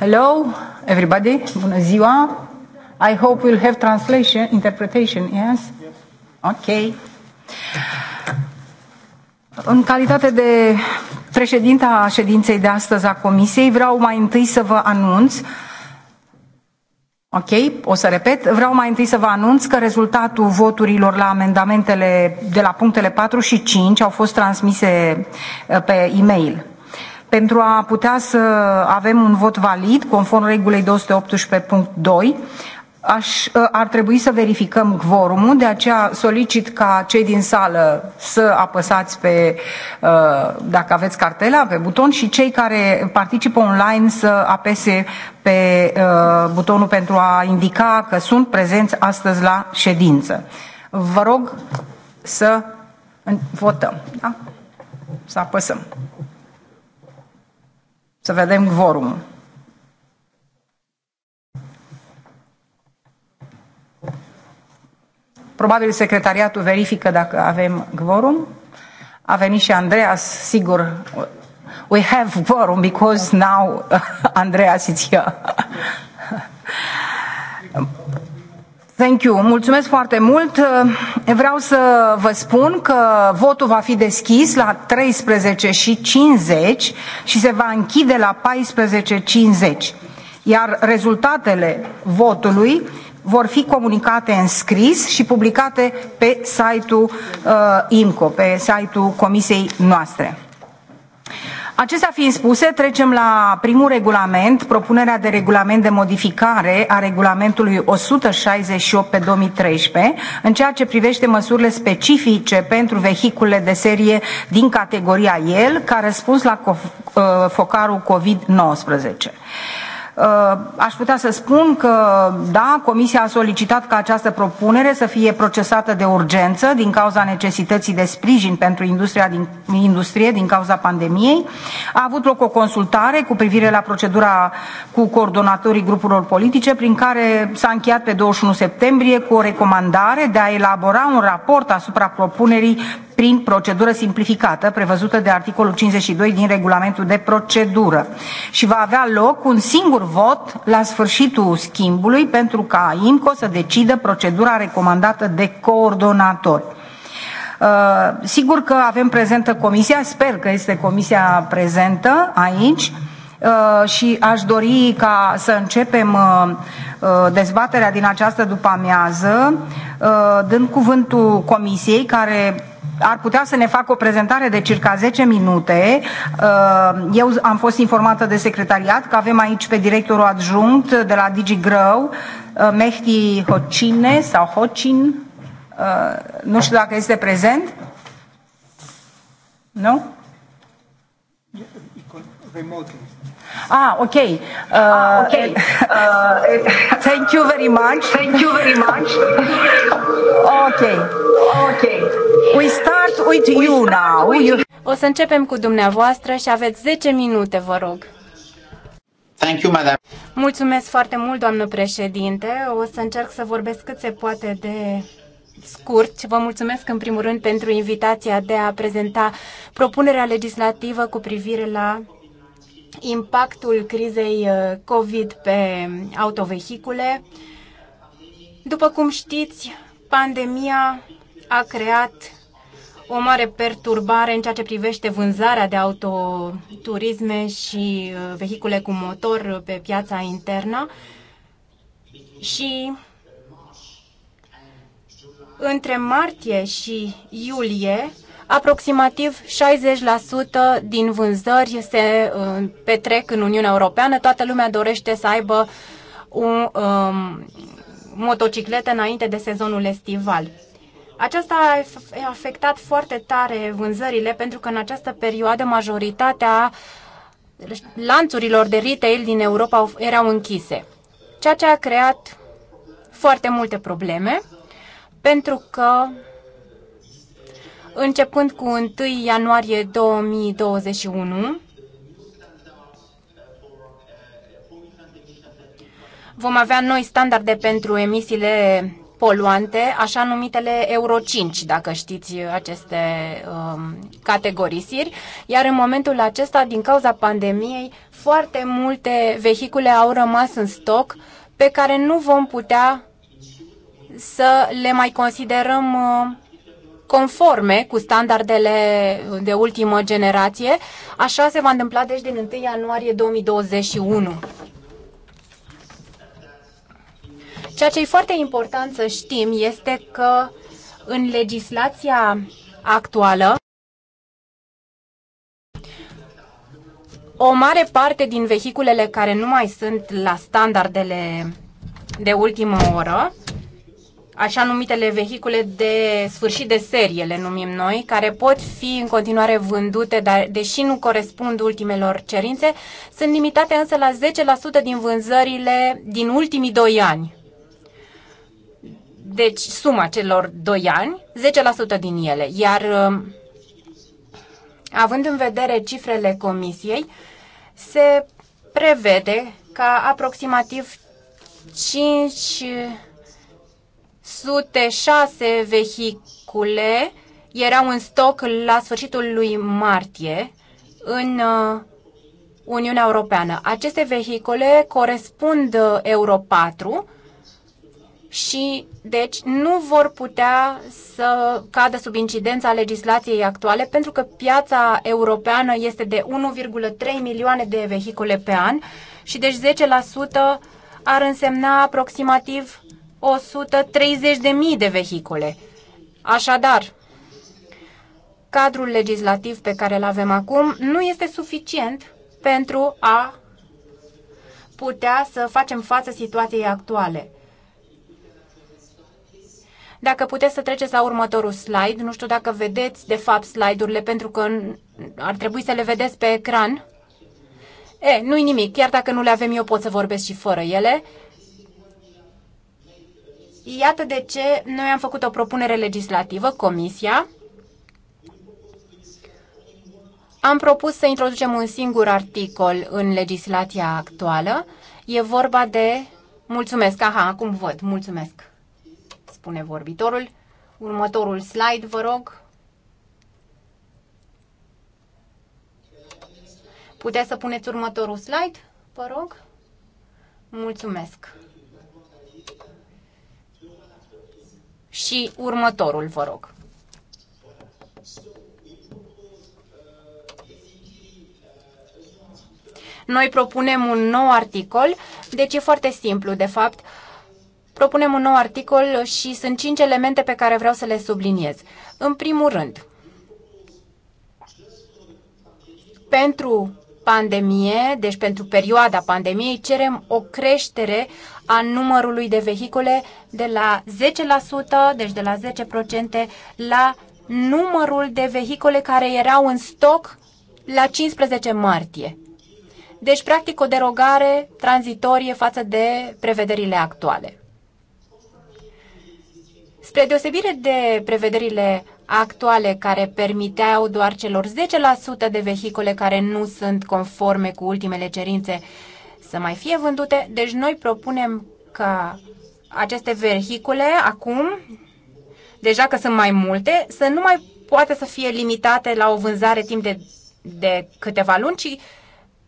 Hello, everybody. Bună ziua. I hope we'll have translation, interpretation, yes? Ok. În calitate de președinta ședinței de astăzi a Comisiei, vreau mai întâi să vă anunț Ok, o să repet. Vreau mai întâi să vă anunț că rezultatul voturilor la amendamentele de la punctele 4 și 5 au fost transmise uh, pe e-mail pentru a putea să avem un vot valid, conform regulii 218.2, Aș, ă, ar trebui să verificăm quorumul, de aceea solicit ca cei din sală să apăsați pe, ă, dacă aveți cartela, pe buton și cei care participă online să apese pe ă, butonul pentru a indica că sunt prezenți astăzi la ședință. Vă rog să votăm, da? Să apăsăm. Să vedem vorum. Probabil secretariatul verifică dacă avem quorum. A venit și Andreas, sigur. We have quorum because now Andreas is here. Thank you. Mulțumesc foarte mult. Uh, vreau să vă spun că votul va fi deschis la 13 și 50 și se va închide la 14.50. Iar rezultatele votului vor fi comunicate în scris și publicate pe site-ul uh, IMCO, pe site-ul comisiei noastre. Acestea fiind spuse, trecem la primul regulament, propunerea de regulament de modificare a regulamentului 168 pe 2013, în ceea ce privește măsurile specifice pentru vehiculele de serie din categoria el, ca răspuns la uh, focarul COVID-19. Aș putea să spun că, da, Comisia a solicitat ca această propunere să fie procesată de urgență din cauza necesității de sprijin pentru industria din, industrie din cauza pandemiei. A avut loc o consultare cu privire la procedura cu coordonatorii grupurilor politice, prin care s-a încheiat pe 21 septembrie cu o recomandare de a elabora un raport asupra propunerii prin procedură simplificată prevăzută de articolul 52 din regulamentul de procedură și va avea loc un singur vot la sfârșitul schimbului pentru ca IMCO să decidă procedura recomandată de coordonatori. Uh, sigur că avem prezentă comisia, sper că este comisia prezentă aici uh, și aș dori ca să începem uh, dezbaterea din această după amiază, dând cuvântul comisiei care ar putea să ne facă o prezentare de circa 10 minute. Uh, eu am fost informată de secretariat că avem aici pe directorul adjunct de la DigiGrow, uh, Mehdi Hocine sau Hocin, uh, nu știu dacă este prezent. Nu? Ah, ok. Uh, ah, ok. Uh, thank you very much. Thank you very much. Ok. Ok. We start with We you start now. With you. O să începem cu dumneavoastră și aveți 10 minute, vă rog. Thank you, madam. Mulțumesc foarte mult, doamnă președinte. O să încerc să vorbesc cât se poate de scurt. Vă mulțumesc în primul rând pentru invitația de a prezenta propunerea legislativă cu privire la impactul crizei uh, COVID pe autovehicule. După cum știți, pandemia a creat o mare perturbare în ceea ce privește vânzarea de autoturisme și uh, vehicule cu motor pe piața internă și între martie și iulie Aproximativ 60% din vânzări se uh, petrec în Uniunea Europeană. Toată lumea dorește să aibă un, um, motocicletă înainte de sezonul estival. Aceasta a afectat foarte tare vânzările pentru că în această perioadă majoritatea lanțurilor de retail din Europa erau închise, ceea ce a creat foarte multe probleme pentru că începând cu 1 ianuarie 2021. Vom avea noi standarde pentru emisiile poluante, așa numitele Euro 5, dacă știți aceste um, categorisiri, iar în momentul acesta, din cauza pandemiei, foarte multe vehicule au rămas în stoc pe care nu vom putea să le mai considerăm uh, conforme cu standardele de ultimă generație. Așa se va întâmpla deci din 1 ianuarie 2021. Ceea ce e foarte important să știm este că în legislația actuală o mare parte din vehiculele care nu mai sunt la standardele de ultimă oră așa numitele vehicule de sfârșit de serie, le numim noi, care pot fi în continuare vândute, dar deși nu corespund ultimelor cerințe, sunt limitate însă la 10% din vânzările din ultimii 2 ani. Deci suma celor 2 ani, 10% din ele. Iar um, având în vedere cifrele comisiei, se prevede ca aproximativ 5 206 vehicule erau în stoc la sfârșitul lui martie în uh, Uniunea Europeană. Aceste vehicule corespund uh, Euro 4 și deci nu vor putea să cadă sub incidența legislației actuale pentru că piața europeană este de 1,3 milioane de vehicule pe an și deci 10% ar însemna aproximativ 130.000 de vehicule. Așadar, cadrul legislativ pe care îl avem acum nu este suficient pentru a putea să facem față situației actuale. Dacă puteți să treceți la următorul slide, nu știu dacă vedeți de fapt slide-urile pentru că ar trebui să le vedeți pe ecran. E, nu-i nimic, chiar dacă nu le avem eu pot să vorbesc și fără ele. Iată de ce noi am făcut o propunere legislativă, Comisia. Am propus să introducem un singur articol în legislația actuală. E vorba de... Mulțumesc, aha, acum văd, mulțumesc, spune vorbitorul. Următorul slide, vă rog. Puteți să puneți următorul slide, vă rog? Mulțumesc. și următorul, vă rog. Noi propunem un nou articol, deci e foarte simplu, de fapt. Propunem un nou articol și sunt cinci elemente pe care vreau să le subliniez. În primul rând, pentru pandemie, deci pentru perioada pandemiei, cerem o creștere a numărului de vehicule de la 10%, deci de la 10% la numărul de vehicole care erau în stoc la 15 martie. Deci, practic, o derogare tranzitorie față de prevederile actuale. Spre deosebire de prevederile actuale care permiteau doar celor 10% de vehicole care nu sunt conforme cu ultimele cerințe să mai fie vândute, deci noi propunem ca aceste vehicule acum, deja că sunt mai multe, să nu mai poate să fie limitate la o vânzare timp de, de câteva luni, ci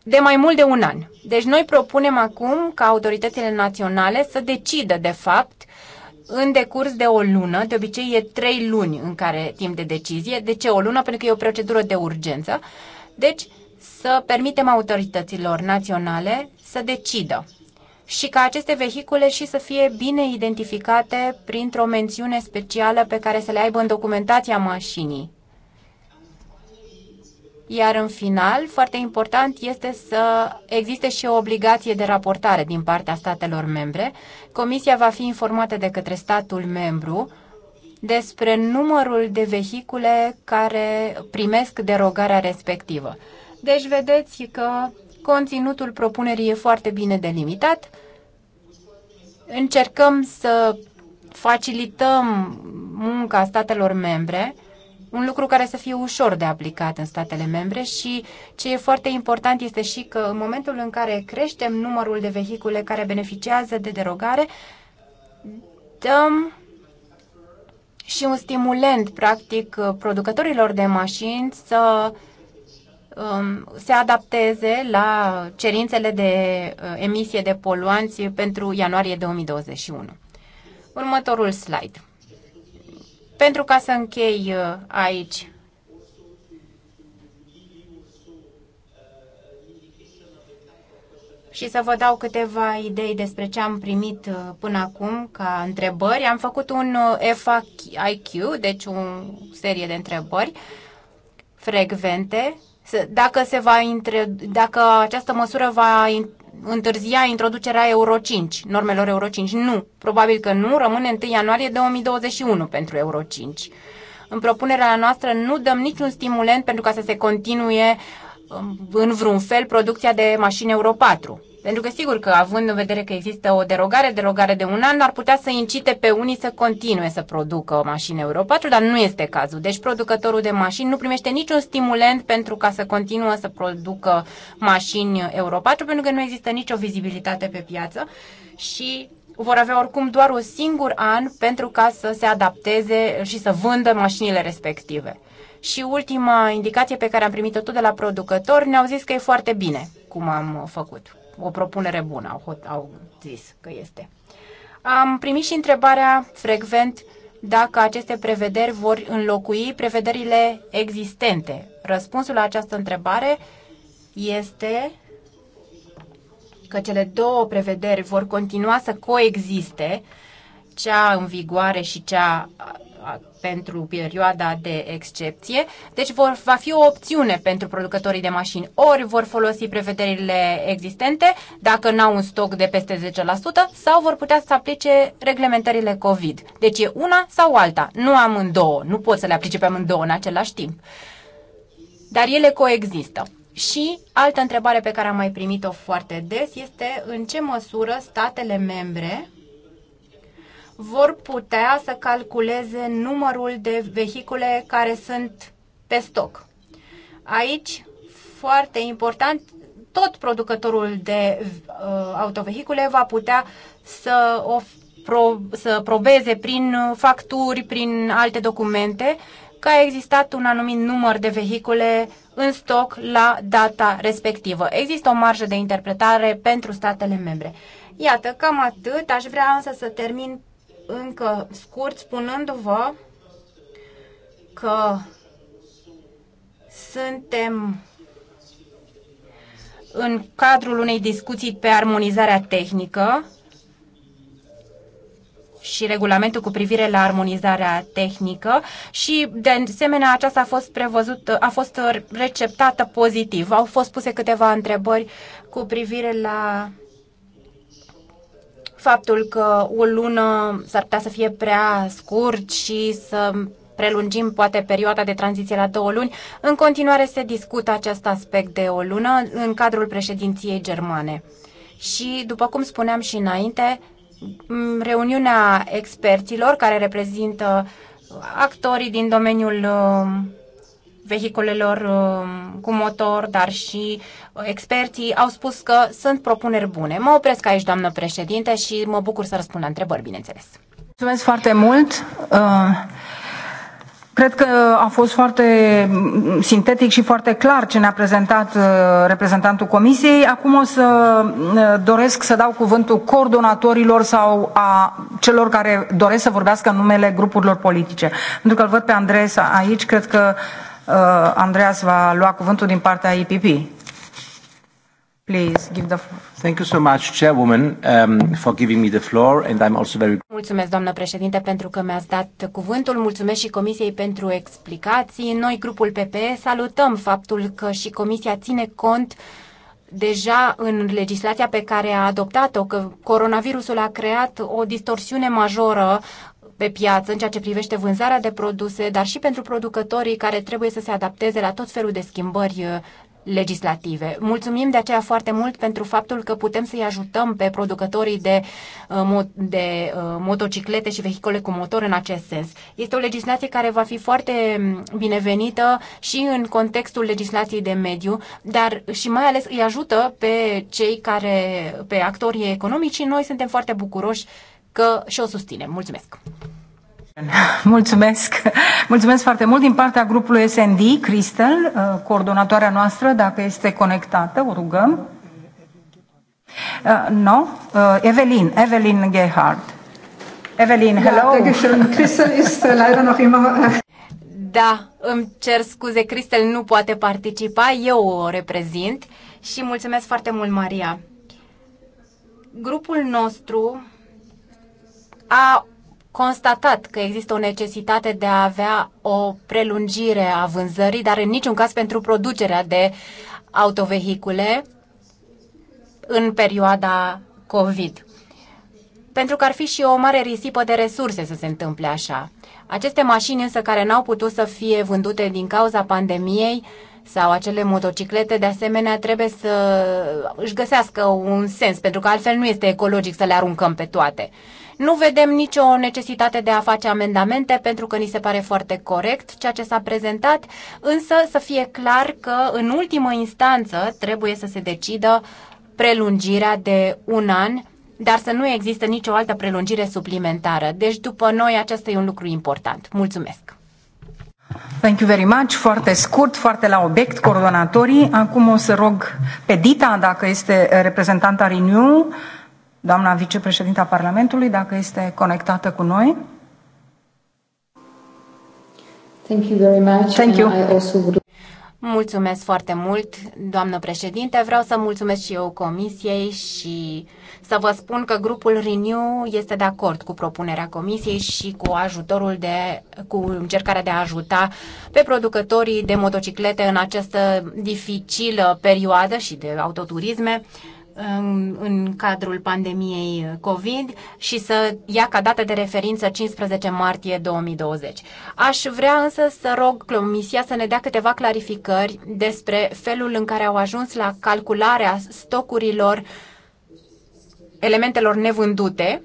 de mai mult de un an. Deci noi propunem acum ca autoritățile naționale să decidă, de fapt, în decurs de o lună, de obicei e trei luni în care timp de decizie. De ce o lună? Pentru că e o procedură de urgență. Deci să permitem autorităților naționale să decidă și ca aceste vehicule și să fie bine identificate printr-o mențiune specială pe care să le aibă în documentația mașinii. Iar în final, foarte important este să existe și o obligație de raportare din partea statelor membre. Comisia va fi informată de către statul membru despre numărul de vehicule care primesc derogarea respectivă. Deci vedeți că Conținutul propunerii e foarte bine delimitat. Încercăm să facilităm munca statelor membre, un lucru care să fie ușor de aplicat în statele membre și ce e foarte important este și că în momentul în care creștem numărul de vehicule care beneficiază de derogare, dăm și un stimulent, practic, producătorilor de mașini să uh, Um, se adapteze la cerințele de uh, emisie de poluanți pentru ianuarie 2021. Următorul slide. Pentru ca să închei uh, aici și să vă dau câteva idei despre ce am primit uh, până acum ca întrebări. Am făcut un FAQ, deci o serie de întrebări frecvente dacă, se va intre, dacă această măsură va întârzia introducerea Euro 5, normelor Euro 5. Nu, probabil că nu, rămâne 1 ianuarie 2021 pentru Euro 5. În propunerea noastră nu dăm niciun stimulent pentru ca să se continue um, în vreun fel producția de mașini Euro 4. Pentru că sigur că având în vedere că există o derogare, derogare de un an, ar putea să incite pe unii să continue să producă mașină Euro 4, dar nu este cazul. Deci producătorul de mașini nu primește niciun stimulent pentru ca să continuă să producă mașini Euro 4, pentru că nu există nicio vizibilitate pe piață și vor avea oricum doar un singur an pentru ca să se adapteze și să vândă mașinile respective. Și ultima indicație pe care am primit-o tot de la producători ne-au zis că e foarte bine cum am făcut o propunere bună, au, au zis că este. Am primit și întrebarea frecvent dacă aceste prevederi vor înlocui prevederile existente. Răspunsul la această întrebare este că cele două prevederi vor continua să coexiste, cea în vigoare și cea pentru perioada de excepție, deci vor, va fi o opțiune pentru producătorii de mașini. Ori vor folosi prevederile existente, dacă n-au un stoc de peste 10%, sau vor putea să aplice reglementările COVID. Deci e una sau alta, nu amândouă, nu pot să le aplice pe amândouă în același timp. Dar ele coexistă. Și altă întrebare pe care am mai primit-o foarte des este în ce măsură statele membre vor putea să calculeze numărul de vehicule care sunt pe stoc. Aici, foarte important, tot producătorul de uh, autovehicule va putea să, of, pro, să probeze prin facturi, prin alte documente, că a existat un anumit număr de vehicule în stoc la data respectivă. Există o marjă de interpretare pentru statele membre. Iată, cam atât. Aș vrea însă să termin încă scurt spunându-vă că suntem în cadrul unei discuții pe armonizarea tehnică și regulamentul cu privire la armonizarea tehnică și de asemenea aceasta a fost prevăzută, a fost receptată pozitiv. Au fost puse câteva întrebări cu privire la faptul că o lună s-ar putea să fie prea scurt și să prelungim poate perioada de tranziție la două luni. În continuare se discută acest aspect de o lună în cadrul președinției germane. Și, după cum spuneam și înainte, reuniunea experților care reprezintă actorii din domeniul uh, vehiculelor um, cu motor, dar și uh, experții au spus că sunt propuneri bune. Mă opresc aici, doamnă președinte, și mă bucur să răspund la întrebări, bineînțeles. Mulțumesc foarte mult. Uh, cred că a fost foarte mm, sintetic și foarte clar ce ne-a prezentat uh, reprezentantul Comisiei. Acum o să doresc să dau cuvântul coordonatorilor sau a celor care doresc să vorbească în numele grupurilor politice. Pentru că îl văd pe Andres aici, cred că Uh, Andreas va lua cuvântul din partea IPP. Please give the floor. Thank you so much, Chairwoman, um, for giving me the floor, and I'm also very. Mulțumesc, doamnă președinte, pentru că mi-ați dat cuvântul. Mulțumesc și Comisiei pentru explicații. Noi, grupul PPE, salutăm faptul că și Comisia ține cont deja în legislația pe care a adoptat-o, că coronavirusul a creat o distorsiune majoră pe piață în ceea ce privește vânzarea de produse, dar și pentru producătorii care trebuie să se adapteze la tot felul de schimbări uh, legislative. Mulțumim de aceea foarte mult pentru faptul că putem să-i ajutăm pe producătorii de, uh, de uh, motociclete și vehicole cu motor în acest sens. Este o legislație care va fi foarte mm, binevenită și în contextul legislației de mediu, dar și mai ales îi ajută pe cei care, pe actorii economici și noi suntem foarte bucuroși că și o susținem. Mulțumesc! Mulțumesc. Mulțumesc foarte mult din partea grupului SND, Cristel, uh, coordonatoarea noastră, dacă este conectată, o rugăm. Uh, no, uh, Evelyn, Evelyn Gerhard. Evelyn, hello. Da, da, îmi cer scuze, Cristel nu poate participa, eu o reprezint și mulțumesc foarte mult, Maria. Grupul nostru a constatat că există o necesitate de a avea o prelungire a vânzării, dar în niciun caz pentru producerea de autovehicule în perioada COVID. Pentru că ar fi și o mare risipă de resurse să se întâmple așa. Aceste mașini însă care n-au putut să fie vândute din cauza pandemiei sau acele motociclete, de asemenea, trebuie să își găsească un sens, pentru că altfel nu este ecologic să le aruncăm pe toate. Nu vedem nicio necesitate de a face amendamente pentru că ni se pare foarte corect ceea ce s-a prezentat, însă să fie clar că în ultimă instanță trebuie să se decidă prelungirea de un an dar să nu există nicio altă prelungire suplimentară. Deci, după noi, acesta e un lucru important. Mulțumesc! Thank you very much. Foarte scurt, foarte la obiect, coordonatorii. Acum o să rog pe Dita, dacă este reprezentanta Renew, doamna vicepreședinta Parlamentului, dacă este conectată cu noi. Thank you very much. Thank you. Mulțumesc foarte mult, doamnă președinte. Vreau să mulțumesc și eu comisiei și să vă spun că grupul Renew este de acord cu propunerea comisiei și cu ajutorul de, cu încercarea de a ajuta pe producătorii de motociclete în această dificilă perioadă și de autoturisme în cadrul pandemiei COVID și să ia ca dată de referință 15 martie 2020. Aș vrea însă să rog Comisia să ne dea câteva clarificări despre felul în care au ajuns la calcularea stocurilor elementelor nevândute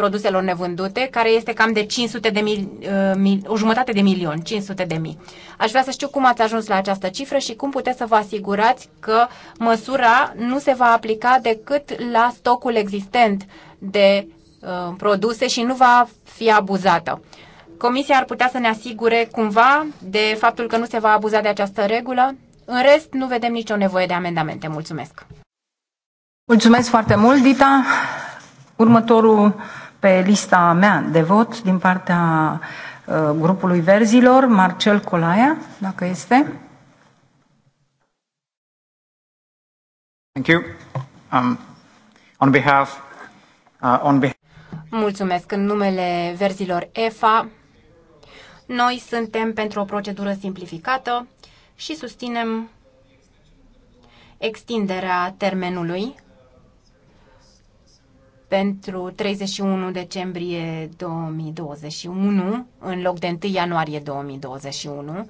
produselor nevândute, care este cam de 500 de mil, uh, mil, o jumătate de milion, 500 de mii. Aș vrea să știu cum ați ajuns la această cifră și cum puteți să vă asigurați că măsura nu se va aplica decât la stocul existent de uh, produse și nu va fi abuzată. Comisia ar putea să ne asigure cumva de faptul că nu se va abuza de această regulă. În rest, nu vedem nicio nevoie de amendamente. Mulțumesc! Mulțumesc foarte mult, Dita. Următorul pe lista mea de vot din partea uh, grupului Verzilor, Marcel Colaia, dacă este. Thank you. Um, on behalf, uh, on behalf... Mulțumesc. În numele Verzilor EFA, noi suntem pentru o procedură simplificată și susținem extinderea termenului pentru 31 decembrie 2021 în loc de 1 ianuarie 2021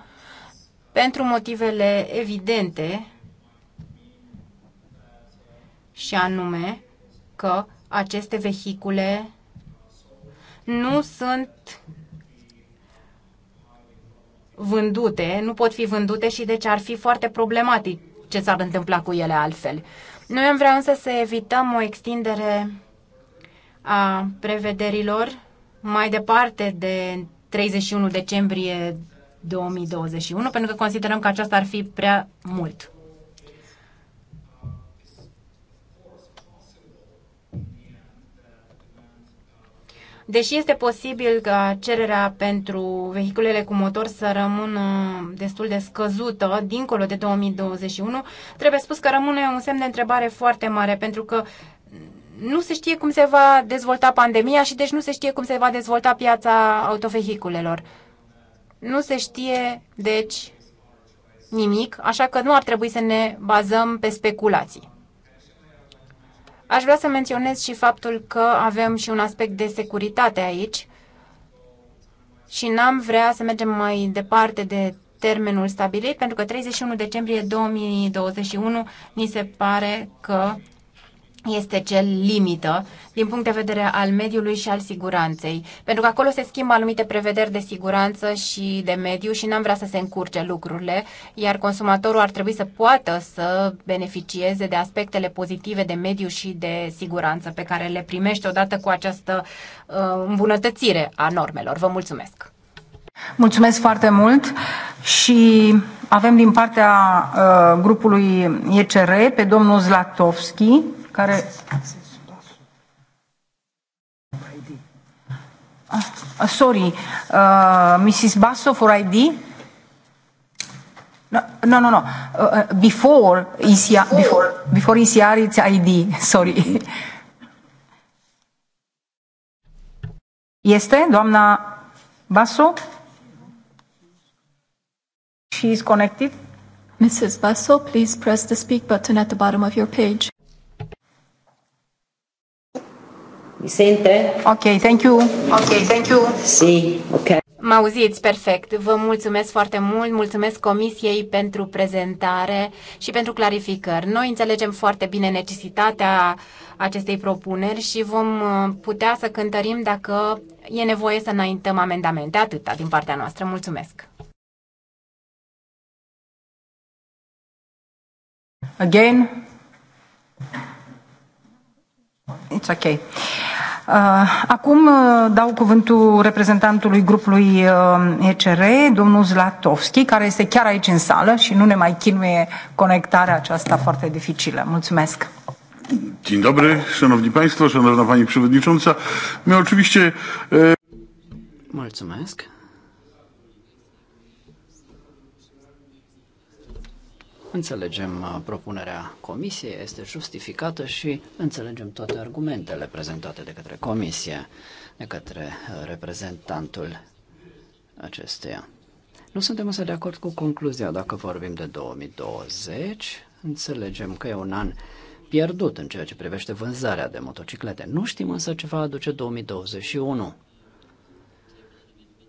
pentru motivele evidente și anume că aceste vehicule nu sunt vândute, nu pot fi vândute și deci ar fi foarte problematic ce s-ar întâmpla cu ele altfel. Noi am vrea însă să evităm o extindere a prevederilor mai departe de 31 decembrie 2021, pentru că considerăm că aceasta ar fi prea mult. Deși este posibil ca cererea pentru vehiculele cu motor să rămână destul de scăzută dincolo de 2021, trebuie spus că rămâne un semn de întrebare foarte mare, pentru că nu se știe cum se va dezvolta pandemia și deci nu se știe cum se va dezvolta piața autovehiculelor. Nu se știe, deci, nimic, așa că nu ar trebui să ne bazăm pe speculații. Aș vrea să menționez și faptul că avem și un aspect de securitate aici și n-am vrea să mergem mai departe de termenul stabilit, pentru că 31 decembrie 2021 ni se pare că este cel limită din punct de vedere al mediului și al siguranței. Pentru că acolo se schimbă anumite prevederi de siguranță și de mediu și n-am vrea să se încurce lucrurile, iar consumatorul ar trebui să poată să beneficieze de aspectele pozitive de mediu și de siguranță pe care le primește odată cu această uh, îmbunătățire a normelor. Vă mulțumesc! Mulțumesc foarte mult și avem din partea uh, grupului ECR pe domnul Zlatovski, care... Uh, uh, sorry, uh, Mrs. Basso for ID? No, no, no. no. Uh, uh before, ECR, before. before ECR, it's ID. Sorry. Este doamna Basso? She is connected. Mrs. Basso, please press the speak button at the bottom of your page. Mi sente? Ok, thank you. Ok, thank you. Si, ok. Mă auziți perfect. Vă mulțumesc foarte mult, mulțumesc Comisiei pentru prezentare și pentru clarificări. Noi înțelegem foarte bine necesitatea acestei propuneri și vom uh, putea să cântărim dacă e nevoie să înaintăm amendamente. Atâta din partea noastră. Mulțumesc! Again? It's okay. Uh, acum uh, dau cuvântul reprezentantului grupului uh, ECR, domnul Zlatovski, care este chiar aici în sală și nu ne mai chinuie conectarea aceasta foarte dificilă. Mulțumesc! Dzień dobry, szanowni państwo, szanowna pani przewodnicząca. My oczywiście... Mulțumesc. Înțelegem uh, propunerea comisiei, este justificată și înțelegem toate argumentele prezentate de către comisie, de către uh, reprezentantul acesteia. Nu suntem însă de acord cu concluzia dacă vorbim de 2020. Înțelegem că e un an pierdut în ceea ce privește vânzarea de motociclete. Nu știm însă ce va aduce 2021.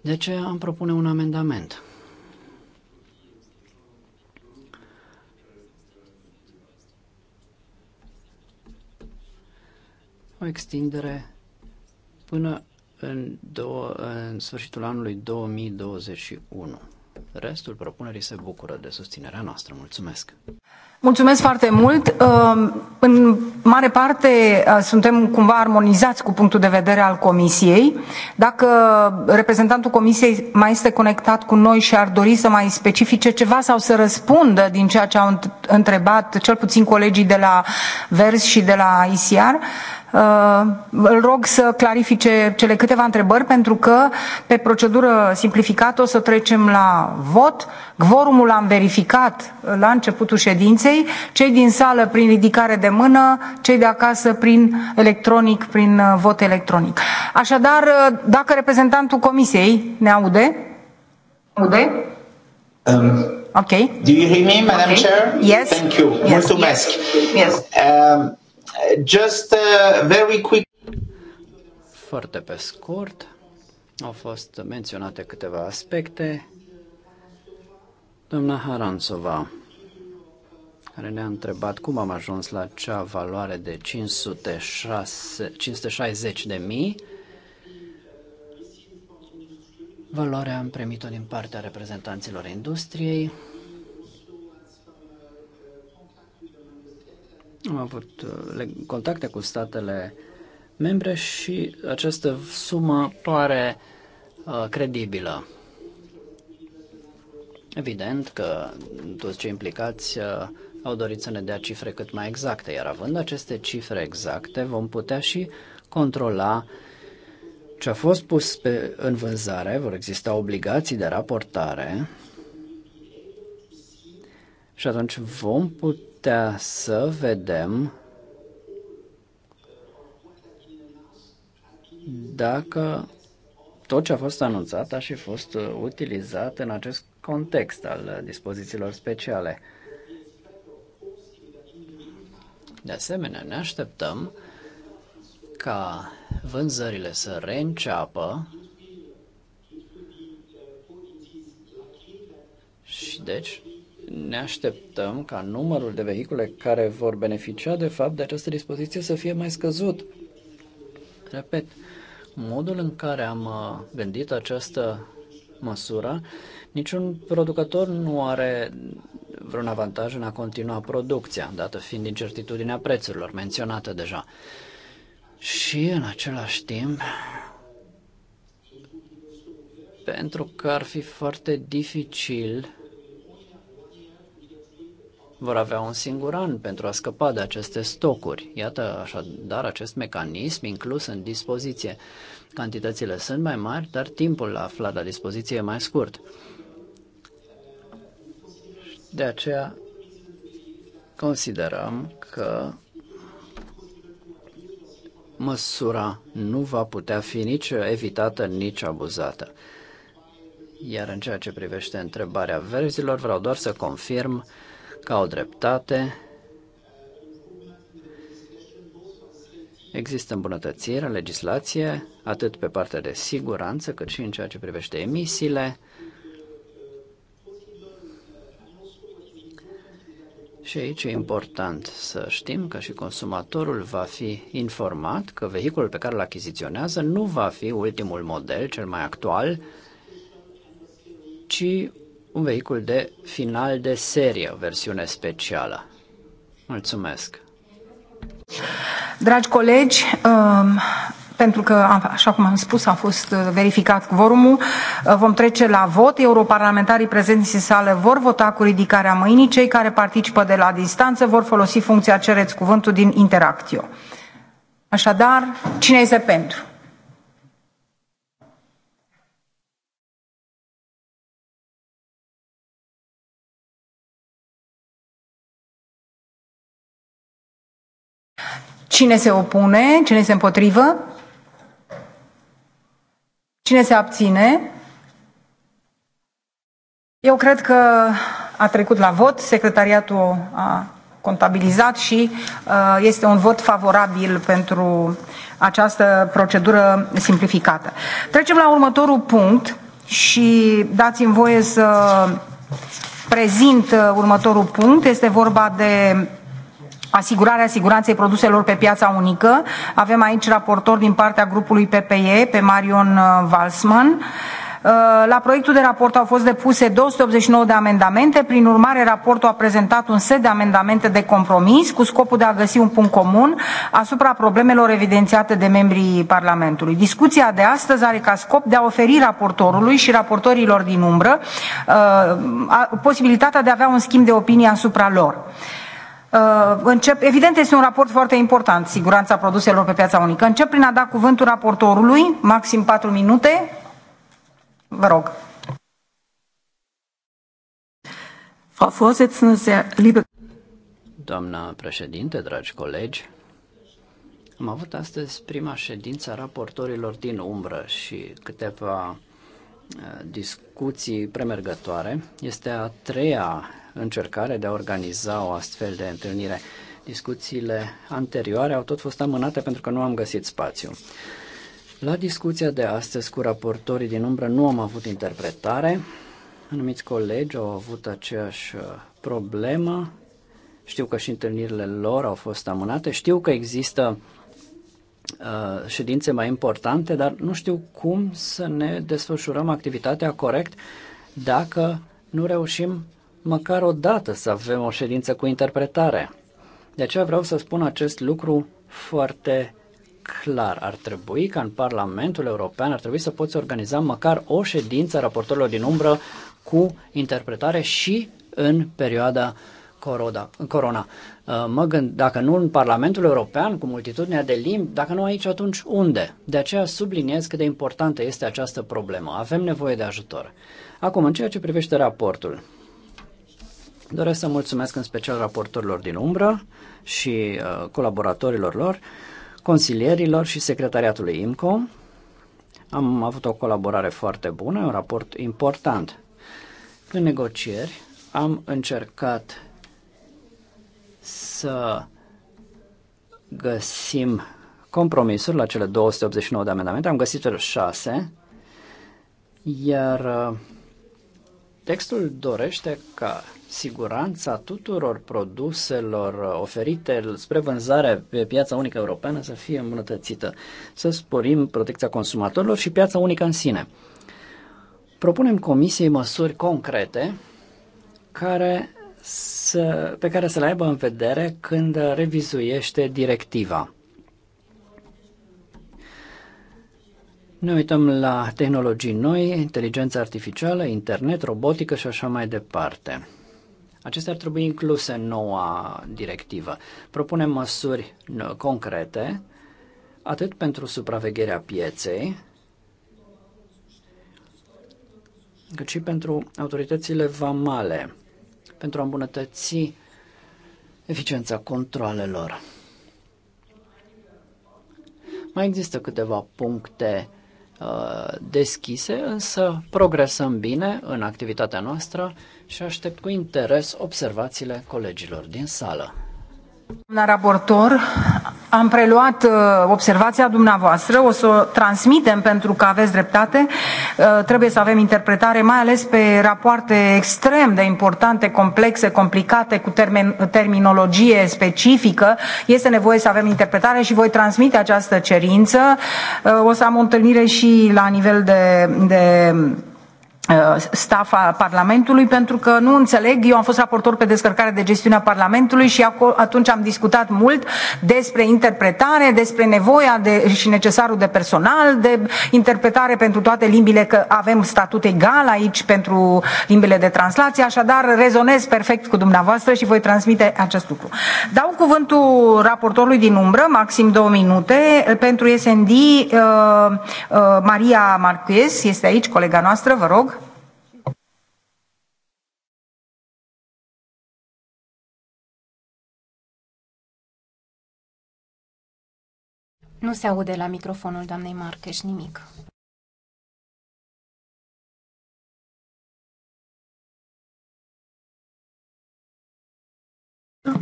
De ce am propune un amendament. o extindere până în, două, în sfârșitul anului 2021. Restul propunerii se bucură de susținerea noastră. Mulțumesc! Mulțumesc foarte mult! Ehm, în mare parte suntem cumva armonizați cu punctul de vedere al Comisiei. Dacă reprezentantul Comisiei mai este conectat cu noi și ar dori să mai specifice ceva sau să răspundă din ceea ce au întrebat cel puțin colegii de la VERS și de la ICR, Uh, îl rog să clarifice cele câteva întrebări, pentru că pe procedură simplificată o să trecem la vot. Gvorumul am verificat la începutul ședinței, cei din sală prin ridicare de mână, cei de acasă prin electronic, prin uh, vot electronic. Așadar, uh, dacă reprezentantul Comisiei ne aude? Aude? Um. Okay. Do you hear me, Madam okay. Chair? Yes. Thank you. Yes. Mulțumesc. Yes. Um, just uh, very quick. Foarte pe scurt, au fost menționate câteva aspecte. Doamna Haranțova, care ne-a întrebat cum am ajuns la cea valoare de 560 de mii, Valoarea am primit-o din partea reprezentanților industriei, Am avut uh, contacte cu statele membre și această sumă pare uh, credibilă. Evident că toți cei implicați uh, au dorit să ne dea cifre cât mai exacte, iar având aceste cifre exacte, vom putea și controla ce a fost pus pe, în vânzare, vor exista obligații de raportare și atunci vom putea putea să vedem dacă tot ce a fost anunțat a și fost uh, utilizat în acest context al uh, dispozițiilor speciale. De asemenea, ne așteptăm ca vânzările să reînceapă și deci ne așteptăm ca numărul de vehicule care vor beneficia de fapt de această dispoziție să fie mai scăzut. Repet, modul în care am uh, gândit această măsură, niciun producător nu are vreun avantaj în a continua producția, dată fiind incertitudinea prețurilor menționată deja. Și în același timp, pentru că ar fi foarte dificil vor avea un singur an pentru a scăpa de aceste stocuri. Iată așadar acest mecanism inclus în dispoziție. Cantitățile sunt mai mari, dar timpul aflat la dispoziție e mai scurt. De aceea considerăm că măsura nu va putea fi nici evitată, nici abuzată. Iar în ceea ce privește întrebarea verzilor, vreau doar să confirm ca o dreptate. Există îmbunătățiri în legislație, atât pe partea de siguranță, cât și în ceea ce privește emisiile. Și aici e important să știm că și consumatorul va fi informat că vehiculul pe care îl achiziționează nu va fi ultimul model, cel mai actual, ci un vehicul de final de serie, o versiune specială. Mulțumesc! Dragi colegi, um pentru că, așa cum am spus, a fost uh, verificat quorumul. Uh, vom trece la vot. Europarlamentarii prezenți în sală vor vota cu ridicarea mâinii. Cei care participă de la distanță vor folosi funcția cereți cuvântul din interactio. Așadar, cine este pentru? Cine se opune? Cine se împotrivă? Cine se abține? Eu cred că a trecut la vot, secretariatul a contabilizat și uh, este un vot favorabil pentru această procedură simplificată. Trecem la următorul punct și dați-mi voie să prezint uh, următorul punct. Este vorba de asigurarea siguranței produselor pe piața unică. Avem aici raportor din partea grupului PPE, pe Marion uh, Valsman. Uh, la proiectul de raport au fost depuse 289 de amendamente, prin urmare raportul a prezentat un set de amendamente de compromis cu scopul de a găsi un punct comun asupra problemelor evidențiate de membrii Parlamentului. Discuția de astăzi are ca scop de a oferi raportorului și raportorilor din umbră uh, posibilitatea de a avea un schimb de opinie asupra lor. Uh, încep, evident, este un raport foarte important, siguranța produselor pe piața unică. Încep prin a da cuvântul raportorului, maxim 4 minute. Vă rog. Doamna președinte, dragi colegi, am avut astăzi prima ședință a raportorilor din umbră și câteva uh, discuții premergătoare. Este a treia încercare de a organiza o astfel de întâlnire. Discuțiile anterioare au tot fost amânate pentru că nu am găsit spațiu. La discuția de astăzi cu raportorii din umbră nu am avut interpretare. Anumiți colegi au avut aceeași uh, problemă. Știu că și întâlnirile lor au fost amânate. Știu că există uh, ședințe mai importante, dar nu știu cum să ne desfășurăm activitatea corect dacă nu reușim măcar o dată să avem o ședință cu interpretare. De aceea vreau să spun acest lucru foarte clar. Ar trebui ca în Parlamentul European ar trebui să poți organiza măcar o ședință a raportorilor din umbră cu interpretare și în perioada corona. Uh, mă gând, dacă nu în Parlamentul European, cu multitudinea de limbi, dacă nu aici, atunci unde? De aceea subliniez cât de importantă este această problemă. Avem nevoie de ajutor. Acum, în ceea ce privește raportul, Doresc să mulțumesc în special raportorilor din umbră și uh, colaboratorilor lor, consilierilor și secretariatului IMCO. Am avut o colaborare foarte bună, un raport important. În negocieri am încercat să găsim compromisuri la cele 289 de amendamente. Am găsit cele 6, iar uh, textul dorește ca siguranța tuturor produselor oferite spre vânzare pe piața unică europeană să fie îmbunătățită, să sporim protecția consumatorilor și piața unică în sine. Propunem Comisiei măsuri concrete care să, pe care să le aibă în vedere când revizuiește directiva. Ne uităm la tehnologii noi, inteligență artificială, internet, robotică și așa mai departe. Acestea ar trebui incluse în noua directivă. Propunem măsuri concrete, atât pentru supravegherea pieței, cât și pentru autoritățile vamale, pentru a îmbunătăți eficiența controlelor. Mai există câteva puncte Uh, deschise, însă progresăm bine în activitatea noastră și aștept cu interes observațiile colegilor din sală. Doamna raportor, am preluat uh, observația dumneavoastră, o să o transmitem pentru că aveți dreptate. Uh, trebuie să avem interpretare, mai ales pe rapoarte extrem de importante, complexe, complicate, cu termen, terminologie specifică. Este nevoie să avem interpretare și voi transmite această cerință. Uh, o să am o întâlnire și la nivel de, de Uh, stafa Parlamentului pentru că nu înțeleg, eu am fost raportor pe descărcare de gestiunea Parlamentului și atunci am discutat mult despre interpretare, despre nevoia de, și necesarul de personal, de interpretare pentru toate limbile, că avem statut egal aici pentru limbile de translație, așadar rezonez perfect cu dumneavoastră și voi transmite acest lucru. Dau cuvântul raportorului din umbră, maxim două minute, pentru SND, uh, uh, Maria Marquez este aici, colega noastră, vă rog. Nu se aude la microfonul doamnei Marcheș nimic.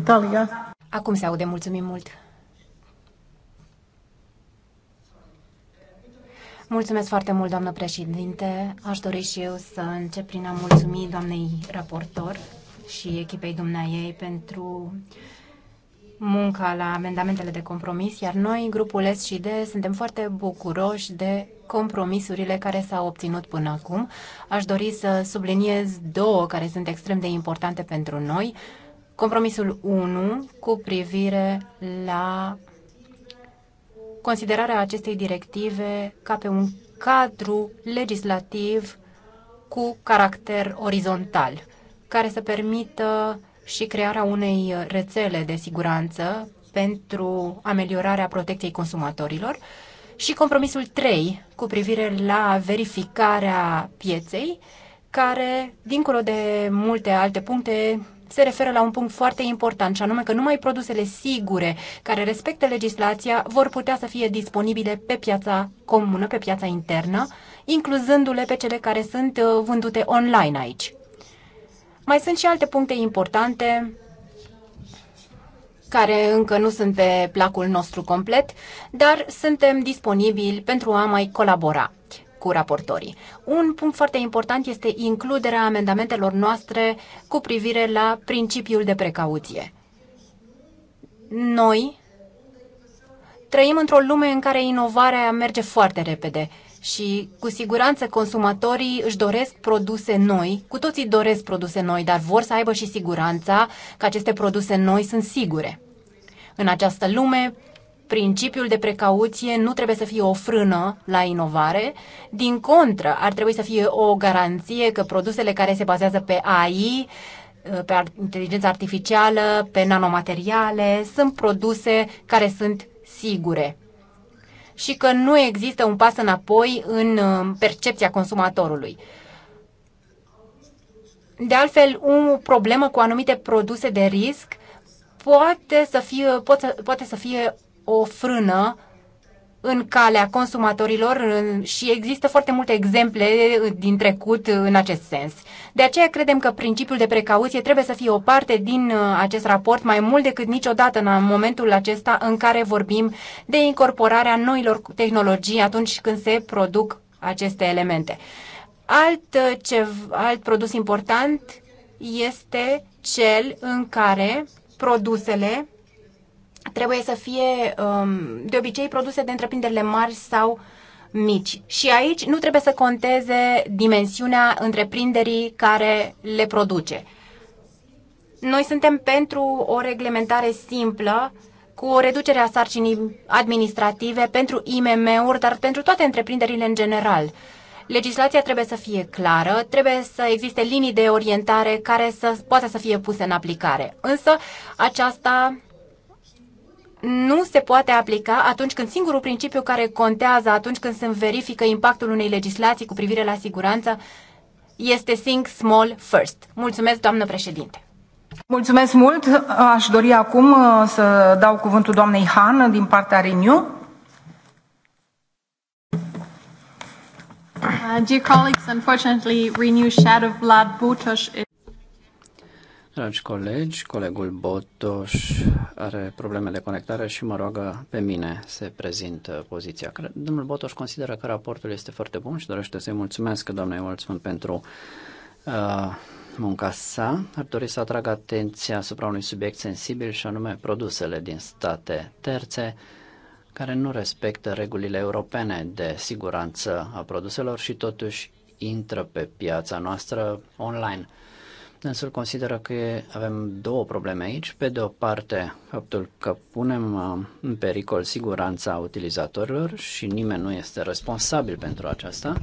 Talia. Acum se aude, mulțumim mult. Mulțumesc foarte mult, doamnă președinte. Aș dori și eu să încep prin a mulțumi doamnei raportor și echipei dumneaei pentru uh, munca la amendamentele de compromis, iar noi, grupul S și D, suntem foarte bucuroși de compromisurile care s-au obținut până acum. Aș dori să subliniez două care sunt extrem de importante pentru noi. Compromisul 1 cu privire la considerarea acestei directive ca pe un cadru legislativ cu caracter orizontal, care să permită și crearea unei uh, rețele de siguranță pentru ameliorarea protecției consumatorilor și compromisul 3 cu privire la verificarea pieței, care, dincolo de multe alte puncte, se referă la un punct foarte important, și anume că numai produsele sigure care respectă legislația vor putea să fie disponibile pe piața comună, pe piața internă, incluzându-le pe cele care sunt uh, vândute online aici. Mai sunt și alte puncte importante care încă nu sunt pe placul nostru complet, dar suntem disponibili pentru a mai colabora cu raportorii. Un punct foarte important este includerea amendamentelor noastre cu privire la principiul de precauție. Noi trăim într-o lume în care inovarea merge foarte repede și cu siguranță consumatorii își doresc produse noi, cu toții doresc produse noi, dar vor să aibă și siguranța că aceste produse noi sunt sigure. În această lume, principiul de precauție nu trebuie să fie o frână la inovare, din contră, ar trebui să fie o garanție că produsele care se bazează pe AI, pe inteligența artificială, pe nanomateriale, sunt produse care sunt sigure și că nu există un pas înapoi în uh, percepția consumatorului. De altfel, o problemă cu anumite produse de risc poate să fie, poate, poate să fie o frână în calea consumatorilor și există foarte multe exemple din trecut în acest sens. De aceea credem că principiul de precauție trebuie să fie o parte din uh, acest raport mai mult decât niciodată în momentul acesta în care vorbim de incorporarea noilor tehnologii atunci când se produc aceste elemente. Alt, uh, ce, alt produs important este cel în care produsele trebuie să fie um, de obicei produse de întreprinderile mari sau mici. Și aici nu trebuie să conteze dimensiunea întreprinderii care le produce. Noi suntem pentru o reglementare simplă cu o reducere a sarcinii administrative pentru IMM-uri, dar pentru toate întreprinderile în general. Legislația trebuie să fie clară, trebuie să existe linii de orientare care să poată să fie puse în aplicare. Însă aceasta nu se poate aplica atunci când singurul principiu care contează atunci când se verifică impactul unei legislații cu privire la siguranță este Think Small First. Mulțumesc, doamnă președinte! Mulțumesc mult! Aș dori acum uh, să dau cuvântul doamnei Han din partea Renew. Uh, dear colleagues, unfortunately, Renew Shadow Vlad Butosh is... Dragi colegi, colegul Botoș are probleme de conectare și mă roagă pe mine să prezint uh, poziția. Domnul Botoș consideră că raportul este foarte bun și dorește să-i mulțumesc doamnei Olțman pentru uh, munca sa. Ar dori să atragă atenția asupra unui subiect sensibil și anume produsele din state terțe care nu respectă regulile europene de siguranță a produselor și totuși intră pe piața noastră online. Dânsul consideră că avem două probleme aici. Pe de o parte, faptul că punem uh, în pericol siguranța utilizatorilor și nimeni nu este responsabil pentru aceasta.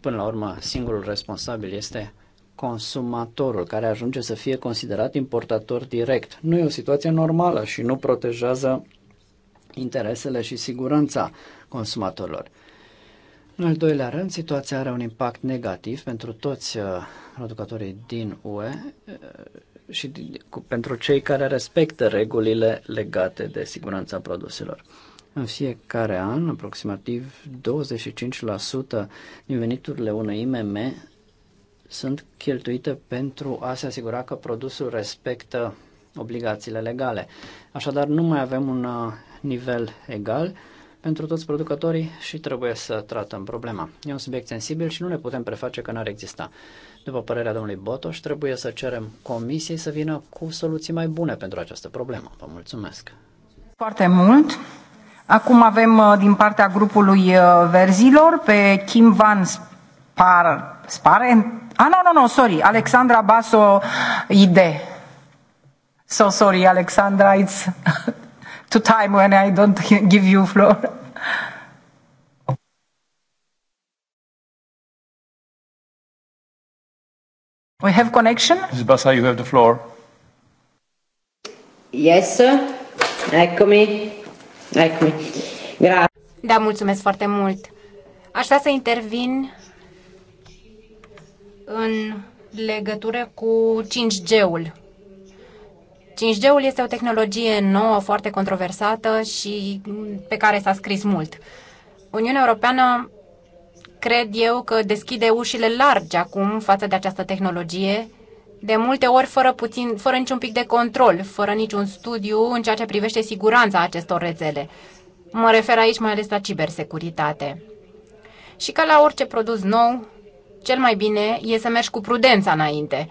Până la urmă, singurul responsabil este consumatorul, care ajunge să fie considerat importator direct. Nu e o situație normală și nu protejează interesele și siguranța consumatorilor. În al doilea rând, situația are un impact negativ pentru toți uh, producătorii din UE și cu, pentru cei care respectă regulile legate de siguranța produselor. În fiecare an, aproximativ 25% din veniturile unei IMM sunt cheltuite pentru a se asigura că produsul respectă obligațiile legale. Așadar, nu mai avem un nivel egal pentru toți producătorii și trebuie să tratăm problema. E un subiect sensibil și nu ne putem preface că n-ar exista. După părerea domnului Botoș, trebuie să cerem comisiei să vină cu soluții mai bune pentru această problemă. Vă mulțumesc! Foarte mult! Acum avem uh, din partea grupului uh, Verzilor pe Kim Van Spar... Spar? Ah, nu, no, nu, no, nu, no, sorry, Alexandra Baso Ide. So sorry, Alexandra, it's to time when I don't give you floor. We have connection? Mrs. Bassa, you have the floor. Yes, sir. eccomi. mi. Grazie. Da, mulțumesc foarte mult. Aș vrea să intervin în legătură cu 5G-ul. 5G-ul este o tehnologie nouă, foarte controversată și pe care s-a scris mult. Uniunea Europeană cred eu că deschide ușile largi acum față de această tehnologie, de multe ori fără, puțin, fără niciun pic de control, fără niciun studiu în ceea ce privește siguranța acestor rețele. Mă refer aici mai ales la cibersecuritate. Și ca la orice produs nou, cel mai bine e să mergi cu prudența înainte –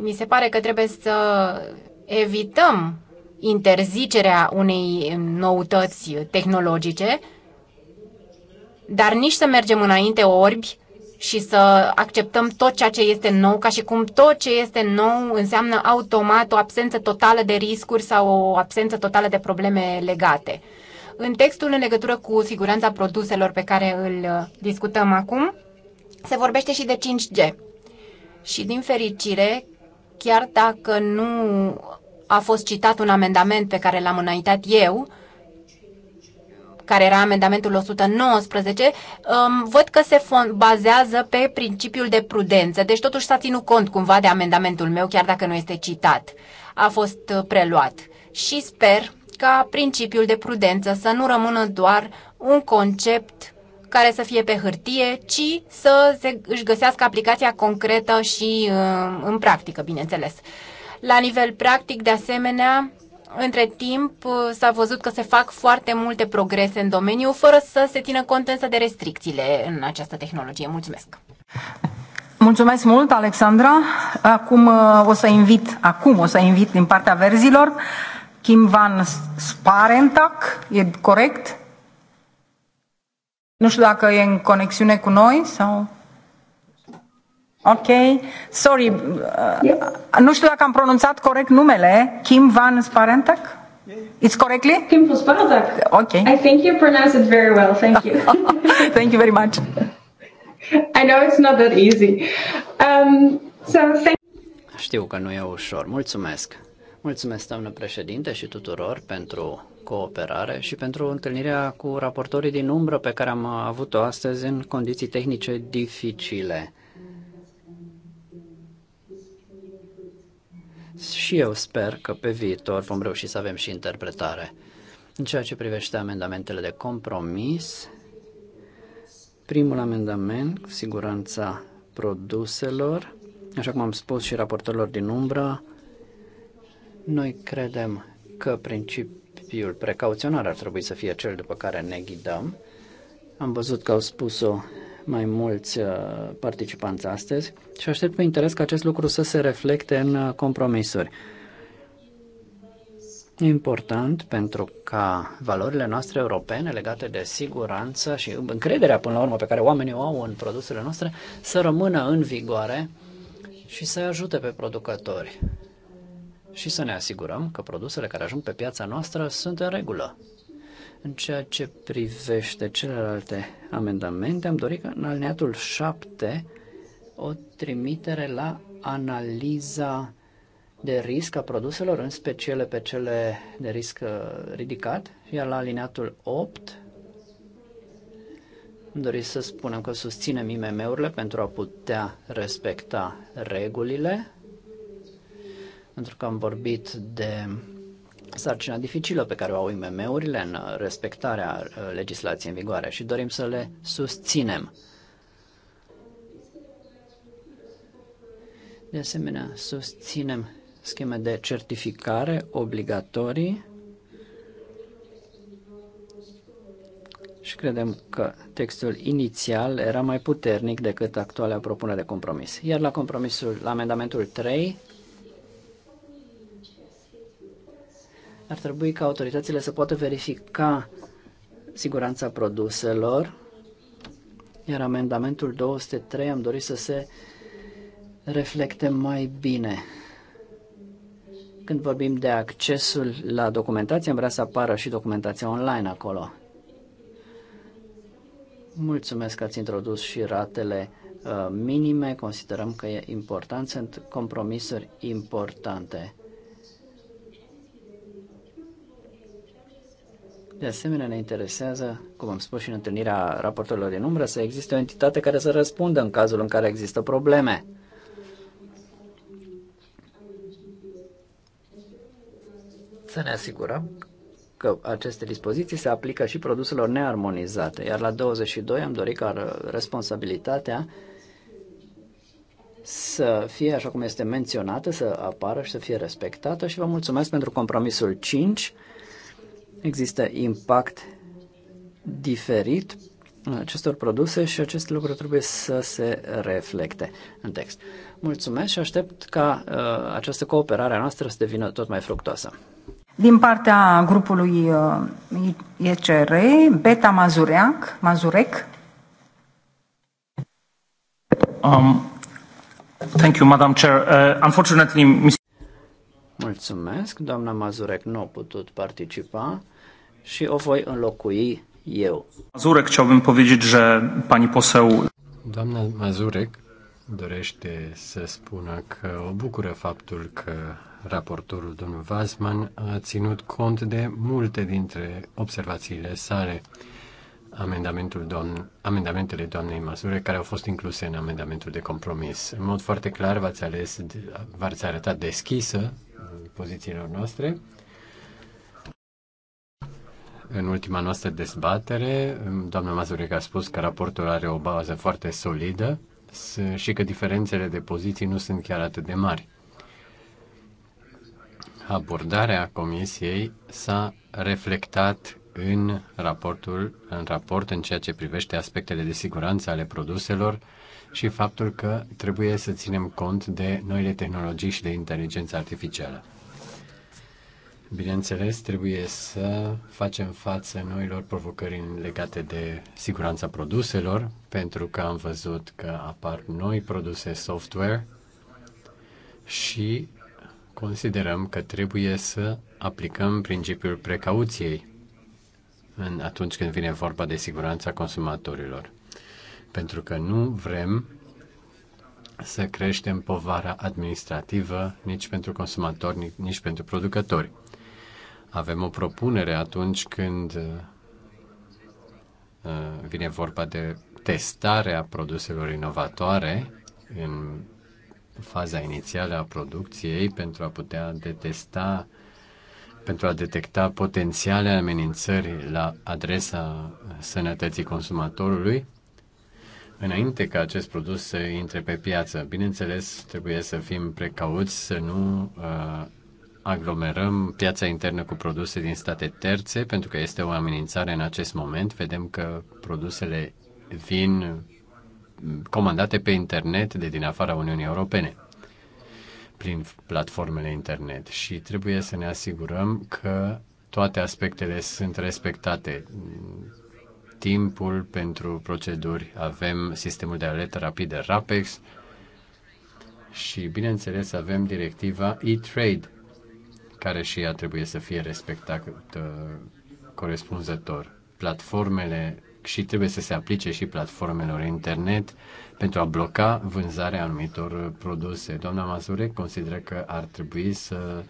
mi se pare că trebuie să evităm interzicerea unei noutăți tehnologice, dar nici să mergem înainte orbi și să acceptăm tot ceea ce este nou, ca și cum tot ce este nou înseamnă automat o absență totală de riscuri sau o absență totală de probleme legate. În textul în legătură cu siguranța produselor pe care îl discutăm acum, se vorbește și de 5G. Și din fericire, chiar dacă nu a fost citat un amendament pe care l-am înaintat eu, care era amendamentul 119, um, văd că se bazează pe principiul de prudență. Deci totuși s-a ținut cont cumva de amendamentul meu, chiar dacă nu este citat. A fost uh, preluat. Și sper ca principiul de prudență să nu rămână doar un concept care să fie pe hârtie, ci să se, își găsească aplicația concretă și uh, în practică, bineînțeles. La nivel practic, de asemenea, între timp uh, s-a văzut că se fac foarte multe progrese în domeniu, fără să se țină cont însă de restricțiile în această tehnologie. Mulțumesc! Mulțumesc mult, Alexandra. Acum uh, o să invit, acum o să invit din partea verzilor, Kim Van Sparentak, e corect? Nu știu dacă e în conexiune cu noi sau... Ok, sorry, uh, yes. nu știu dacă am pronunțat corect numele, Kim Van Sparentak? It's correctly? Kim Van Sparentak. Ok. I think you pronounce it very well, thank you. thank you very much. I know it's not that easy. Um, so thank Știu că nu e ușor, mulțumesc. Mulțumesc, doamnă președinte, și tuturor pentru cooperare și pentru întâlnirea cu raportorii din umbră pe care am avut-o astăzi în condiții tehnice dificile. Și eu sper că pe viitor vom reuși să avem și interpretare. În ceea ce privește amendamentele de compromis, primul amendament, siguranța produselor, așa cum am spus și raportorilor din umbră, noi credem că principiul precauționar ar trebui să fie cel după care ne ghidăm. Am văzut că au spus-o mai mulți uh, participanți astăzi și aștept cu interes ca acest lucru să se reflecte în uh, compromisuri. Important pentru ca valorile noastre europene legate de siguranță și încrederea până la urmă pe care oamenii o au în produsele noastre să rămână în vigoare și să ajute pe producători și să ne asigurăm că produsele care ajung pe piața noastră sunt în regulă. În ceea ce privește celelalte amendamente, am dorit că în alineatul 7 o trimitere la analiza de risc a produselor, în special pe cele de risc uh, ridicat, iar la alineatul 8 am dorit să spunem că susținem IMM-urile pentru a putea respecta regulile pentru că am vorbit de sarcina dificilă pe care o au IMM-urile în respectarea uh, legislației în vigoare și dorim să le susținem. De asemenea, susținem scheme de certificare obligatorii și credem că textul inițial era mai puternic decât actuala propunere de compromis. Iar la compromisul, la amendamentul 3, ar trebui ca autoritățile să poată verifica siguranța produselor, iar amendamentul 203 am dorit să se reflecte mai bine. Când vorbim de accesul la documentație, am vrea să apară și documentația online acolo. Mulțumesc că ați introdus și ratele uh, minime. Considerăm că e important, sunt compromisuri importante. De asemenea, ne interesează, cum am spus și în întâlnirea raportorilor din umbră, să existe o entitate care să răspundă în cazul în care există probleme. Să ne asigurăm că aceste dispoziții se aplică și produselor nearmonizate, iar la 22 am dorit ca responsabilitatea să fie, așa cum este menționată, să apară și să fie respectată și vă mulțumesc pentru compromisul 5 Există impact diferit acestor produse și acest lucru trebuie să se reflecte în text. Mulțumesc și aștept ca uh, această cooperare a noastră să devină tot mai fructoasă. Din partea grupului uh, ECR, Beta Mazureac, Mazurec. Um, thank you, Madam Chair. Uh, unfortunately, Mulțumesc, doamna Mazurec nu a putut participa și o voi înlocui eu. Mazurek, avem povedit, że pani poseu... Doamna Mazurek dorește să spună că o bucură faptul că raportorul domnul Vazman a ținut cont de multe dintre observațiile sale. Amendamentul domn, amendamentele doamnei Masure care au fost incluse în amendamentul de compromis. În mod foarte clar v-ați, ales, v-ați arătat deschisă pozițiilor noastre în ultima noastră dezbatere. Um, doamna Mazurek a spus că raportul are o bază foarte solidă și că diferențele de poziții nu sunt chiar atât de mari. Abordarea comisiei s-a reflectat în raportul, în raport în ceea ce privește aspectele de siguranță ale produselor și faptul că trebuie să ținem cont de noile tehnologii și de inteligența artificială. Bineînțeles, trebuie să facem față noilor provocări legate de siguranța produselor, pentru că am văzut că apar noi produse software și considerăm că trebuie să aplicăm principiul precauției în atunci când vine vorba de siguranța consumatorilor. Pentru că nu vrem să creștem povara administrativă nici pentru consumatori, nici pentru producători avem o propunere atunci când uh, uh, vine vorba de testarea produselor inovatoare în faza inițială a producției pentru a putea detesta, pentru a detecta potențiale amenințări la adresa sănătății consumatorului înainte ca acest produs să intre pe piață. Bineînțeles, trebuie să fim precauți să nu uh, aglomerăm piața internă cu produse din state terțe, pentru că este o amenințare în acest moment. Vedem că produsele vin comandate pe internet de din afara Uniunii Europene prin platformele internet și trebuie să ne asigurăm că toate aspectele sunt respectate. Timpul pentru proceduri, avem sistemul de alertă rapidă RAPEX și, bineînțeles, avem directiva e-trade care și ea trebuie să fie respectată uh, corespunzător. Platformele și trebuie să se aplice și platformelor internet pentru a bloca vânzarea anumitor produse. Doamna Mazure consideră că ar trebui să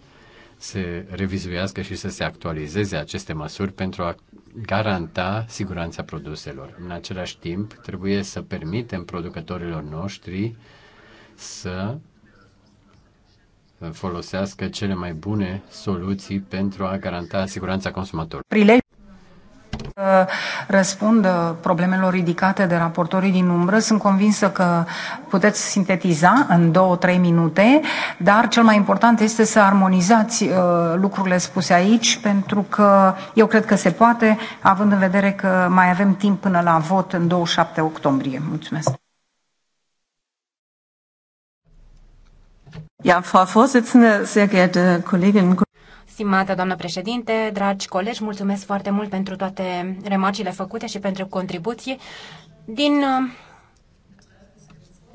se revizuiască și să se actualizeze aceste măsuri pentru a garanta siguranța produselor. În același timp, trebuie să permitem producătorilor noștri să folosească cele mai bune soluții pentru a garanta siguranța consumatorului. Prilej uh, răspund uh, problemelor ridicate de raportorii din umbră. Sunt convinsă că puteți sintetiza în două-trei minute, dar cel mai important este să armonizați uh, lucrurile spuse aici, pentru că eu cred că se poate, având în vedere că mai avem timp până la vot în 27 octombrie. Mulțumesc! Ja, Frau Vorsitzende, sehr geehrte Kolleginnen und Kollegen. Stimată doamnă președinte, dragi colegi, mulțumesc foarte mult pentru toate remarcile făcute și pentru contribuții. Din uh,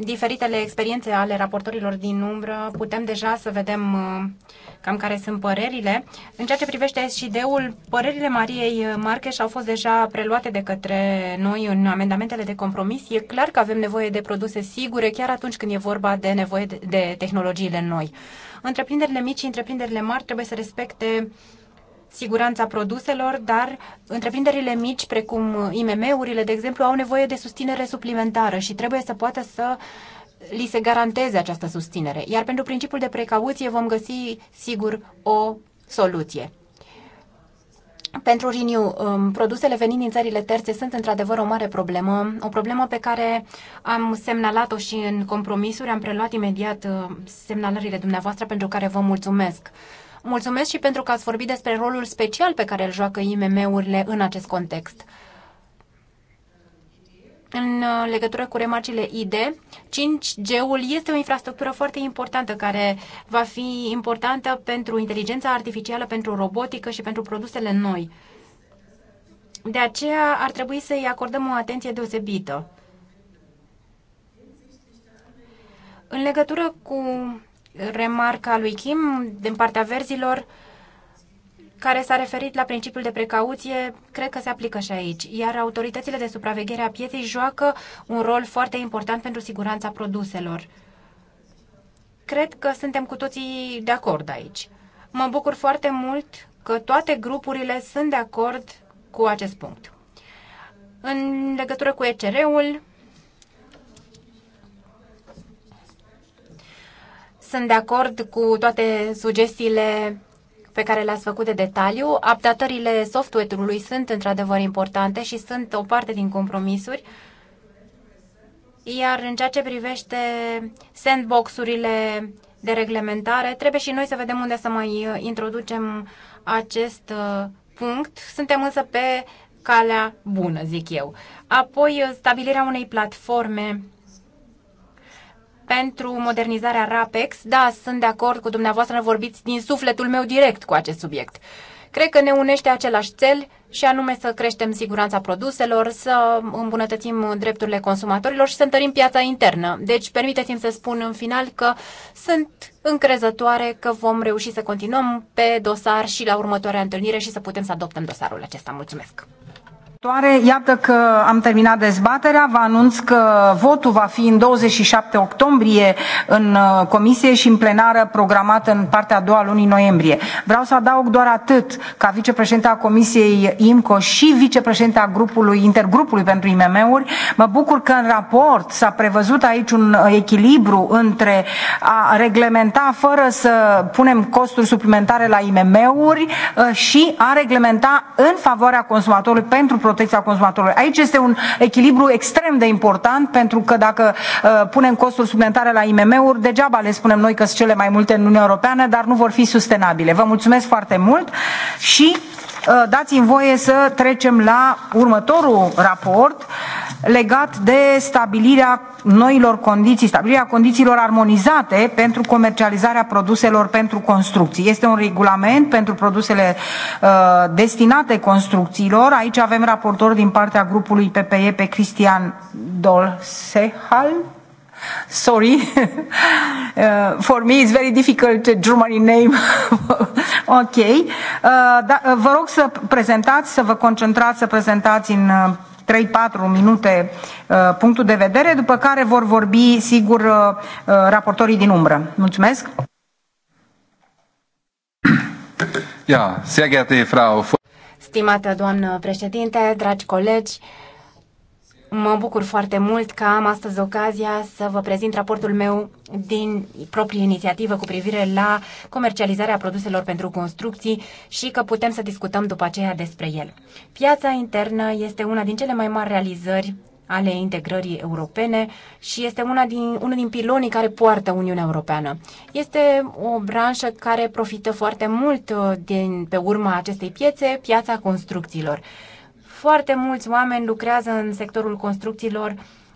diferitele experiențe ale raportorilor din umbră, putem deja să vedem uh, cam care sunt părerile. În ceea ce privește SCD-ul, părerile Mariei Marcheș au fost deja preluate de către noi în amendamentele de compromis. E clar că avem nevoie de produse sigure chiar atunci când e vorba de nevoie de tehnologiile noi. Întreprinderile mici și întreprinderile mari trebuie să respecte uh, siguranța produselor, dar întreprinderile mici, precum IMM-urile, de exemplu, au nevoie de susținere suplimentară și trebuie să poată să li se garanteze această susținere. Iar pentru principiul de precauție vom găsi, sigur, o soluție. Pentru riniu, um, produsele venind din țările terțe sunt într-adevăr o mare problemă, o problemă pe care am semnalat-o și în compromisuri, am preluat imediat uh, semnalările dumneavoastră pentru care vă mulțumesc. Mulțumesc și pentru că ați vorbit despre rolul special pe care îl joacă IMM-urile în acest context. În uh, legătură cu remarcile ID, 5G-ul este o infrastructură foarte importantă care va fi importantă pentru inteligența artificială, pentru robotică și pentru produsele noi. De aceea ar trebui să-i acordăm o atenție deosebită. În legătură cu remarca lui Kim din partea verzilor care s-a referit la principiul de precauție, cred că se aplică și aici. Iar autoritățile de supraveghere a pieței joacă un rol foarte important pentru siguranța produselor. Cred că suntem cu toții de acord aici. Mă bucur foarte mult că toate grupurile sunt de acord cu acest punct. În legătură cu ECR-ul, Sunt de acord cu toate sugestiile pe care le-ați făcut de detaliu. Updatările software-ului sunt într-adevăr importante și sunt o parte din compromisuri. Iar în ceea ce privește sandbox-urile de reglementare, trebuie și noi să vedem unde să mai uh, introducem acest uh, punct. Suntem însă pe calea bună, zic eu. Apoi, uh, stabilirea unei platforme pentru modernizarea RAPEX. Da, sunt de acord cu dumneavoastră, vorbiți din sufletul meu direct cu acest subiect. Cred că ne unește același cel și anume să creștem siguranța produselor, să îmbunătățim drepturile consumatorilor și să întărim piața internă. Deci, permiteți-mi să spun în final că sunt încrezătoare că vom reuși să continuăm pe dosar și la următoarea întâlnire și să putem să adoptăm dosarul acesta. Mulțumesc! Toare, iată că am terminat dezbaterea. Vă anunț că votul va fi în 27 octombrie în uh, comisie și în plenară programat în partea a doua lunii noiembrie. Vreau să adaug doar atât ca vicepreședinta Comisiei IMCO și vicepreședinta grupului, intergrupului pentru IMM-uri. Mă bucur că în raport s-a prevăzut aici un uh, echilibru între a reglementa fără să punem costuri suplimentare la IMM-uri uh, și a reglementa în favoarea consumatorului pentru protecția consumatorului. Aici este un echilibru extrem de important pentru că dacă uh, punem costuri suplimentare la IMM-uri, degeaba le spunem noi că sunt cele mai multe în Uniunea Europeană, dar nu vor fi sustenabile. Vă mulțumesc foarte mult și uh, dați-mi voie să trecem la următorul raport legat de stabilirea noilor condiții, stabilirea condițiilor armonizate pentru comercializarea produselor pentru construcții. Este un regulament pentru produsele uh, destinate construcțiilor. Aici avem raportor din partea grupului PPE pe Cristian Dolsehal. Sorry, uh, for me it's very difficult uh, Germany name. ok, uh, da, uh, vă rog să prezentați, să vă concentrați, să prezentați în uh, 3-4 minute uh, punctul de vedere, după care vor vorbi, sigur, uh, uh, raportorii din umbră. Mulțumesc! Ja, sehr geehrte Frau. Stimată doamnă președinte, dragi colegi, Mă bucur foarte mult că am astăzi ocazia să vă prezint raportul meu din proprie inițiativă cu privire la comercializarea produselor pentru construcții și că putem să discutăm după aceea despre el. Piața internă este una din cele mai mari realizări ale integrării europene și este una din, unul din pilonii care poartă Uniunea Europeană. Este o branșă care profită foarte mult uh, din, pe urma acestei piețe, piața construcțiilor. Foarte mulți oameni lucrează în sectorul construcțiilor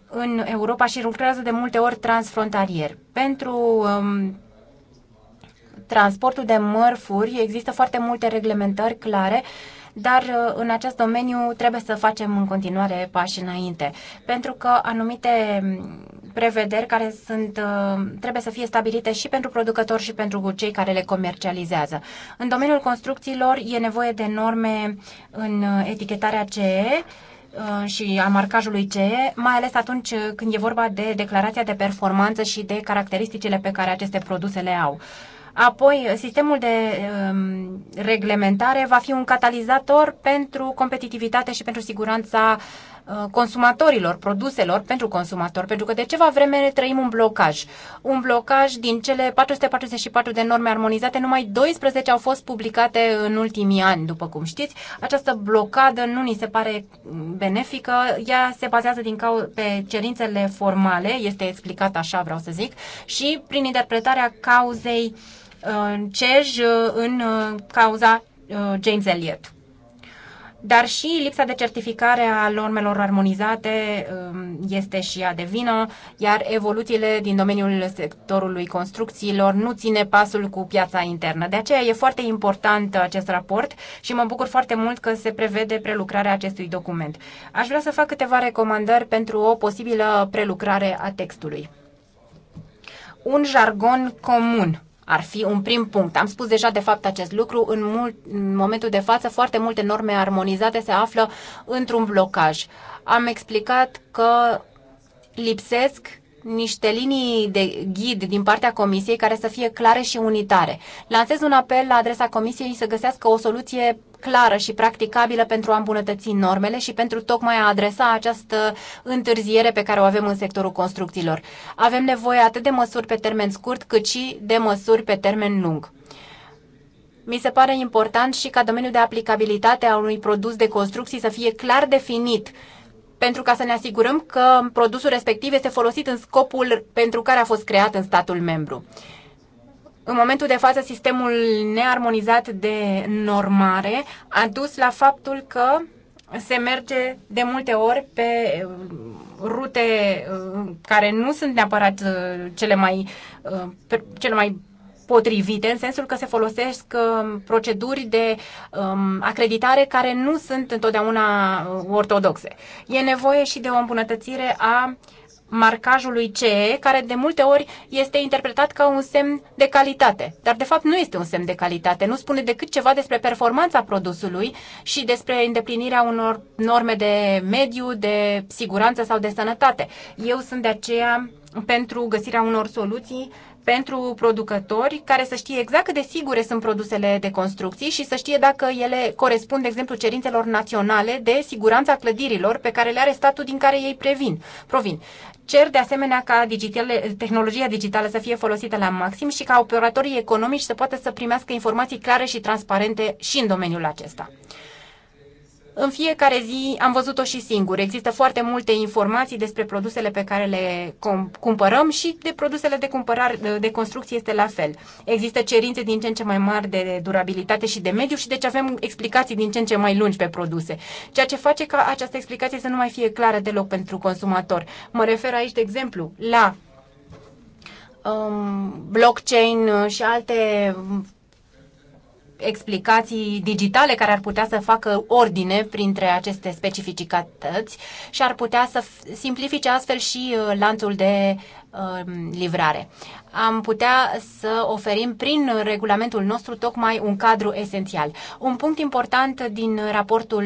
în Europa și lucrează de multe ori transfrontalier. Pentru um, transportul de mărfuri există foarte multe reglementări clare dar uh, în acest domeniu trebuie să facem în continuare pași înainte, pentru că anumite prevederi care sunt, uh, trebuie să fie stabilite și pentru producători și pentru cei care le comercializează. În domeniul construcțiilor e nevoie de norme în etichetarea CE, uh, și a marcajului CE, mai ales atunci când e vorba de declarația de performanță și de caracteristicile pe care aceste produse le au. Apoi, sistemul de um, reglementare va fi un catalizator pentru competitivitate și pentru siguranța uh, Uh, consumatorilor, produselor pentru consumator, pentru că de ceva vreme trăim un blocaj. Un blocaj din cele 444 de norme armonizate, numai 12 au fost publicate în ultimii ani, după cum știți. Această blocadă nu ni se pare benefică, ea se bazează din cau- pe cerințele formale, este explicat așa, vreau să zic, și prin interpretarea cauzei uh, CEJ uh, în uh, cauza James Elliot dar și lipsa de certificare a normelor armonizate um, este și ea de vină, iar evoluțiile din domeniul sectorului construcțiilor nu ține pasul cu piața internă. De aceea e foarte important acest raport și mă bucur foarte mult că se prevede prelucrarea acestui document. Aș vrea să fac câteva recomandări pentru o posibilă prelucrare a textului. Un jargon comun ar fi un prim punct. Am spus deja, de fapt, acest lucru. În, mult, în momentul de față, foarte multe norme armonizate se află într-un blocaj. Am explicat că lipsesc niște linii de ghid din partea Comisiei care să fie clare și unitare. Lansez un apel la adresa Comisiei să găsească o soluție clară și practicabilă pentru a îmbunătăți normele și pentru tocmai a adresa această întârziere pe care o avem în sectorul construcțiilor. Avem nevoie atât de măsuri pe termen scurt, cât și de măsuri pe termen lung. Mi se pare important și ca domeniul de aplicabilitate a unui produs de construcții să fie clar definit pentru ca să ne asigurăm că produsul respectiv este folosit în scopul pentru care a fost creat în statul membru. În momentul de față, sistemul nearmonizat de normare a dus la faptul că se merge de multe ori pe uh, rute uh, care nu sunt neapărat uh, cele mai, cele mai potrivite, în sensul că se folosesc um, proceduri de um, acreditare care nu sunt întotdeauna uh, ortodoxe. E nevoie și de o îmbunătățire a marcajului CE, care de multe ori este interpretat ca un semn de calitate. Dar de fapt nu este un semn de calitate, nu spune decât ceva despre performanța produsului și despre îndeplinirea unor norme de mediu, de siguranță sau de sănătate. Eu sunt de aceea pentru găsirea unor soluții pentru producători care să știe exact cât de sigure sunt produsele de construcții și să știe dacă ele corespund, de exemplu, cerințelor naționale de siguranța clădirilor pe care le are statul din care ei previn, provin. Cer de asemenea ca digitale, tehnologia digitală să fie folosită la maxim și ca operatorii economici să poată să primească informații clare și transparente și în domeniul acesta. În fiecare zi am văzut-o și singur. Există foarte multe informații despre produsele pe care le cumpărăm și de produsele de cumpărare, de construcție este la fel. Există cerințe din ce în ce mai mari de durabilitate și de mediu și deci avem explicații din ce în ce mai lungi pe produse, ceea ce face ca această explicație să nu mai fie clară deloc pentru consumator. Mă refer aici, de exemplu, la um, blockchain și alte explicații digitale care ar putea să facă ordine printre aceste specificități și ar putea să simplifice astfel și uh, lanțul de uh, livrare am putea să oferim prin regulamentul nostru tocmai un cadru esențial. Un punct important din raportul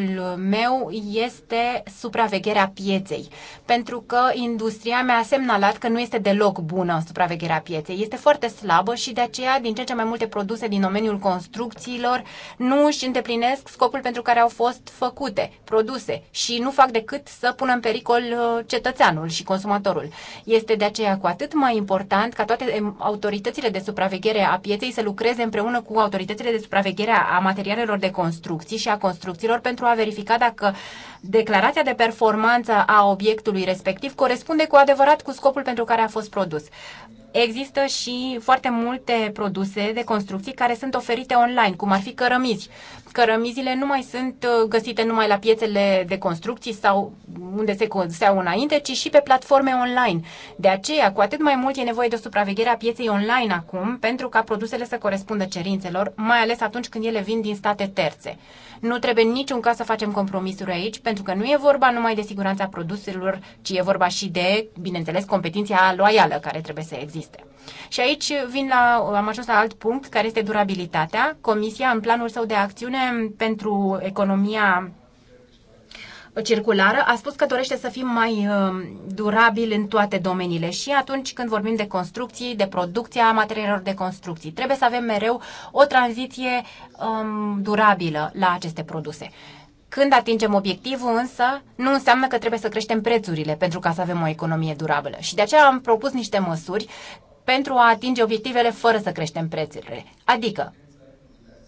meu este supravegherea pieței, pentru că industria mi-a semnalat că nu este deloc bună supravegherea pieței. Este foarte slabă și de aceea din ce ce mai multe produse din domeniul construcțiilor nu își îndeplinesc scopul pentru care au fost făcute, produse și nu fac decât să pună în pericol uh, cetățeanul și consumatorul. Este de aceea cu atât mai important ca toate autoritățile de supraveghere a pieței să lucreze împreună cu autoritățile de supraveghere a materialelor de construcții și a construcțiilor pentru a verifica dacă declarația de performanță a obiectului respectiv corespunde cu adevărat cu scopul pentru care a fost produs. Există și foarte multe produse de construcții care sunt oferite online, cum ar fi cărămizi cărămizile nu mai sunt uh, găsite numai la piețele de construcții sau unde se conceau înainte, ci și pe platforme online. De aceea, cu atât mai mult e nevoie de o supraveghere a pieței online acum, pentru ca produsele să corespundă cerințelor, mai ales atunci când ele vin din state terțe. Nu trebuie niciun caz să facem compromisuri aici, pentru că nu e vorba numai de siguranța produselor, ci e vorba și de, bineînțeles, competiția loială care trebuie să existe. Și aici vin la, am ajuns la alt punct, care este durabilitatea. Comisia, în planul său de acțiune, pentru economia circulară a spus că dorește să fim mai uh, durabil în toate domeniile și atunci când vorbim de construcții, de producția materialelor de construcții, trebuie să avem mereu o tranziție um, durabilă la aceste produse. Când atingem obiectivul însă, nu înseamnă că trebuie să creștem prețurile pentru ca să avem o economie durabilă. Și de aceea am propus niște măsuri pentru a atinge obiectivele fără să creștem prețurile. Adică,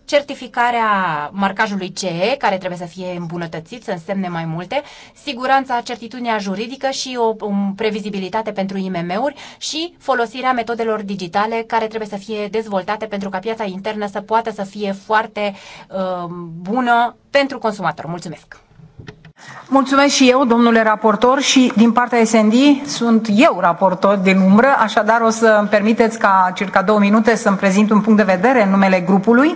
certificarea marcajului CE, care trebuie să fie îmbunătățit, să însemne mai multe, siguranța, certitudinea juridică și o um, previzibilitate pentru IMM-uri și folosirea metodelor digitale care trebuie să fie dezvoltate pentru ca piața internă să poată să fie foarte uh, bună pentru consumator. Mulțumesc! Mulțumesc și eu, domnule raportor, și din partea SND sunt eu raportor din umbră, așadar o să îmi permiteți ca circa două minute să-mi prezint un punct de vedere în numele grupului.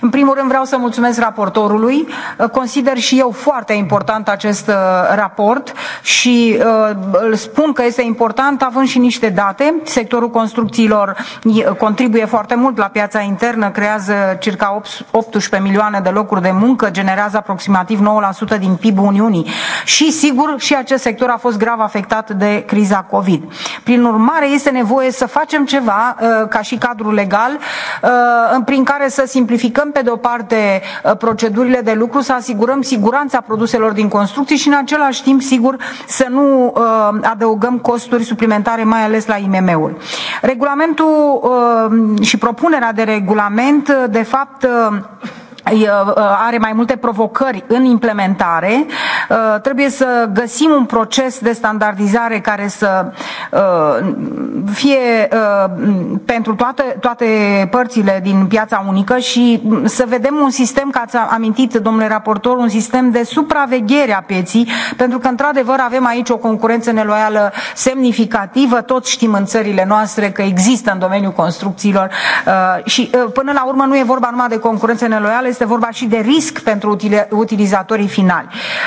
În primul rând vreau să mulțumesc raportorului, consider și eu foarte important acest uh, raport și uh, îl spun că este important având și niște date. Sectorul construcțiilor contribuie foarte mult la piața internă, creează circa 18 milioane de locuri de muncă, generează aproximativ 9% din PIB-ul Uniunii. Și sigur și acest sector a fost grav afectat de criza COVID. Prin urmare este nevoie să facem ceva uh, ca și cadrul legal uh, prin care să simplificăm pe de o parte uh, procedurile de lucru, să asigurăm siguranța produselor din construcții și în același timp sigur să nu adăugăm costuri suplimentare, mai ales la IMM-uri. Regulamentul și propunerea de regulament de fapt Uh, uh, are mai multe provocări în implementare, uh, trebuie să găsim un proces de standardizare care să fie pentru toate, toate părțile din piața unică și mm, să vedem un sistem, ca ați amintit, domnule raportor, un sistem de supraveghere a pieții, pentru că, într-adevăr, avem aici o concurență neloială semnificativă, toți știm în țările noastre că există în domeniul construcțiilor și, până la urmă, nu e vorba numai de concurență neloială, este vorba și de risc pentru utilizatorii finali.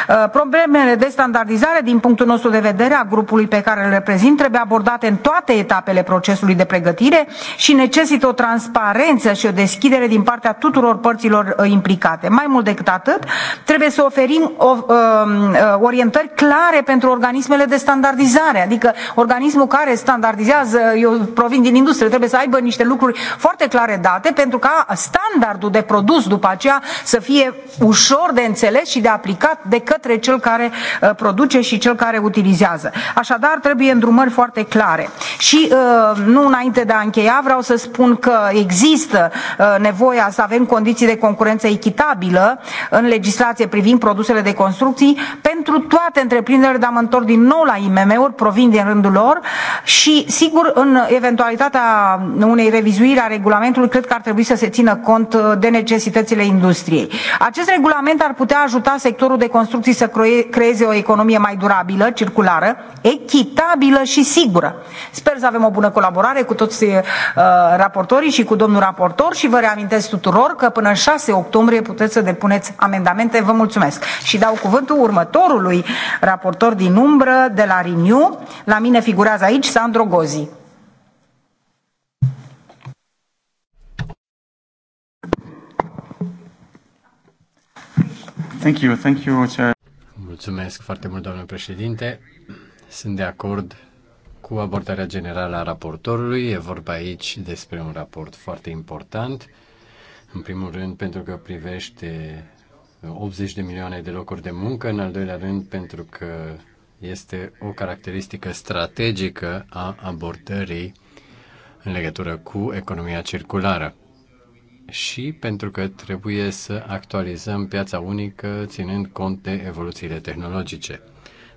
Uh, problemele de standardizare, din punctul nostru de vedere, a grupului pe care îl reprezint, trebuie abordate în toate etapele procesului de pregătire și necesită o transparență și o deschidere din partea tuturor părților uh, implicate. Mai mult decât atât, trebuie să oferim uh, orientări clare pentru organismele de standardizare, adică organismul care standardizează, eu provin din industrie, trebuie să aibă niște lucruri foarte clare date pentru ca standardul de produs după aceea să fie ușor de înțeles și de aplicat de către cel care uh, produce și cel care utilizează. Așadar, trebuie îndrumări foarte clare. Și uh, nu înainte de a încheia, vreau să spun că există uh, nevoia să avem condiții de concurență echitabilă în legislație privind produsele de construcții pentru toate întreprinderile, dar mă întorc din nou la IMM-uri, provin din rândul lor și, sigur, în eventualitatea unei revizuiri a regulamentului, cred că ar trebui să se țină cont de necesitățile piețele industriei. Acest regulament ar putea ajuta sectorul de construcții să creeze o economie mai durabilă, circulară, echitabilă și sigură. Sper să avem o bună colaborare cu toți uh, raportorii și cu domnul raportor și vă reamintesc tuturor că până în 6 octombrie puteți să depuneți amendamente. Vă mulțumesc. Și dau cuvântul următorului raportor din umbră de la Renew. La mine figurează aici Sandro Gozi. Thank you, thank you, Chair. Mulțumesc foarte mult, domnule președinte. Sunt de acord cu abordarea generală a raportorului. E vorba aici despre un raport foarte important. În primul rând, pentru că privește 80 de milioane de locuri de muncă, în al doilea rând, pentru că este o caracteristică strategică a abordării în legătură cu economia circulară și pentru că trebuie să actualizăm piața unică ținând cont de evoluțiile tehnologice.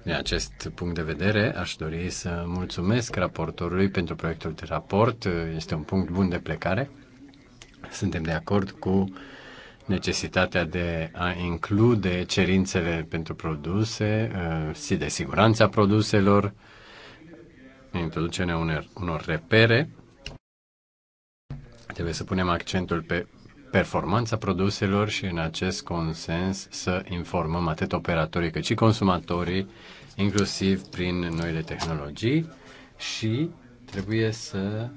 Din acest punct de vedere, aș dori să mulțumesc raportorului pentru proiectul de raport. Este un punct bun de plecare. Suntem de acord cu necesitatea de a include cerințele pentru produse uh, și de siguranța produselor, introducerea unor, unor repere Trebuie să punem accentul pe performanța produselor și în acest consens să informăm atât operatorii cât și consumatorii, inclusiv prin noile tehnologii și trebuie să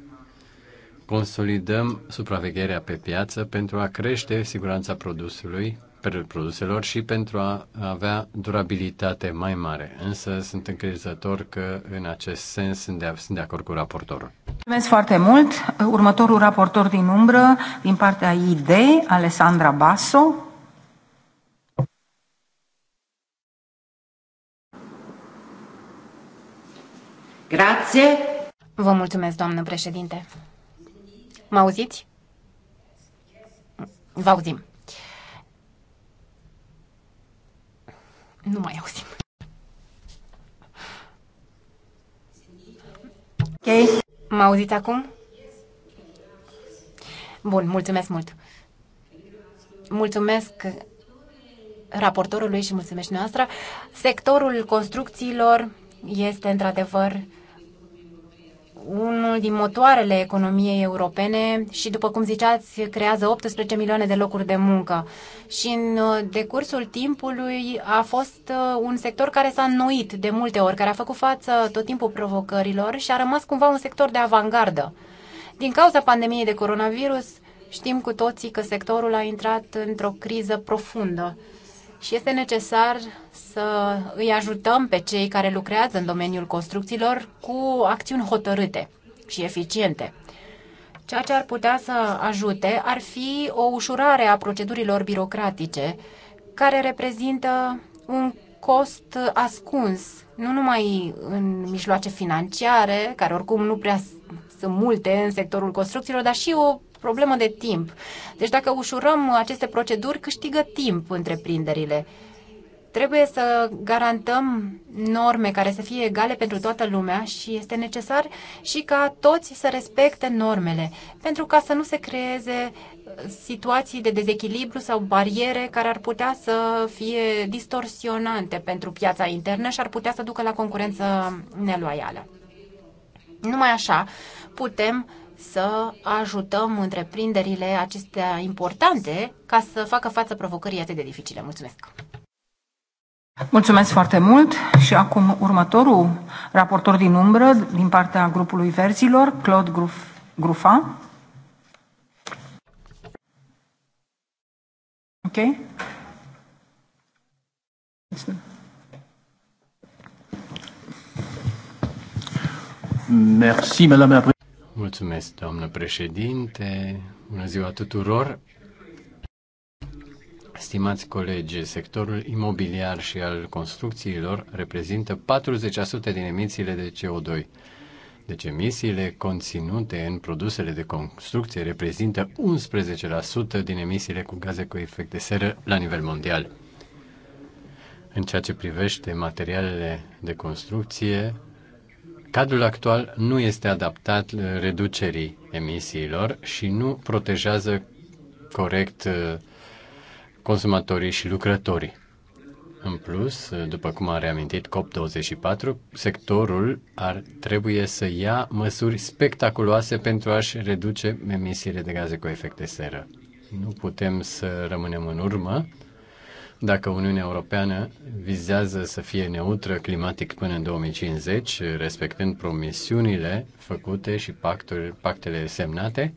consolidăm supravegherea pe piață pentru a crește siguranța produsului produselor și pentru a avea durabilitate mai mare. Însă sunt încrezător că în acest sens sunt de, sunt de acord cu raportorul. Mulțumesc foarte mult. Următorul raportor din umbră, din partea ID, Alessandra Basso. Grazie. Vă mulțumesc, doamnă președinte. Mă auziți? Vă auzim. Nu mai auzim. Ok, m auziți acum? Bun, mulțumesc mult. Mulțumesc raportorului și mulțumesc noastră. Sectorul construcțiilor este într-adevăr unul din motoarele economiei europene și, după cum ziceați, creează 18 milioane de locuri de muncă. Și în uh, decursul timpului a fost uh, un sector care s-a înnoit de multe ori, care a făcut față tot timpul provocărilor și a rămas cumva un sector de avangardă. Din cauza pandemiei de coronavirus, știm cu toții că sectorul a intrat într-o criză profundă și este necesar să îi ajutăm pe cei care lucrează în domeniul construcțiilor cu acțiuni hotărâte și eficiente. Ceea ce ar putea să ajute ar fi o ușurare a procedurilor birocratice, care reprezintă un cost ascuns, nu numai în mijloace financiare, care oricum nu prea sunt multe în sectorul construcțiilor, dar și o problemă de timp. Deci dacă ușurăm aceste proceduri, câștigă timp întreprinderile. Trebuie să garantăm norme care să fie egale pentru toată lumea și este necesar și ca toți să respecte normele, pentru ca să nu se creeze uh, situații de dezechilibru sau bariere care ar putea să fie distorsionante pentru piața internă și ar putea să ducă la concurență neloială. Numai așa putem să ajutăm întreprinderile acestea importante ca să facă față provocării atât de dificile. Mulțumesc! Mulțumesc foarte mult și acum următorul raportor din umbră din partea grupului Verzilor, Claude Gruf, Grufa. Ok? Merci, Madame la Mulțumesc, doamnă președinte. Bună ziua tuturor. Stimați colegi, sectorul imobiliar și al construcțiilor reprezintă 40% din emisiile de CO2. Deci emisiile conținute în produsele de construcție reprezintă 11% din emisiile cu gaze cu efect de seră la nivel mondial. În ceea ce privește materialele de construcție, Cadrul actual nu este adaptat uh, reducerii emisiilor și nu protejează corect uh, consumatorii și lucrătorii. În plus, uh, după cum a reamintit COP24, sectorul ar trebuie să ia măsuri spectaculoase pentru a-și reduce emisiile de gaze cu efect de seră. Nu putem să rămânem în urmă dacă Uniunea Europeană vizează să fie neutră climatic până în 2050, respectând promisiunile făcute și pactul, pactele semnate,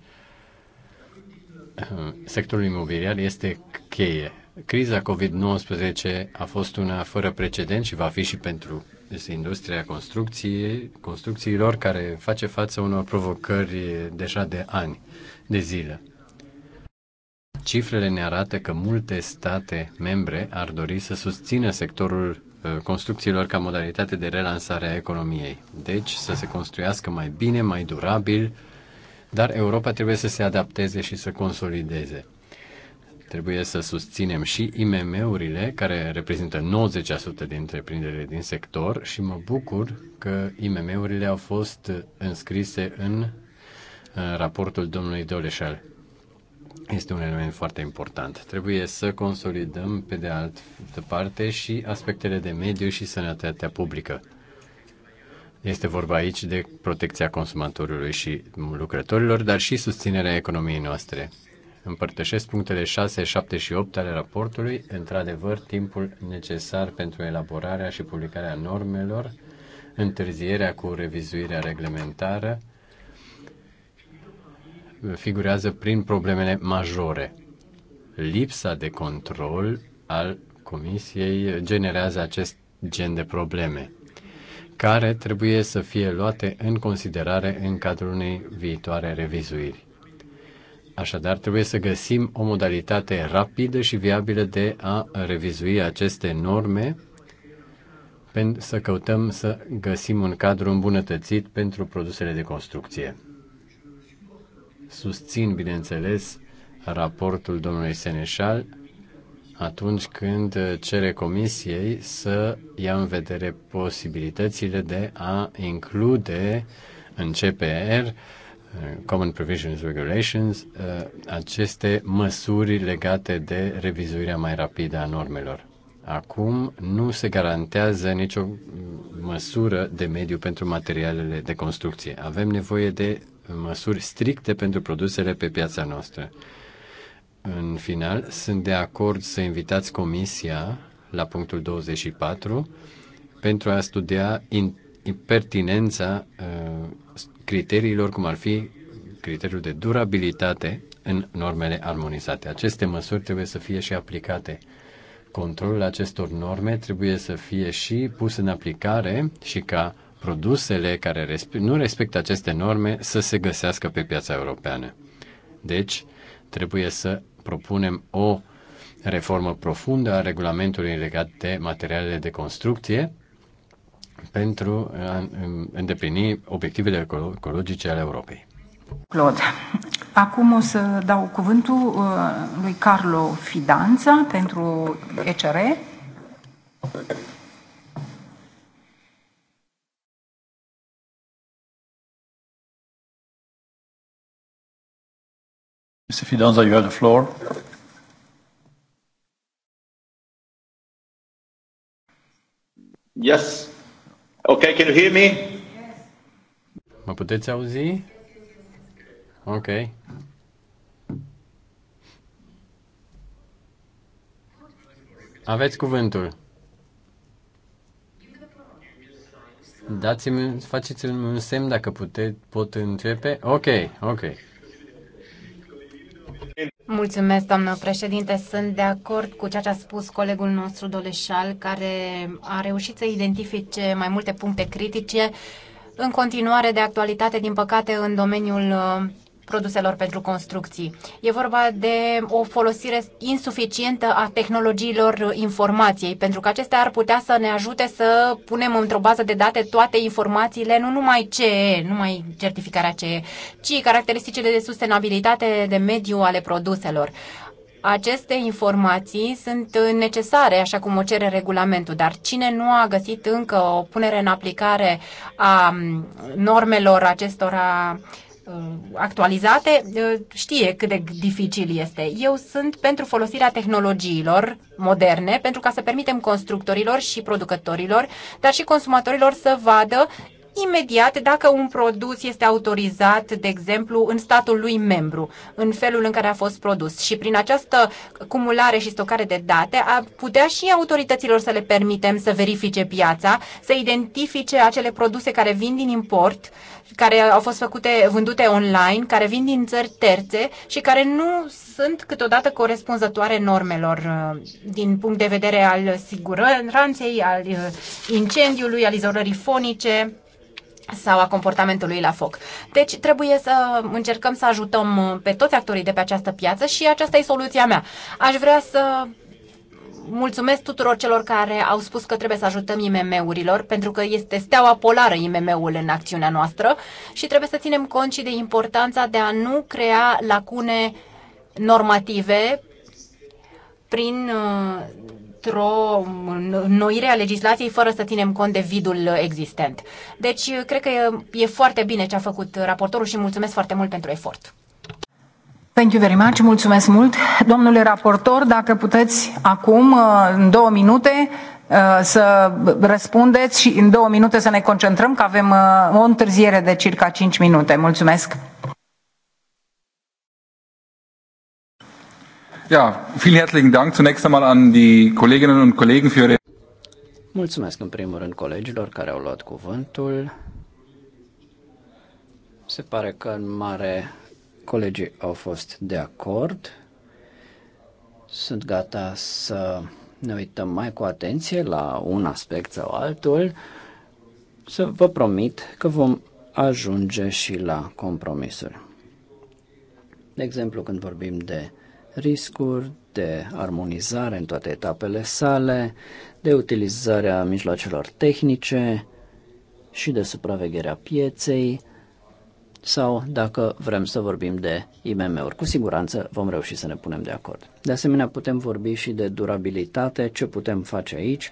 eh, sectorul imobiliar este cheie. Criza COVID-19 a fost una fără precedent și va fi și pentru industria construcției, construcțiilor care face față unor provocări deja de ani, de zile. Cifrele ne arată că multe state membre ar dori să susțină sectorul uh, construcțiilor ca modalitate de relansare a economiei. Deci să se construiască mai bine, mai durabil, dar Europa trebuie să se adapteze și să consolideze. Trebuie să susținem și IMM-urile, care reprezintă 90% din întreprinderile din sector și mă bucur că IMM-urile au fost înscrise în uh, raportul domnului Doleșal este un element foarte important. Trebuie să consolidăm, pe de altă parte, și aspectele de mediu și sănătatea publică. Este vorba aici de protecția consumatorului și lucrătorilor, dar și susținerea economiei noastre. Împărtășesc punctele 6, 7 și 8 ale raportului. Într-adevăr, timpul necesar pentru elaborarea și publicarea normelor, întârzierea cu revizuirea reglementară, figurează prin problemele majore. Lipsa de control al Comisiei generează acest gen de probleme, care trebuie să fie luate în considerare în cadrul unei viitoare revizuiri. Așadar, trebuie să găsim o modalitate rapidă și viabilă de a revizui aceste norme pentru să căutăm să găsim un cadru îmbunătățit pentru produsele de construcție. Susțin, bineînțeles, raportul domnului Seneșal atunci când cere comisiei să ia în vedere posibilitățile de a include în CPR, Common Provisions Regulations, aceste măsuri legate de revizuirea mai rapidă a normelor. Acum nu se garantează nicio măsură de mediu pentru materialele de construcție. Avem nevoie de măsuri stricte pentru produsele pe piața noastră. În final, sunt de acord să invitați Comisia la punctul 24 pentru a studia pertinența uh, criteriilor, cum ar fi criteriul de durabilitate în normele armonizate. Aceste măsuri trebuie să fie și aplicate. Controlul acestor norme trebuie să fie și pus în aplicare și ca produsele care nu respectă aceste norme să se găsească pe piața europeană. Deci, trebuie să propunem o reformă profundă a regulamentului legat de materialele de construcție pentru a îndeplini obiectivele ecologice ale Europei. Claude. Acum o să dau cuvântul uh, lui Carlo Fidanța pentru ECR. Mr. Fidanza, you have the floor. Yes. Okay, can you hear me? Yes. Mă puteți auzi? Ok. Aveți cuvântul. Dați-mi, faceți-mi un semn dacă puteți pot începe. Ok, ok. Mulțumesc, doamnă președinte. Sunt de acord cu ceea ce a spus colegul nostru Doleșal, care a reușit să identifice mai multe puncte critice. În continuare de actualitate, din păcate, în domeniul produselor pentru construcții. E vorba de o folosire insuficientă a tehnologiilor informației, pentru că acestea ar putea să ne ajute să punem într-o bază de date toate informațiile, nu numai CE, numai certificarea CE, ci caracteristicile de sustenabilitate de mediu ale produselor. Aceste informații sunt necesare, așa cum o cere regulamentul, dar cine nu a găsit încă o punere în aplicare a normelor acestora Uh, actualizate uh, știe cât de dificil este. Eu sunt pentru folosirea tehnologiilor moderne pentru ca să permitem constructorilor și producătorilor, dar și consumatorilor să vadă imediat dacă un produs este autorizat, de exemplu, în statul lui membru, în felul în care a fost produs. Și prin această cumulare și stocare de date, a putea și autorităților să le permitem să verifice piața, să identifice acele produse care vin din import care au fost făcute, vândute online, care vin din țări terțe și care nu sunt câteodată corespunzătoare normelor uh, din punct de vedere al siguranței, al uh, incendiului, al izolării fonice sau a comportamentului la foc. Deci trebuie să încercăm să ajutăm uh, pe toți actorii de pe această piață și aceasta e soluția mea. Aș vrea să mulțumesc tuturor celor care au spus că trebuie să ajutăm IMM-urilor, pentru că este steaua polară IMM-ul în acțiunea noastră și trebuie să ținem cont și de importanța de a nu crea lacune normative prin o noire a legislației fără să ținem cont de vidul existent. Deci, cred că e, e foarte bine ce a făcut raportorul și mulțumesc foarte mult pentru efort. Thank you very much, mulțumesc mult. Domnule raportor, dacă puteți acum, uh, în două minute, uh, să răspundeți și în două minute să ne concentrăm, că avem uh, o întârziere de circa 5 minute. Mulțumesc! Ja, vielen herzlichen Dank zunächst einmal an die Kolleginnen und Kollegen für ihre Mulțumesc în primul rând colegilor care au luat cuvântul. Se pare că în mare Colegii au fost de acord. Sunt gata să ne uităm mai cu atenție la un aspect sau altul. Să vă promit că vom ajunge și la compromisuri. De exemplu, când vorbim de riscuri, de armonizare în toate etapele sale, de utilizarea mijloacelor tehnice și de supravegherea pieței, sau dacă vrem să vorbim de IMM-uri. Cu siguranță vom reuși să ne punem de acord. De asemenea, putem vorbi și de durabilitate, ce putem face aici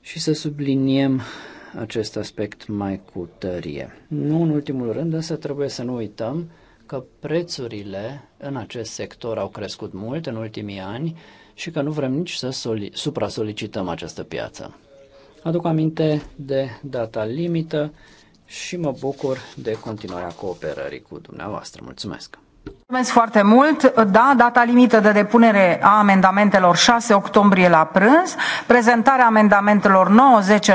și să subliniem acest aspect mai cu tărie. Nu în ultimul rând, însă trebuie să nu uităm că prețurile în acest sector au crescut mult în ultimii ani și că nu vrem nici să supra-solicităm această piață. Aduc aminte de data limită, și mă bucur de continuarea cooperării cu dumneavoastră. Mulțumesc! Mulțumesc foarte mult. Da, data limită de depunere a amendamentelor 6 octombrie la prânz, prezentarea amendamentelor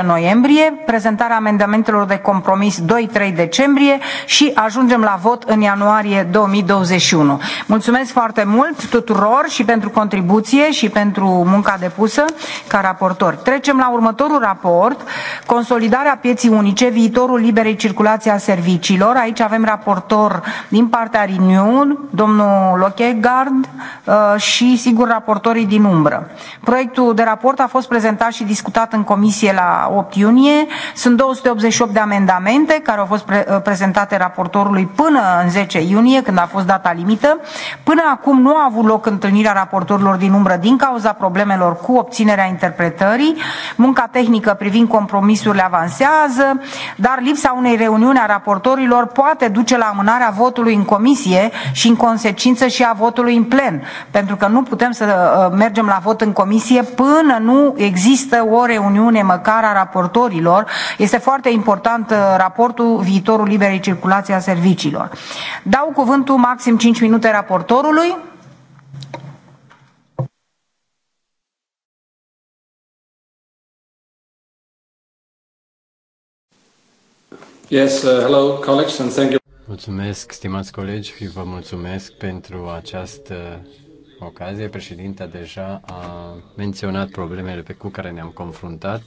9-10 noiembrie, prezentarea amendamentelor de compromis 2-3 decembrie și ajungem la vot în ianuarie 2021. Mulțumesc foarte mult tuturor și pentru contribuție și pentru munca depusă ca raportor. Trecem la următorul raport, consolidarea pieții unice, viitorul liberei circulații a serviciilor. Aici avem raportor din partea Renew, domnul Lochegard uh, și, sigur, raportorii din umbră. Proiectul de raport a fost prezentat și discutat în comisie la 8 iunie. Sunt 288 de amendamente care au fost pre uh, prezentate raportorului până în 10 iunie, când a fost data limită. Până acum nu a avut loc întâlnirea raportorilor din umbră din cauza problemelor cu obținerea interpretării. Munca tehnică privind compromisurile avansează, dar lipsa unei reuniuni a raportorilor poate duce la amânarea votului în comisie și în consecință și a votului în plen, pentru că nu putem să uh, mergem la vot în comisie până nu există o reuniune măcar a raportorilor. Este foarte important uh, raportul viitorul liberei circulații a serviciilor. Dau cuvântul maxim 5 minute raportorului. Yes, uh, hello colleagues and thank you. Mulțumesc, stimați colegi, și vă mulțumesc pentru această ocazie. Președinta deja a menționat problemele pe cu care ne-am confruntat.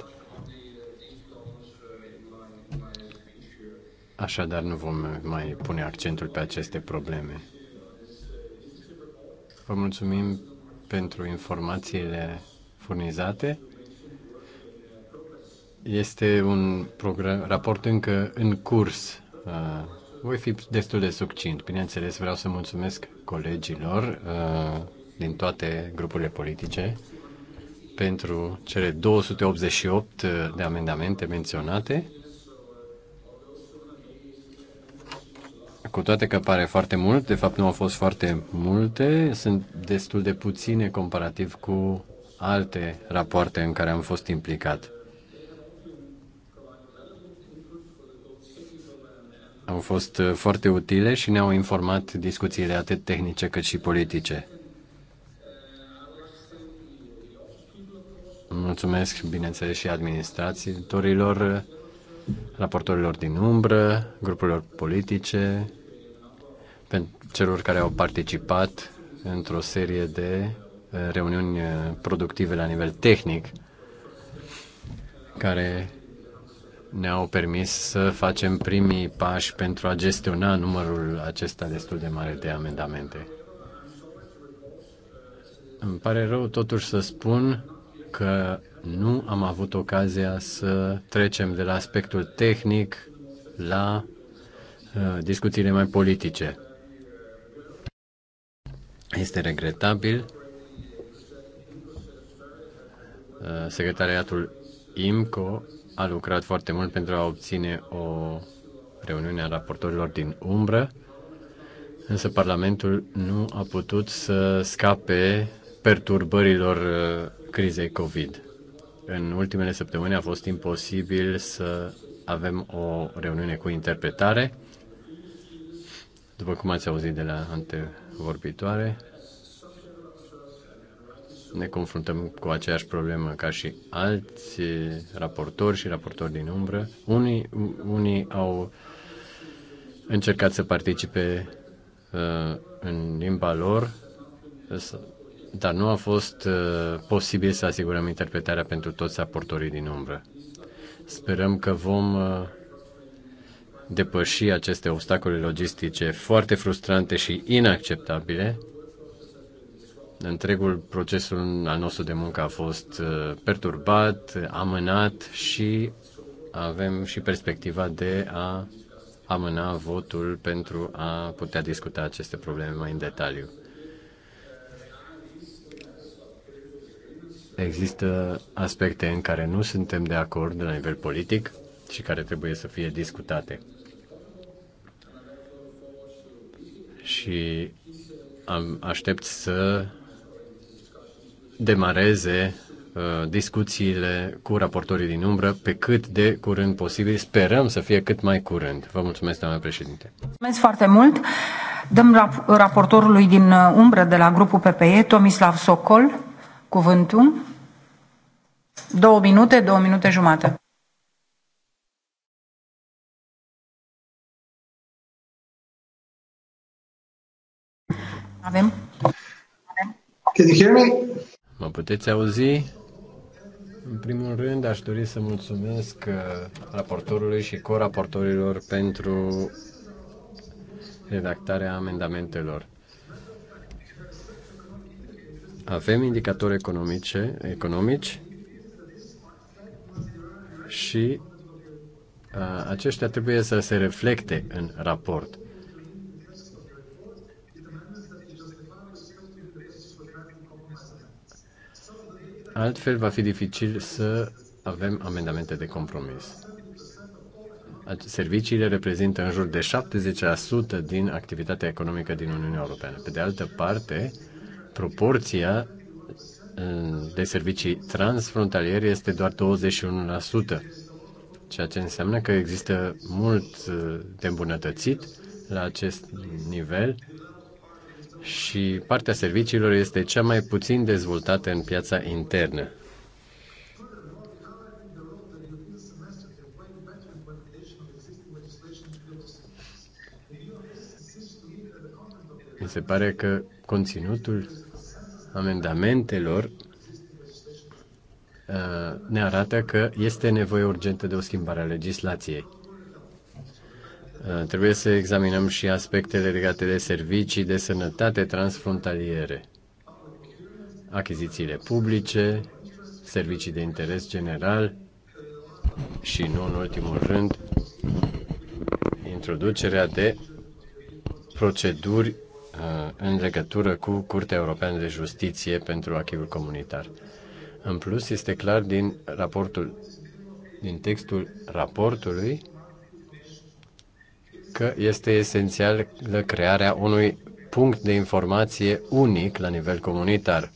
Așadar, nu vom mai pune accentul pe aceste probleme. Vă mulțumim pentru informațiile furnizate. Este un program, raport încă în curs. Uh, voi fi destul de succint. Bineînțeles, vreau să mulțumesc colegilor uh, din toate grupurile politice pentru cele 288 uh, de amendamente menționate. Cu toate că pare foarte mult, de fapt nu au fost foarte multe, sunt destul de puține comparativ cu alte rapoarte în care am fost implicat. au fost uh, foarte utile și ne-au informat discuțiile atât tehnice cât și politice. Mulțumesc, bineînțeles, și administratorilor, raportorilor din umbră, grupurilor politice, pentru celor care au participat într-o serie de uh, reuniuni uh, productive la nivel tehnic, care ne-au permis să facem primii pași pentru a gestiona numărul acesta destul de mare de amendamente. Îmi pare rău totuși să spun că nu am avut ocazia să trecem de la aspectul tehnic la uh, discuțiile mai politice. Este regretabil. Uh, secretariatul IMCO a lucrat foarte mult pentru a obține o reuniune a raportorilor din umbră, însă Parlamentul nu a putut să scape perturbărilor uh, crizei COVID. În ultimele săptămâni a fost imposibil să avem o reuniune cu interpretare, după cum ați auzit de la antevorbitoare, ne confruntăm cu aceeași problemă ca și alți eh, raportori și raportori din umbră. Unii, unii au încercat să participe uh, în limba lor, dar nu a fost uh, posibil să asigurăm interpretarea pentru toți raportorii din umbră. Sperăm că vom depăși aceste obstacole logistice foarte frustrante și inacceptabile întregul procesul al nostru de muncă a fost uh, perturbat, amânat și avem și perspectiva de a amâna votul pentru a putea discuta aceste probleme mai în detaliu. Există aspecte în care nu suntem de acord la nivel politic și care trebuie să fie discutate. Și am, aștept să demareze uh, discuțiile cu raportorii din umbră pe cât de curând posibil. Sperăm să fie cât mai curând. Vă mulțumesc, doamna președinte. Mulțumesc foarte mult. Dăm rap- raportorului din uh, umbră de la grupul PPE, Tomislav Socol, cuvântul. Două minute, două minute jumate. Avem? Can you hear me? Mă puteți auzi? În primul rând, aș dori să mulțumesc uh, raportorului și coraportorilor pentru redactarea amendamentelor. Avem indicatori economice, economici și uh, aceștia trebuie să se reflecte în raport. Altfel va fi dificil să avem amendamente de compromis. Serviciile reprezintă în jur de 70% din activitatea economică din Uniunea Europeană. Pe de altă parte, proporția de servicii transfrontaliere este doar 21%, ceea ce înseamnă că există mult uh, de îmbunătățit la acest nivel și partea serviciilor este cea mai puțin dezvoltată în piața internă. Mi se pare că conținutul amendamentelor uh, ne arată că este nevoie urgentă de o schimbare a legislației. Uh, trebuie să examinăm și aspectele legate de servicii de sănătate transfrontaliere, achizițiile publice, servicii de interes general și, nu în ultimul rând, introducerea de proceduri uh, în legătură cu Curtea Europeană de Justiție pentru Achivul Comunitar. În plus, este clar din raportul, din textul raportului că este esențial la crearea unui punct de informație unic la nivel comunitar.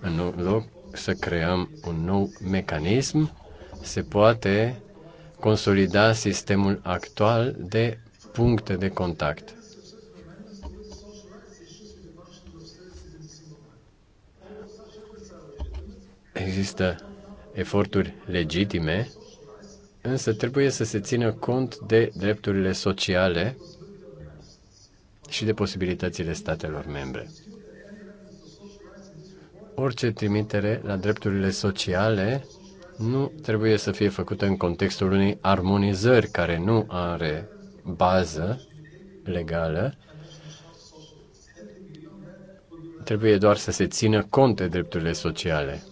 În loc să creăm un nou mecanism, se poate consolida sistemul actual de puncte de contact. Există eforturi legitime însă trebuie să se țină cont de drepturile sociale și de posibilitățile statelor membre. Orice trimitere la drepturile sociale nu trebuie să fie făcută în contextul unei armonizări care nu are bază legală, trebuie doar să se țină cont de drepturile sociale.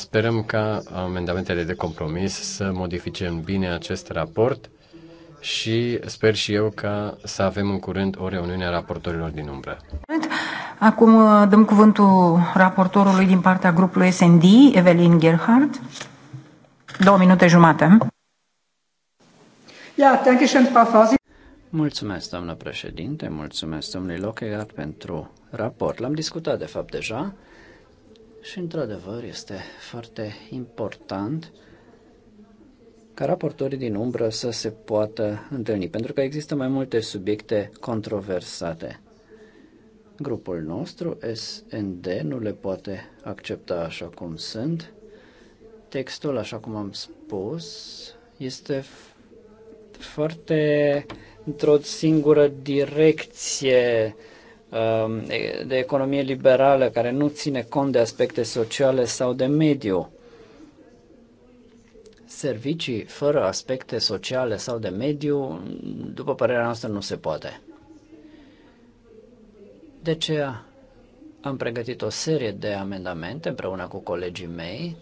Sperăm ca amendamentele de compromis să modifice în bine acest raport și sper și eu ca să avem în curând o reuniune a raportorilor din umbră. Acum uh, dăm cuvântul raportorului din partea grupului SND, Evelyn Gerhard. Două minute jumate. Mulțumesc, doamnă președinte, mulțumesc domnului Lockhart pentru raport. L-am discutat, de fapt, deja și, într-adevăr, este foarte important ca raportorii din umbră să se poată întâlni, pentru că există mai multe subiecte controversate. Grupul nostru, SND, nu le poate accepta așa cum sunt. Textul, așa cum am spus, este foarte într-o singură direcție Um, de economie liberală care nu ține cont de aspecte sociale sau de mediu. Servicii fără aspecte sociale sau de mediu, după părerea noastră, nu se poate. De aceea am pregătit o serie de amendamente împreună cu colegii mei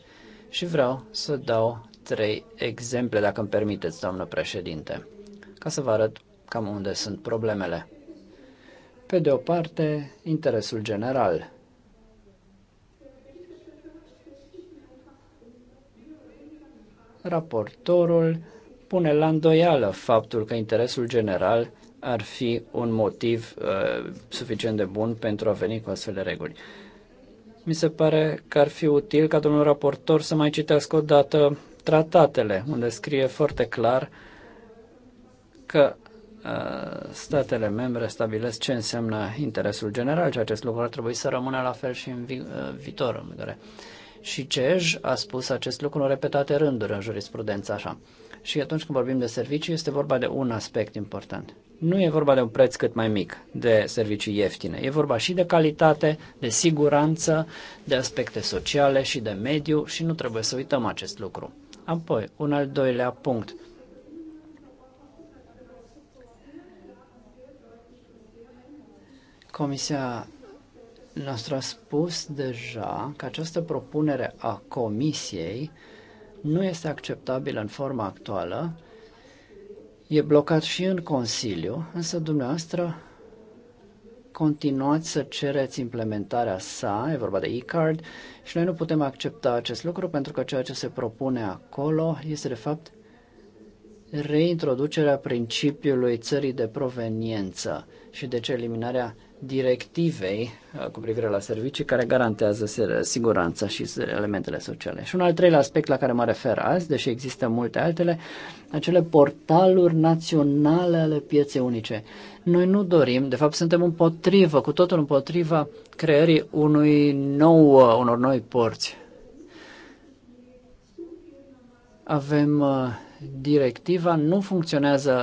și vreau să dau trei exemple, dacă îmi permiteți, doamnă președinte, ca să vă arăt cam unde sunt problemele. Pe de o parte, interesul general. Raportorul pune la îndoială faptul că interesul general ar fi un motiv uh, suficient de bun pentru a veni cu astfel de reguli. Mi se pare că ar fi util ca domnul raportor să mai citească o dată tratatele, unde scrie foarte clar că Uh, statele membre stabilesc ce înseamnă interesul general și acest lucru ar trebui să rămână la fel și în vi- uh, viitor. În Și CEJ a spus acest lucru în repetate rânduri în jurisprudență așa. Și atunci când vorbim de servicii, este vorba de un aspect important. Nu e vorba de un preț cât mai mic de servicii ieftine. E vorba și de calitate, de siguranță, de aspecte sociale și de mediu și nu trebuie să uităm acest lucru. Apoi, un al doilea punct – Comisia noastră a spus deja că această propunere a Comisiei nu este acceptabilă în forma actuală, e blocat și în Consiliu, însă dumneavoastră continuați să cereți implementarea sa, e vorba de e-card, și noi nu putem accepta acest lucru pentru că ceea ce se propune acolo este de fapt reintroducerea principiului țării de proveniență și deci eliminarea directivei uh, cu privire la servicii care garantează siguranța și elementele sociale. Și un al treilea aspect la care mă refer azi, deși există multe altele, acele portaluri naționale ale pieței unice. Noi nu dorim, de fapt suntem împotrivă, cu totul împotriva creării unui nou, uh, unor noi porți. Avem uh, directiva, nu funcționează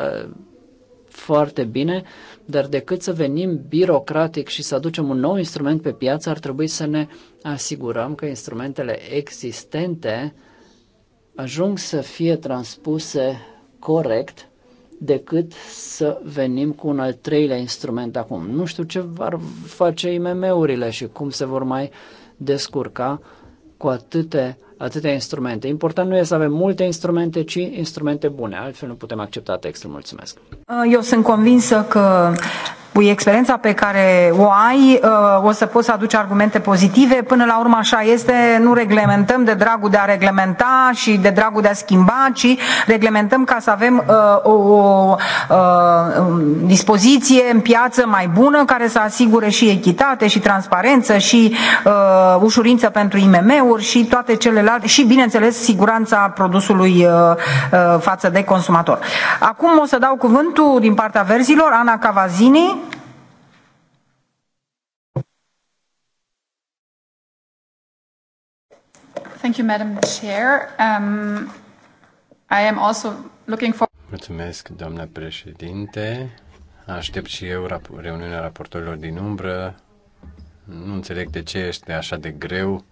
foarte bine, uh, dar decât să venim birocratic și să aducem un nou instrument pe piață, ar trebui să ne asigurăm că instrumentele existente ajung să fie transpuse corect decât să venim cu un al treilea instrument acum. Nu știu ce vor face IMM-urile și cum se vor mai descurca cu atâtea atâtea instrumente. Important nu e să avem multe instrumente, ci instrumente bune. Altfel nu putem accepta textul. Mulțumesc. Eu sunt convinsă că experiența pe care o ai, uh, o să poți să aduci argumente pozitive. Până la urmă așa este, nu reglementăm de dragul de a reglementa și de dragul de a schimba, ci reglementăm ca să avem uh, o, o, o uh, dispoziție în piață mai bună care să asigure și echitate și transparență și uh, ușurință pentru IMM-uri și toate celelalte și bineînțeles siguranța produsului uh, uh, față de consumator. Acum o să dau cuvântul din partea verzilor Ana Cavazini Thank you, Madam Chair. Um, I am also looking for... Mulțumesc, doamna președinte. Aștept și eu rap- reuniunea raportorilor din umbră. Nu înțeleg de ce este așa de greu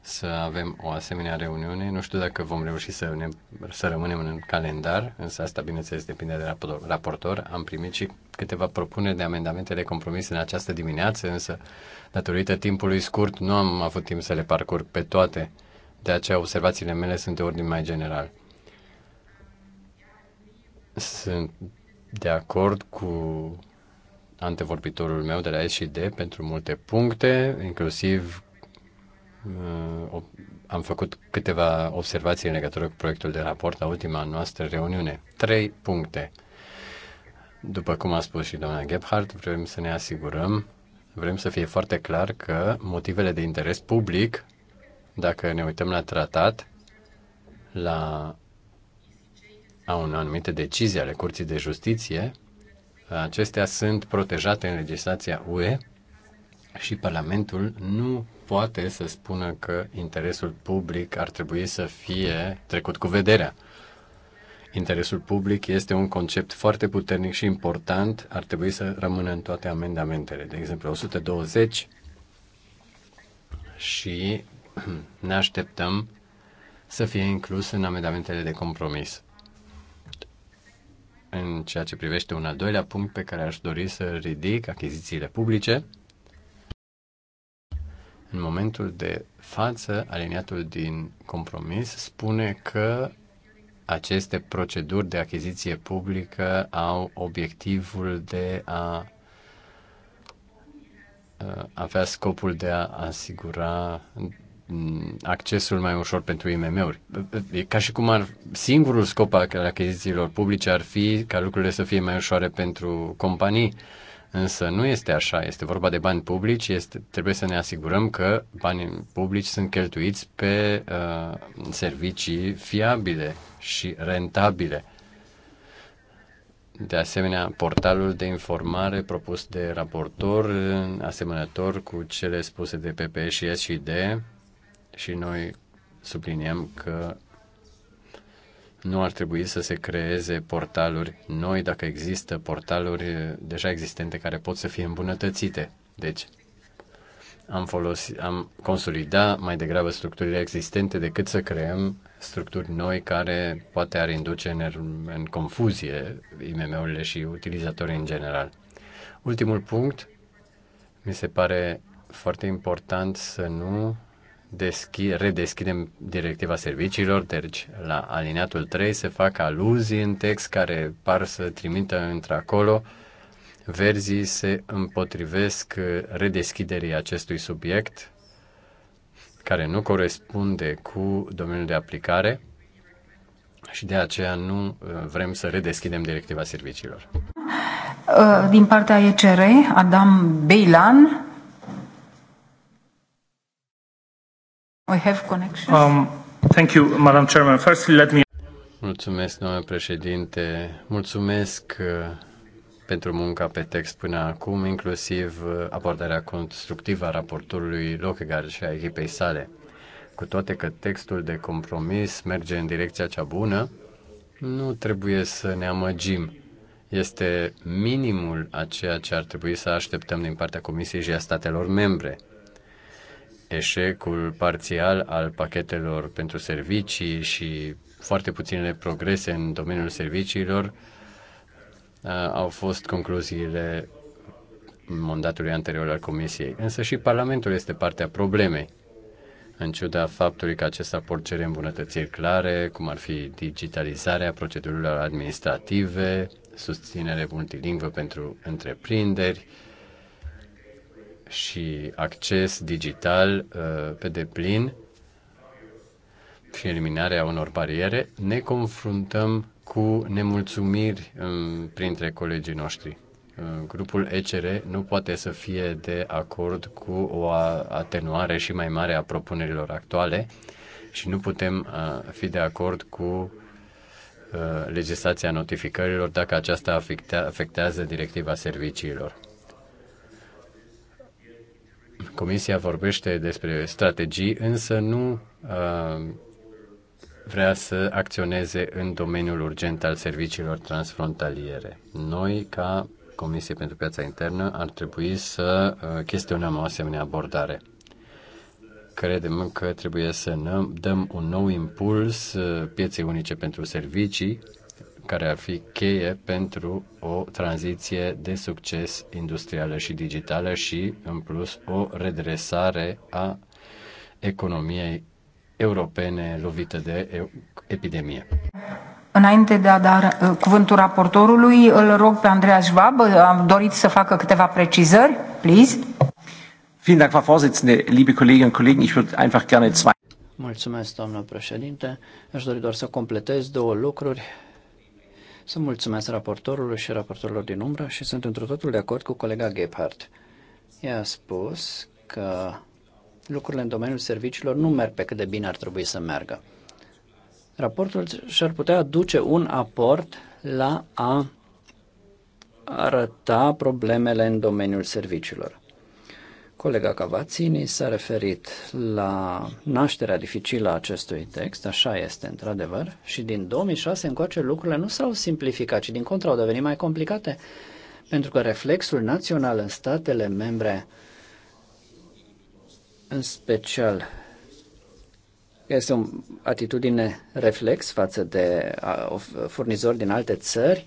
să avem o asemenea reuniune. Nu știu dacă vom reuși să, ne, să rămânem în calendar, însă asta, bineînțeles, depinde de raportor. Am primit și câteva propuneri de amendamente de compromis în această dimineață, însă, datorită timpului scurt, nu am avut timp să le parcurg pe toate. De aceea observațiile mele sunt de ordin mai general. Sunt de acord cu antevorbitorul meu de la SID pentru multe puncte, inclusiv uh, am făcut câteva observații în legătură cu proiectul de raport la ultima noastră reuniune. Trei puncte. După cum a spus și doamna Gebhardt, vrem să ne asigurăm, vrem să fie foarte clar că motivele de interes public dacă ne uităm la tratat, la a un anumite decizii ale Curții de Justiție, acestea sunt protejate în legislația UE și Parlamentul nu poate să spună că interesul public ar trebui să fie trecut cu vederea. Interesul public este un concept foarte puternic și important, ar trebui să rămână în toate amendamentele, de exemplu 120 și ne așteptăm să fie inclus în amendamentele de compromis. În ceea ce privește un al doilea punct pe care aș dori să ridic, achizițiile publice, în momentul de față, aliniatul din compromis spune că aceste proceduri de achiziție publică au obiectivul de a avea scopul de a asigura Mm, accesul mai ușor pentru IMM-uri. E ca și cum ar, singurul scop al achizițiilor publice ar fi ca lucrurile să fie mai ușoare pentru companii, însă nu este așa. Este vorba de bani publici, este, trebuie să ne asigurăm că banii publici sunt cheltuiți pe uh, servicii fiabile și rentabile. De asemenea, portalul de informare propus de raportor, asemănător cu cele spuse de PPS și SID, și noi subliniem că nu ar trebui să se creeze portaluri noi dacă există portaluri deja existente care pot să fie îmbunătățite. Deci, am, folosit, am consolida mai degrabă structurile existente decât să creăm structuri noi care poate ar induce în, er, în confuzie IMM-urile și utilizatorii în general. Ultimul punct, mi se pare foarte important să nu deschi, redeschidem directiva serviciilor, deci la alineatul 3 se fac aluzii în text care par să trimită într-acolo. Verzii se împotrivesc redeschiderii acestui subiect care nu corespunde cu domeniul de aplicare și de aceea nu uh, vrem să redeschidem directiva serviciilor. Uh, din partea ECR, Adam Beilan, We have Um, thank you, Madam Chairman. let me... Mulțumesc, domnule președinte. Mulțumesc uh, pentru munca pe text până acum, inclusiv uh, abordarea constructivă a raportorului Lockegaard și a echipei sale. Cu toate că textul de compromis merge în direcția cea bună, nu trebuie să ne amăgim. Este minimul a ceea ce ar trebui să așteptăm din partea Comisiei și a statelor membre – eșecul parțial al pachetelor pentru servicii și foarte puținele progrese în domeniul serviciilor uh, au fost concluziile mandatului anterior al Comisiei. Însă și Parlamentul este partea problemei. În ciuda faptului că acest raport cere îmbunătățiri clare, cum ar fi digitalizarea procedurilor administrative, susținere multilingvă pentru întreprinderi, și acces digital uh, pe deplin și eliminarea unor bariere, ne confruntăm cu nemulțumiri um, printre colegii noștri. Uh, grupul ECR nu poate să fie de acord cu o atenuare și mai mare a propunerilor actuale și nu putem uh, fi de acord cu legislația notificărilor dacă aceasta afectează directiva serviciilor. Comisia vorbește despre strategii, însă nu uh, vrea să acționeze în domeniul urgent al serviciilor transfrontaliere. Noi, ca Comisie pentru Piața Internă, ar trebui să uh, chestionăm o asemenea abordare. Credem că trebuie să ne dăm un nou impuls uh, pieței unice pentru servicii care ar fi cheie pentru o tranziție de succes industrială și digitală și, în plus, o redresare a economiei europene lovită de epidemie. Înainte de a da uh, cuvântul raportorului, îl rog pe Andreea Schwab, uh, am dorit să facă câteva precizări, please. Vielen Dank, Frau Vorsitzende, liebe Kolleginnen und Kollegen, ich würde einfach gerne zwei Mulțumesc, doamnă președinte. Aș dori doar să completez două lucruri. Să mulțumesc raportorului și raportorilor din umbră și sunt într totul de acord cu colega Gebhardt. Ea a spus că lucrurile în domeniul serviciilor nu merg pe cât de bine ar trebui să meargă. Raportul și-ar putea aduce un aport la a arăta problemele în domeniul serviciilor. Colega Cavazzini s-a referit la nașterea dificilă a acestui text, așa este într-adevăr, și din 2006 încoace lucrurile nu s-au simplificat, ci din contră au devenit mai complicate, pentru că reflexul național în statele membre, în special este o atitudine reflex față de furnizori din alte țări.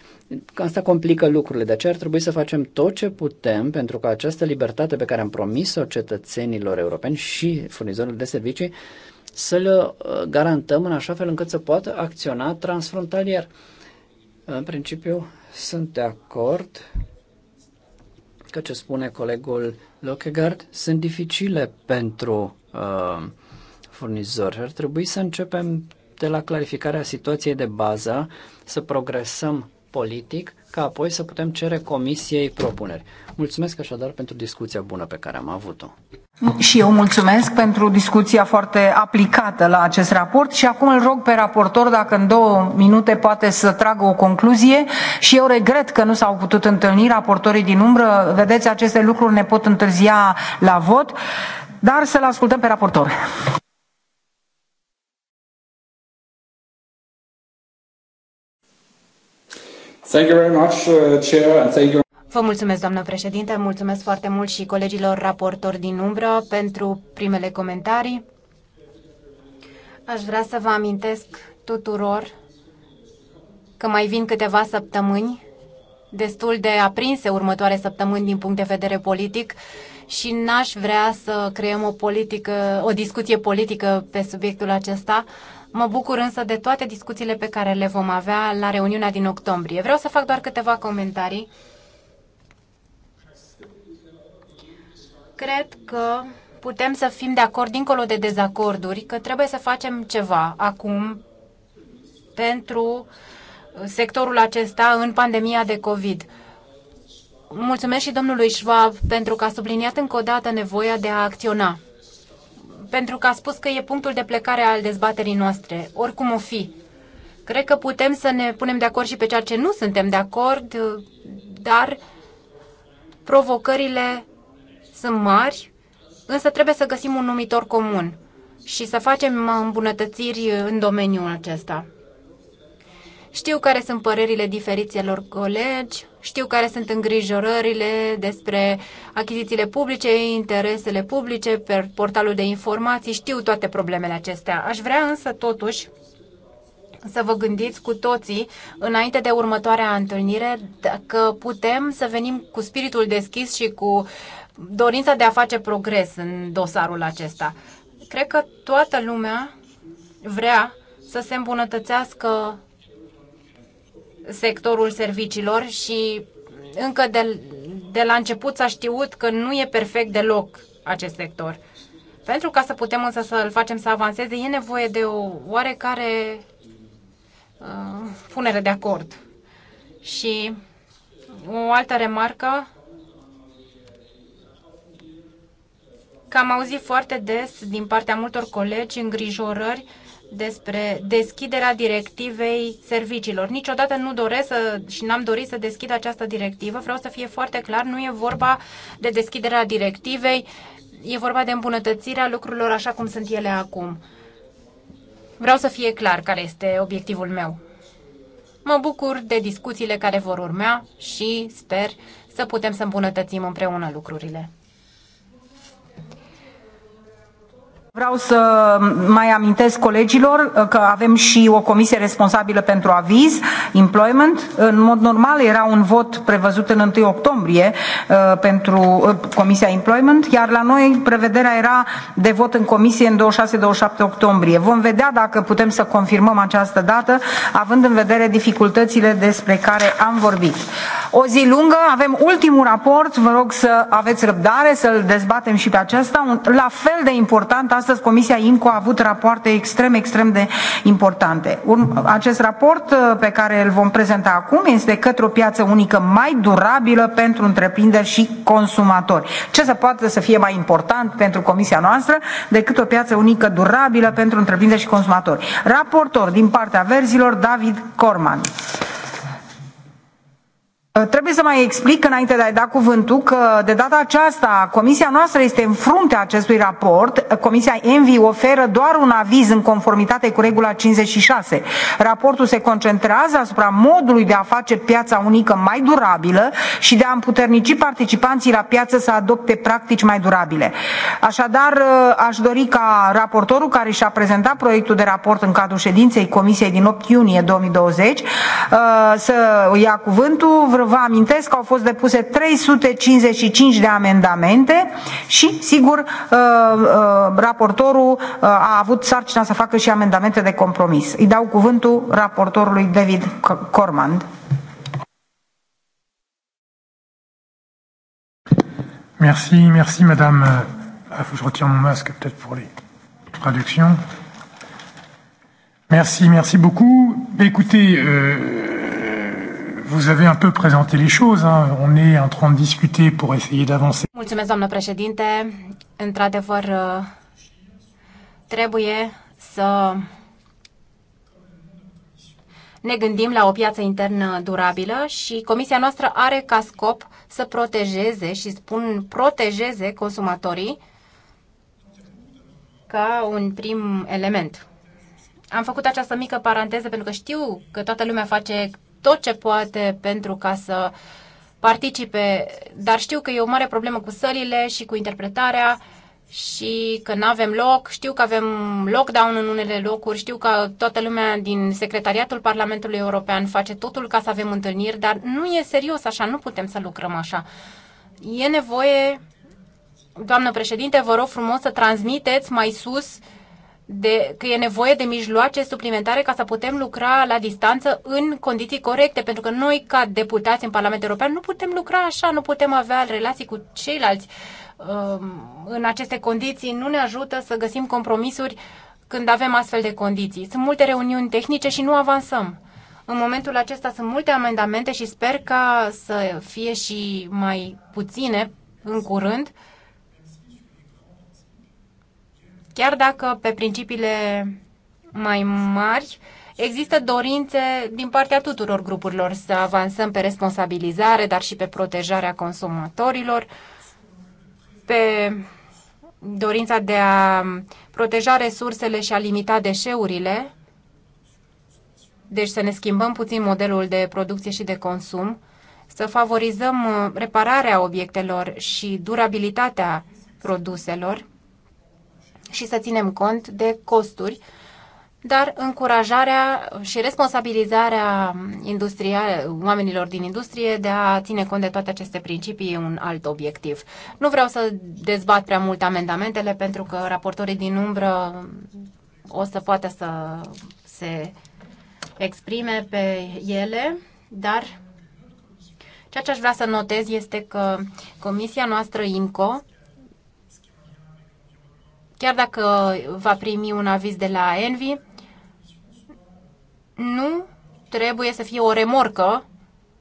Asta complică lucrurile, de aceea ar trebui să facem tot ce putem pentru ca această libertate pe care am promis-o cetățenilor europeni și furnizorilor de servicii să le uh, garantăm în așa fel încât să poată acționa transfrontalier. În principiu, sunt de acord că ce spune colegul Lockegaard sunt dificile pentru uh, furnizori. Ar trebui să începem de la clarificarea situației de bază, să progresăm politic, ca apoi să putem cere comisiei propuneri. Mulțumesc așadar pentru discuția bună pe care am avut-o. Și eu mulțumesc pentru discuția foarte aplicată la acest raport și acum îl rog pe raportor dacă în două minute poate să tragă o concluzie și eu regret că nu s-au putut întâlni raportorii din umbră. Vedeți, aceste lucruri ne pot întârzia la vot, dar să-l ascultăm pe raportor. Thank you very much, uh, Chair, and thank you Vă mulțumesc, doamnă președinte, mulțumesc foarte mult și colegilor raportori din umbră pentru primele comentarii. Aș vrea să vă amintesc tuturor că mai vin câteva săptămâni destul de aprinse următoare săptămâni din punct de vedere politic și n-aș vrea să creăm o, politică, o discuție politică pe subiectul acesta. Mă bucur însă de toate discuțiile pe care le vom avea la reuniunea din octombrie. Vreau să fac doar câteva comentarii. Cred că putem să fim de acord dincolo de dezacorduri, că trebuie să facem ceva acum pentru sectorul acesta în pandemia de COVID. Mulțumesc și domnului Schwab pentru că a subliniat încă o dată nevoia de a acționa pentru că a spus că e punctul de plecare al dezbaterii noastre, oricum o fi. Cred că putem să ne punem de acord și pe ceea ce nu suntem de acord, dar provocările sunt mari, însă trebuie să găsim un numitor comun și să facem îmbunătățiri în domeniul acesta. Știu care sunt părerile diferiților colegi, știu care sunt îngrijorările despre achizițiile publice, interesele publice, pe portalul de informații, știu toate problemele acestea. Aș vrea însă totuși să vă gândiți cu toții înainte de următoarea întâlnire dacă putem să venim cu spiritul deschis și cu dorința de a face progres în dosarul acesta. Cred că toată lumea vrea să se îmbunătățească sectorul serviciilor și încă de, de la început s-a știut că nu e perfect deloc acest sector. Pentru ca să putem însă să-l facem să avanseze, e nevoie de o oarecare uh, punere de acord. Și o altă remarcă, că am auzit foarte des din partea multor colegi îngrijorări uh, despre deschiderea directivei serviciilor. Niciodată nu doresc să, și n-am dorit să deschid această directivă. Vreau să fie foarte clar, nu e vorba de deschiderea directivei, e vorba de îmbunătățirea lucrurilor așa cum sunt ele acum. Vreau să fie clar care este obiectivul meu. Mă bucur de discuțiile care vor urmea și sper să putem să îmbunătățim împreună lucrurile. Vreau să mai amintesc colegilor uh, că avem și o comisie responsabilă pentru aviz, employment. În mod normal era un vot prevăzut în 1 octombrie uh, pentru uh, comisia employment, iar la noi prevederea era de vot în comisie în 26-27 octombrie. Vom vedea dacă putem să confirmăm această dată, având în vedere dificultățile despre care am vorbit. O zi lungă, avem ultimul raport, vă rog să aveți răbdare, să-l dezbatem și pe acesta, la fel de important astăzi Comisia IMCO a avut rapoarte extrem, extrem de importante. Acest raport uh, pe care îl vom prezenta acum este către o piață unică mai durabilă pentru întreprinderi și consumatori. Ce să poate să fie mai important pentru Comisia noastră decât o piață unică durabilă pentru întreprinderi și consumatori? Raportor din partea verzilor, David Corman. Ă, trebuie să mai explic înainte de a-i da cuvântul că de data aceasta comisia noastră este în fruntea acestui raport. Comisia ENVI oferă doar un aviz în conformitate cu regula 56. Raportul se concentrează asupra modului de a face piața unică mai durabilă și de a împuternici participanții la piață să adopte practici mai durabile. Așadar, ă, aș dori ca raportorul care și-a prezentat proiectul de raport în cadrul ședinței comisiei din 8 iunie 2020 ă, să ia cuvântul. Vreau vă amintesc că au fost depuse 355 de amendamente și, sigur, uh, uh, raportorul uh, a avut sarcina să facă și amendamente de compromis. Îi dau cuvântul raportorului David Cormand. Merci, merci madame. Il ah, euh, faut que je retire mon masque peut-être pour les traductions. Merci, merci beaucoup. Écoutez, euh, Vous avez un peu présenté les choses. Hein. On est en train de discuter pour essayer d'avancer. Mulțumesc, doamnă președinte. Într-adevăr, uh, trebuie să ne gândim la o piață internă durabilă și comisia noastră are ca scop să protejeze și spun protejeze consumatorii ca un prim element. Am făcut această mică paranteză pentru că știu că toată lumea face tot ce poate pentru ca să participe, dar știu că e o mare problemă cu sălile și cu interpretarea și că nu avem loc, știu că avem lockdown în unele locuri, știu că toată lumea din secretariatul Parlamentului European face totul ca să avem întâlniri, dar nu e serios așa, nu putem să lucrăm așa. E nevoie, doamnă președinte, vă rog frumos să transmiteți mai sus uh, de, că e nevoie de mijloace suplimentare ca să putem lucra la distanță în condiții corecte, pentru că noi, ca deputați în Parlamentul European, nu putem lucra așa, nu putem avea relații cu ceilalți um, în aceste condiții. Nu ne ajută să găsim compromisuri când avem astfel de condiții. Sunt multe reuniuni tehnice și nu avansăm. În momentul acesta sunt multe amendamente și sper ca să fie și mai puține în curând Chiar dacă pe principiile mai mari există dorințe din partea tuturor grupurilor să avansăm pe responsabilizare, dar și pe protejarea consumatorilor, pe dorința de a proteja resursele și a limita deșeurile, deci să ne schimbăm puțin modelul de producție și de consum, să favorizăm repararea obiectelor și durabilitatea produselor, și să ținem cont de costuri, dar încurajarea și responsabilizarea oamenilor din industrie de a ține cont de toate aceste principii e un alt obiectiv. Nu vreau să dezbat prea mult amendamentele pentru că raportorii din umbră o să poată să se exprime pe ele, dar Ceea ce aș vrea să notez este că comisia noastră INCO chiar dacă va primi un aviz de la Envi, nu trebuie să fie o remorcă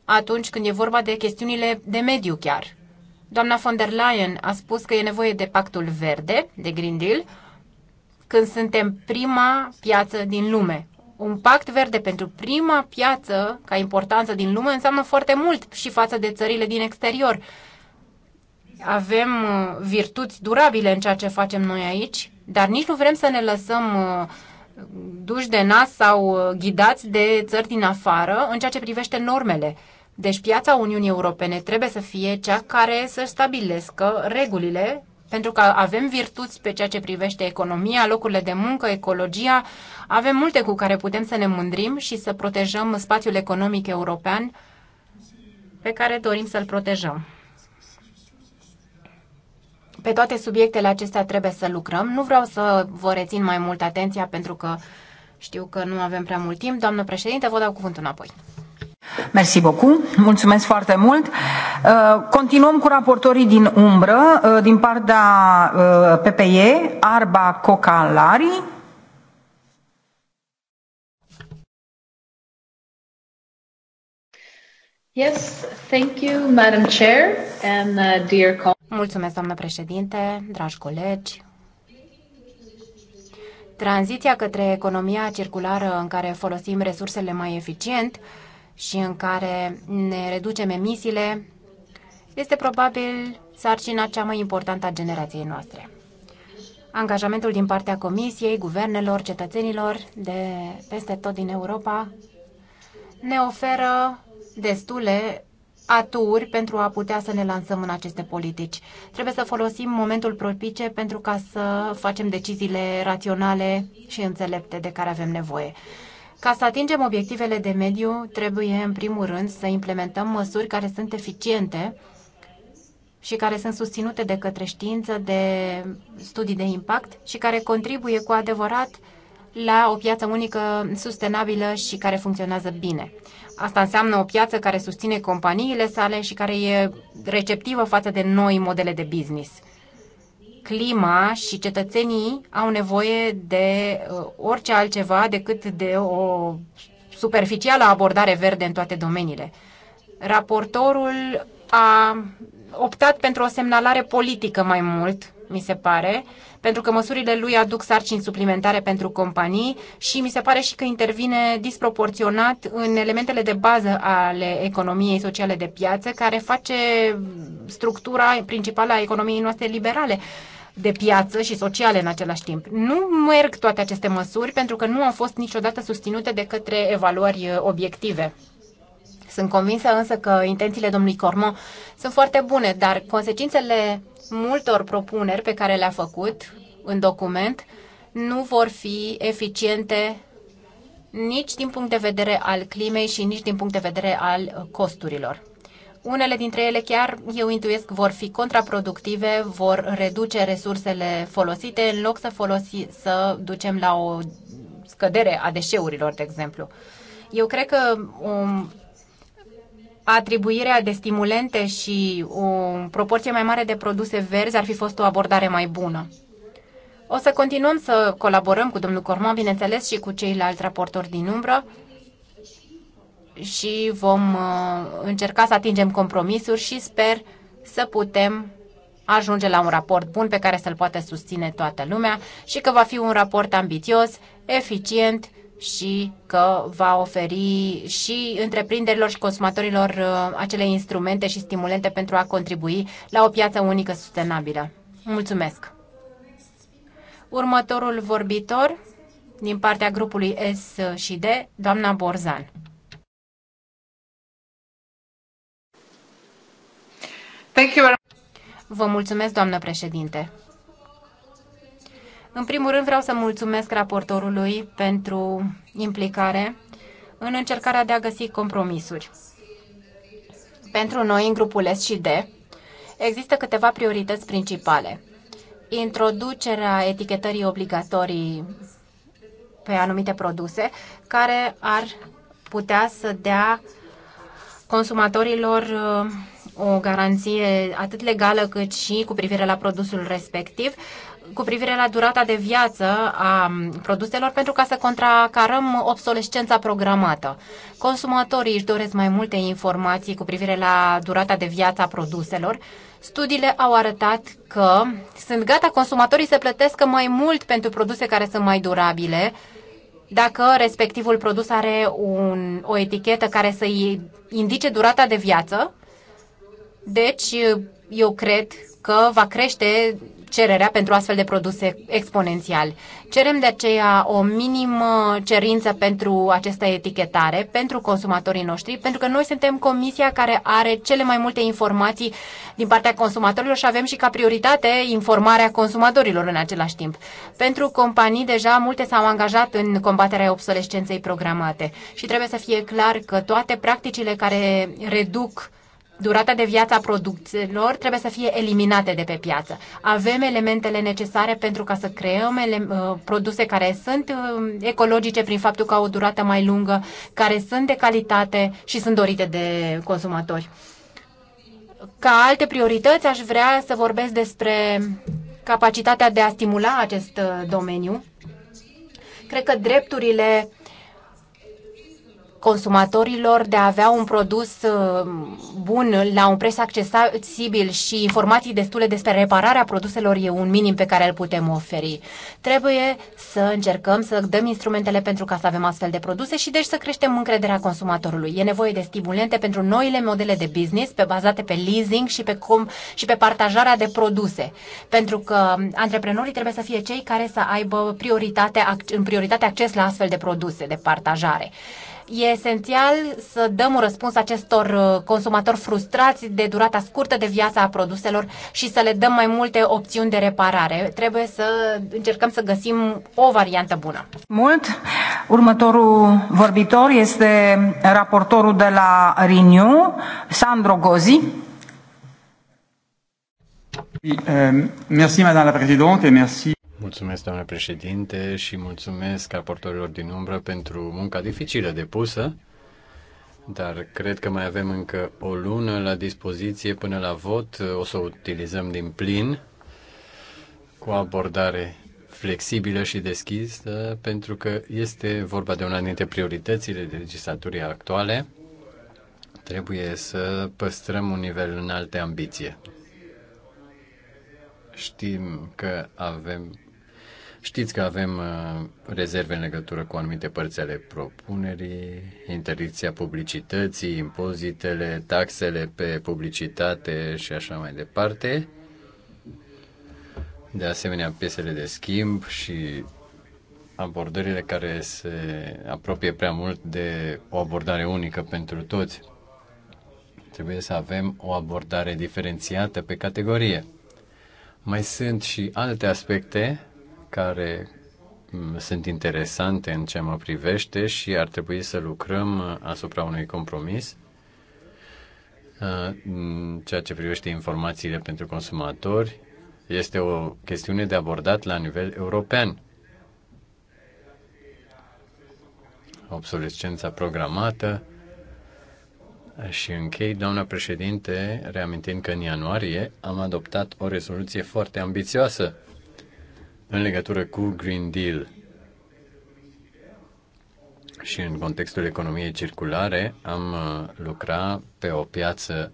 atunci când e vorba de chestiunile de mediu chiar. Doamna von der Leyen a spus că e nevoie de pactul verde, de Green Deal, când suntem prima piață din lume. Un pact verde pentru prima piață ca importanță din lume înseamnă foarte mult și față de țările din exterior avem uh, virtuți durabile în ceea ce facem noi aici, dar nici nu vrem să ne lăsăm uh, duși de nas sau uh, ghidați de țări din afară în ceea ce privește normele. Deci piața Uniunii Europene trebuie să fie cea care să stabilească regulile pentru că avem virtuți pe ceea ce privește economia, locurile de muncă, ecologia, avem multe cu care putem să ne mândrim și să protejăm spațiul economic european pe care dorim să-l protejăm. Pe toate subiectele acestea trebuie să lucrăm. Nu vreau să vă rețin mai mult atenția pentru că știu că nu avem prea mult timp. Doamnă președinte, vă dau cuvântul înapoi. Mersi beaucoup, mulțumesc foarte mult. Uh, continuăm cu raportorii din umbră, uh, din partea uh, PPE, Arba Cocalari. Yes, thank you, Madam Chair and uh, dear colleagues. Mulțumesc, doamnă președinte, dragi colegi. Tranziția către economia circulară în care folosim resursele mai eficient și în care ne reducem emisiile este probabil sarcina cea mai importantă a generației noastre. Angajamentul din partea Comisiei, guvernelor, cetățenilor de peste tot din Europa ne oferă destule aturi pentru a putea să ne lansăm în aceste politici. Trebuie să folosim momentul propice pentru ca să facem deciziile raționale și înțelepte de care avem nevoie. Ca să atingem obiectivele de mediu, trebuie în primul rând să implementăm măsuri care sunt eficiente și care sunt susținute de către știință, de studii de impact și care contribuie cu adevărat la o piață unică sustenabilă și care funcționează bine. Asta înseamnă o piață care susține companiile sale și care e receptivă față de noi modele de business. Clima și cetățenii au nevoie de uh, orice altceva decât de o superficială abordare verde în toate domeniile. Raportorul a optat pentru o semnalare politică mai mult mi se pare, pentru că măsurile lui aduc sarcini suplimentare pentru companii și mi se pare și că intervine disproporționat în elementele de bază ale economiei sociale de piață, care face structura principală a economiei noastre liberale de piață și sociale în același timp. Nu merg toate aceste măsuri pentru că nu au fost niciodată susținute de către evaluări uh, obiective. Sunt convinsă însă că intențiile domnului Cormo sunt foarte bune, dar consecințele multor propuneri pe care le-a făcut în document nu vor fi eficiente nici din punct de vedere al climei și nici din punct de vedere al uh, costurilor. Unele dintre ele chiar, eu intuiesc, vor fi contraproductive, vor reduce resursele folosite în loc să, folosi, să ducem la o scădere a deșeurilor, de exemplu. Eu cred că um, atribuirea de stimulente și o proporție mai mare de produse verzi ar fi fost o abordare mai bună. O să continuăm să colaborăm cu domnul Corman, bineînțeles, și cu ceilalți raportori din umbră și vom uh, încerca să atingem compromisuri și sper să putem ajunge la un raport bun pe care să-l poată susține toată lumea și că va fi un raport ambițios, eficient și că va oferi și întreprinderilor și consumatorilor uh, acele instrumente și stimulente pentru a contribui la o piață unică sustenabilă. Mulțumesc! Următorul vorbitor din partea grupului S și D, doamna Borzan. Thank you. Vă mulțumesc, doamnă președinte. În primul rând vreau să mulțumesc raportorului pentru implicare în încercarea de a găsi compromisuri. Pentru noi, în grupul S și D, există câteva priorități principale. Introducerea etichetării obligatorii pe anumite produse, care ar putea să dea consumatorilor uh, o garanție atât legală cât și cu privire la produsul respectiv, cu privire la durata de viață a produselor pentru ca să contracarăm obsolescența programată. Consumatorii își doresc mai multe informații cu privire la durata de viață a produselor. Studiile au arătat că sunt gata consumatorii să plătească mai mult pentru produse care sunt mai durabile dacă respectivul produs are un, o etichetă care să-i indice durata de viață. Deci, eu cred că va crește cererea pentru astfel de produse exponențial. Cerem de aceea o minimă cerință pentru această etichetare, pentru consumatorii noștri, pentru că noi suntem comisia care are cele mai multe informații din partea consumatorilor și avem și ca prioritate informarea consumatorilor în același timp. Pentru companii deja multe s-au angajat în combaterea obsolescenței programate și trebuie să fie clar că toate practicile care reduc durata de viață a produselor trebuie să fie eliminate de pe piață. Avem elementele necesare pentru ca să creăm ele, uh, produse care sunt uh, ecologice prin faptul că au o durată mai lungă, care sunt de calitate și sunt dorite de consumatori. Ca alte priorități aș vrea să vorbesc despre capacitatea de a stimula acest uh, domeniu. Cred că drepturile uh, consumatorilor de a avea un produs uh, bun la un preț accesibil și informații destule despre repararea produselor e un minim pe care îl putem oferi. Trebuie să încercăm să dăm instrumentele pentru ca să avem astfel de produse și deci să creștem încrederea consumatorului. E nevoie de stimulente pentru noile modele de business pe bazate pe leasing și pe, cum, și pe partajarea de produse. Pentru că antreprenorii trebuie să fie cei care să aibă prioritate, în prioritate acces la astfel de produse de partajare. E esențial să dăm un răspuns acestor uh, consumatori frustrați de durata scurtă de viață a produselor și să le dăm mai multe opțiuni de reparare. Trebuie să încercăm să găsim o variantă bună. Mult. Următorul vorbitor este raportorul de la Renew, Sandro Gozi. Euh, merci, Madame la Présidente, et merci. Mulțumesc, doamnă președinte, și mulțumesc raportorilor din umbră pentru munca dificilă depusă, dar cred că mai avem încă o lună la dispoziție până la vot. O să o utilizăm din plin cu abordare flexibilă și deschisă, pentru că este vorba de una dintre prioritățile de legislaturii actuale. Trebuie să păstrăm un nivel înalt de ambiție. Știm că avem Știți că avem uh, rezerve în legătură cu anumite părți ale propunerii, interdicția publicității, impozitele, taxele pe publicitate și așa mai departe. De asemenea, piesele de schimb și abordările care se apropie prea mult de o abordare unică pentru toți. Trebuie să avem o abordare diferențiată pe categorie. Mai sunt și alte aspecte care mm, sunt interesante în ce mă privește și ar trebui să lucrăm uh, asupra unui compromis uh, ceea ce privește informațiile pentru consumatori este o chestiune de abordat la nivel european. Obsolescența programată și închei, doamna președinte, reamintind că în ianuarie am adoptat o rezoluție foarte ambițioasă în legătură cu Green Deal și în contextul economiei circulare am uh, lucra pe o piață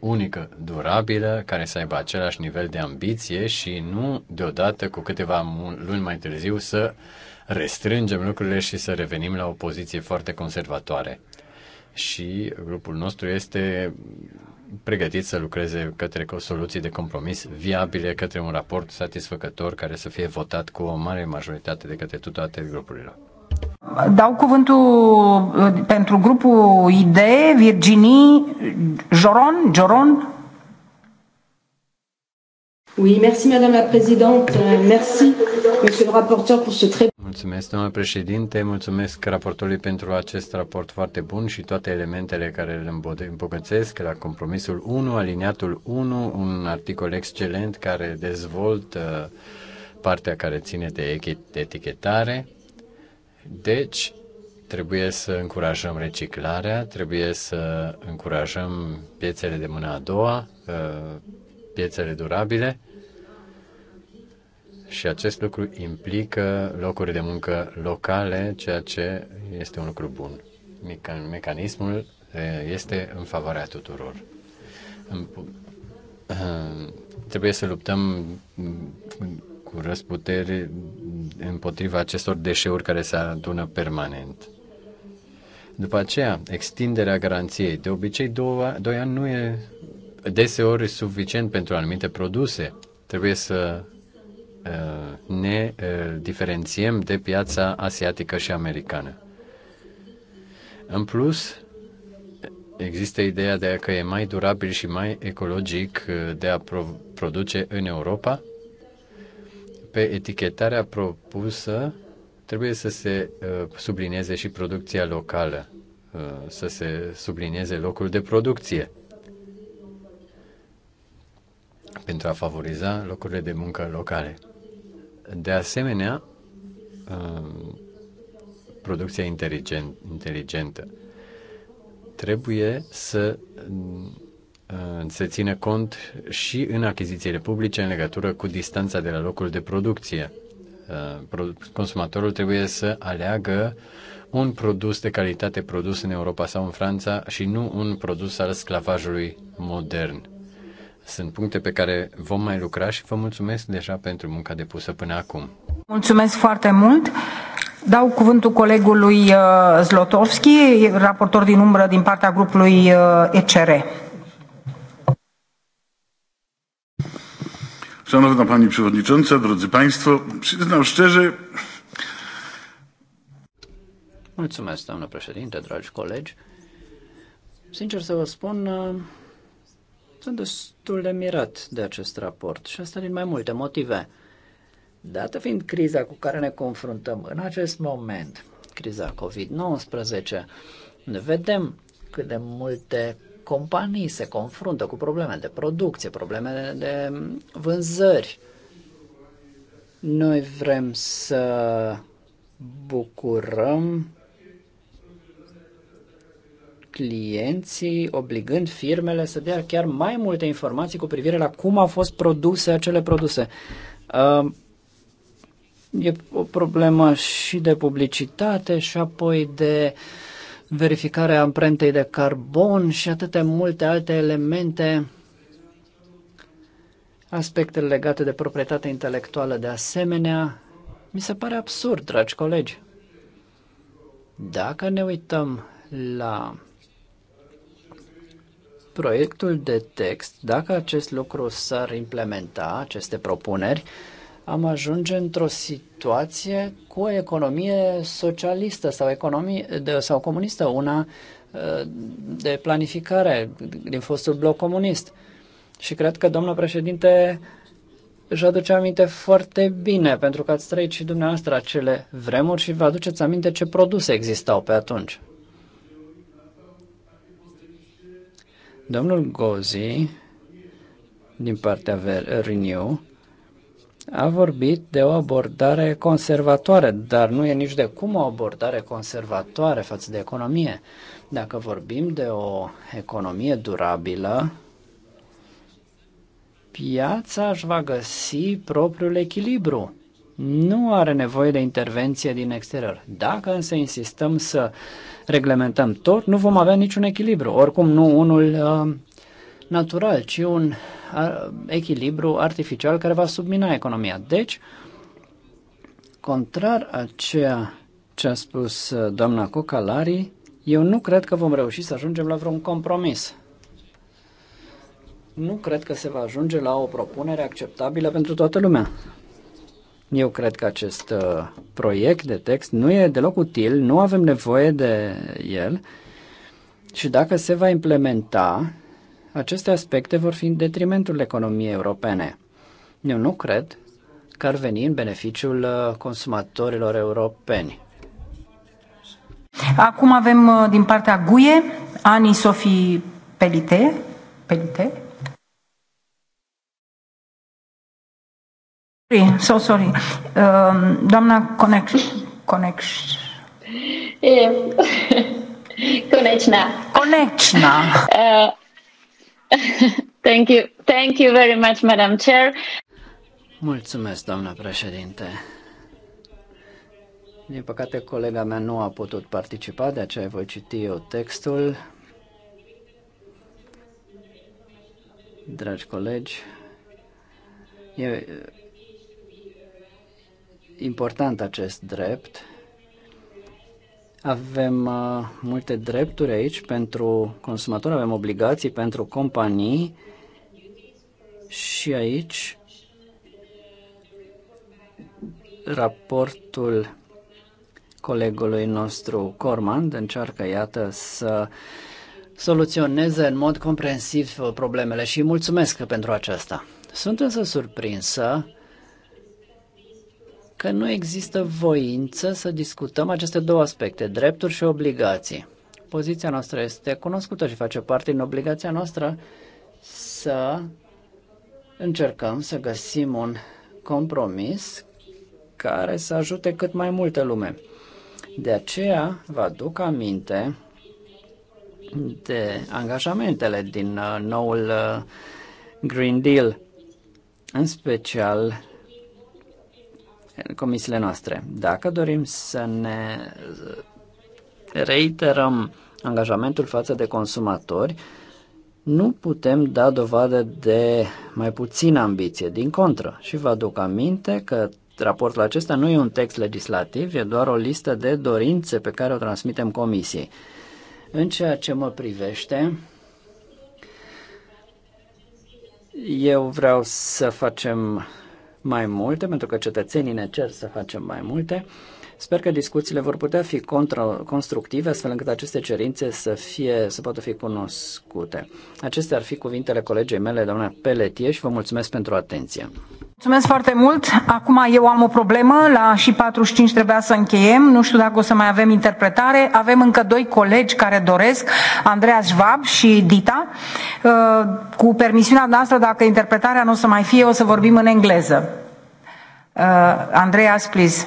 unică, durabilă, care să aibă același nivel de ambiție și nu deodată cu câteva luni mai târziu să restrângem lucrurile și să revenim la o poziție foarte conservatoare. Și grupul nostru este pregătiți să lucreze către o soluție de compromis viabile, către un raport satisfăcător care să fie votat cu o mare majoritate de către toate grupurile. Dau cuvântul uh, pentru grupul ID, Virginie Joron. Joron? Oui, merci Madame la Présidente. Euh, merci Monsieur le rapporteur pour ce très Mulțumesc, domnule președinte, mulțumesc raportului pentru acest raport foarte bun și toate elementele care îl îmbogățesc la compromisul 1, aliniatul 1, un articol excelent care dezvoltă partea care ține de etichetare. Deci, trebuie să încurajăm reciclarea, trebuie să încurajăm piețele de mână a doua, uh, piețele durabile și acest lucru implică locuri de muncă locale, ceea ce este un lucru bun. Mecanismul este în favoarea tuturor. Trebuie să luptăm cu răsputeri împotriva acestor deșeuri care se adună permanent. După aceea, extinderea garanției. De obicei, două, doi ani nu e deseori suficient pentru anumite produse. Trebuie să Uh, ne uh, diferențiem de piața asiatică și americană. În plus, există ideea de că e mai durabil și mai ecologic uh, de a produce în Europa. Pe etichetarea propusă trebuie să se sublinieze și producția locală, să se sublinieze locul de producție pentru a favoriza locurile de muncă locale. De asemenea, uh, producția inteligent, inteligentă trebuie să uh, se țină cont și în achizițiile publice în legătură cu distanța de la locul de producție. Uh, consumatorul trebuie să aleagă un produs de calitate produs în Europa sau în Franța și nu un produs al sclavajului modern. Sunt puncte pe care vom mai lucra și vă mulțumesc deja pentru munca depusă până acum. Mulțumesc foarte mult. Dau cuvântul colegului uh, Zlotovski, raportor din umbră din partea grupului uh, ECR. Szanowna Pani Przewodnicząca, drodzy Państwo, przyznam szczerze... Mulțumesc, doamnă președinte, dragi colegi. Sincer să vă spun, uh, sunt destul de mirat de acest raport și asta din mai multe motive. Dată fiind criza cu care ne confruntăm în acest moment, criza COVID-19, ne vedem cât de multe companii se confruntă cu probleme de producție, probleme de vânzări. Noi vrem să bucurăm clienții, obligând firmele să dea chiar mai multe informații cu privire la cum au fost produse acele produse. E o problemă și de publicitate și apoi de verificarea amprentei de carbon și atâtea multe alte elemente, aspecte legate de proprietate intelectuală de asemenea. Mi se pare absurd, dragi colegi. Dacă ne uităm la proiectul de text, dacă acest lucru s-ar implementa, aceste propuneri, am ajunge într-o situație cu o economie socialistă sau, economie, de, sau comunistă, una uh, de planificare din fostul bloc comunist. Și cred că domnul președinte își aduce aminte foarte bine, pentru că ați trăit și dumneavoastră acele vremuri și vă aduceți aminte ce produse existau pe atunci. Domnul Gozi, din partea Renew, a vorbit de o abordare conservatoare, dar nu e nici de cum o abordare conservatoare față de economie. Dacă vorbim de o economie durabilă, piața își va găsi propriul echilibru. Nu are nevoie de intervenție din exterior. Dacă însă insistăm să reglementăm tot, nu vom avea niciun echilibru. Oricum, nu unul uh, natural, ci un uh, echilibru artificial care va submina economia. Deci, contrar a ceea ce a spus uh, doamna Cocalari, eu nu cred că vom reuși să ajungem la vreun compromis. Nu cred că se va ajunge la o propunere acceptabilă pentru toată lumea. Eu cred că acest uh, proiect de text nu e deloc util, nu avem nevoie de el și dacă se va implementa, aceste aspecte vor fi în detrimentul economiei europene. Eu nu cred că ar veni în beneficiul uh, consumatorilor europeni. Acum avem uh, din partea GUE, Ani Sofie Pelite. Pelite. So sorry. Um, doamna Conex... Conex... E... conexna, uh, thank you. Thank you very much, Madam Chair. Mulțumesc, doamna președinte. Din păcate, colega mea nu a putut participa, de aceea voi citi eu textul. Dragi colegi, e important acest drept. Avem uh, multe drepturi aici pentru consumatori, avem obligații pentru companii și aici raportul colegului nostru Corman încearcă, iată, să soluționeze în mod comprensiv problemele și mulțumesc pentru aceasta. Sunt însă surprinsă că nu există voință să discutăm aceste două aspecte, drepturi și obligații. Poziția noastră este cunoscută și face parte din obligația noastră să încercăm să găsim un compromis care să ajute cât mai multă lume. De aceea vă aduc aminte de angajamentele din uh, noul uh, Green Deal, în special comisiile noastre. Dacă dorim să ne reiterăm angajamentul față de consumatori, nu putem da dovadă de mai puțină ambiție, din contră. Și vă aduc aminte că raportul acesta nu e un text legislativ, e doar o listă de dorințe pe care o transmitem comisiei. În ceea ce mă privește, eu vreau să facem mai multe, pentru că cetățenii ne cer să facem mai multe Sper că discuțiile vor putea fi contra, constructive, astfel încât aceste cerințe să, fie, să poată fi cunoscute. Acestea ar fi cuvintele colegei mele, doamna Peletie, și vă mulțumesc pentru atenție. Mulțumesc foarte mult. Acum eu am o problemă. La și 45 trebuia să încheiem. Nu știu dacă o să mai avem interpretare. Avem încă doi colegi care doresc, Andreea Schwab și Dita. Uh, cu permisiunea noastră, dacă interpretarea nu o să mai fie, o să vorbim în engleză. Uh, Andreas, please.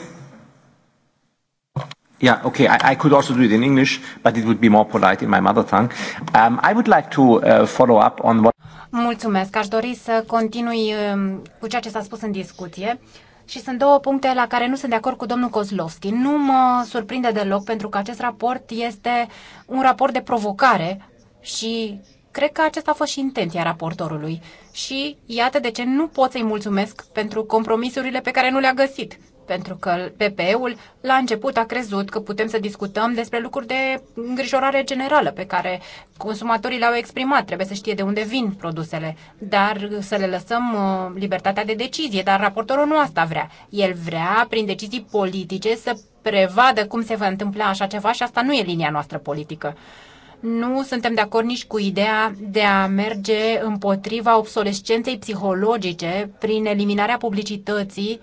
Yeah, okay. I, I could also do it in English, but it would be more polite in my mother tongue. Um, I would like to uh, follow up on what. Mulțumesc. Aș dori să continui um, cu ceea ce s-a spus în discuție. Și sunt două puncte la care nu sunt de acord cu domnul Kozlovski. Nu mă surprinde deloc pentru că acest raport este un raport de provocare și cred că acesta a fost și intenția raportorului. Și iată de ce nu pot să-i mulțumesc pentru compromisurile pe care nu le-a găsit pentru că pp ul la început a crezut că putem să discutăm despre lucruri de îngrijorare generală pe care consumatorii le-au exprimat. Trebuie să știe de unde vin produsele, dar să le lăsăm uh, libertatea de decizie. Dar raportorul nu asta vrea. El vrea, prin decizii politice, să prevadă cum se va întâmpla așa ceva și asta nu e linia noastră politică nu suntem de acord nici cu ideea de a merge împotriva obsolescenței psihologice prin eliminarea publicității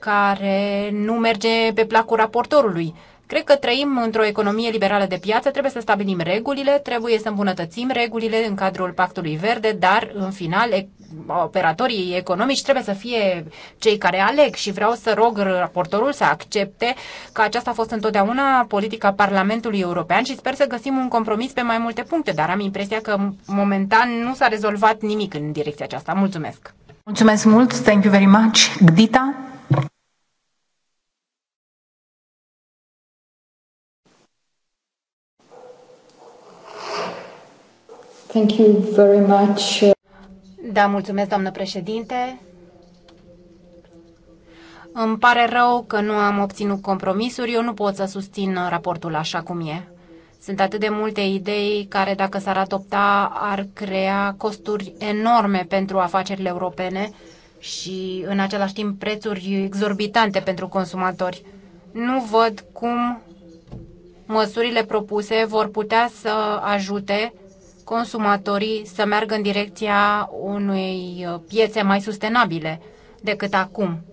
care nu merge pe placul raportorului. Cred că trăim într-o economie liberală de piață, trebuie să stabilim regulile, trebuie să îmbunătățim regulile în cadrul Pactului Verde, dar, în final, operatorii economici trebuie să fie cei care aleg și vreau să rog raportorul să accepte că aceasta a fost întotdeauna politica Parlamentului European și sper să găsim un compromis pe mai multe puncte, dar am impresia că momentan nu s-a rezolvat nimic în direcția aceasta. Mulțumesc! Mulțumesc mult! Thank you very much! Gdita! Thank you very much. Da, mulțumesc, doamnă președinte. Îmi pare rău că nu am obținut compromisuri. Eu nu pot să susțin raportul așa cum e. Sunt atât de multe idei care, dacă s-ar adopta, ar crea costuri enorme pentru afacerile europene și, în același timp, prețuri exorbitante pentru consumatori. Nu văd cum măsurile propuse vor putea să ajute consumatorii să meargă în direcția unei uh, piețe mai sustenabile decât acum.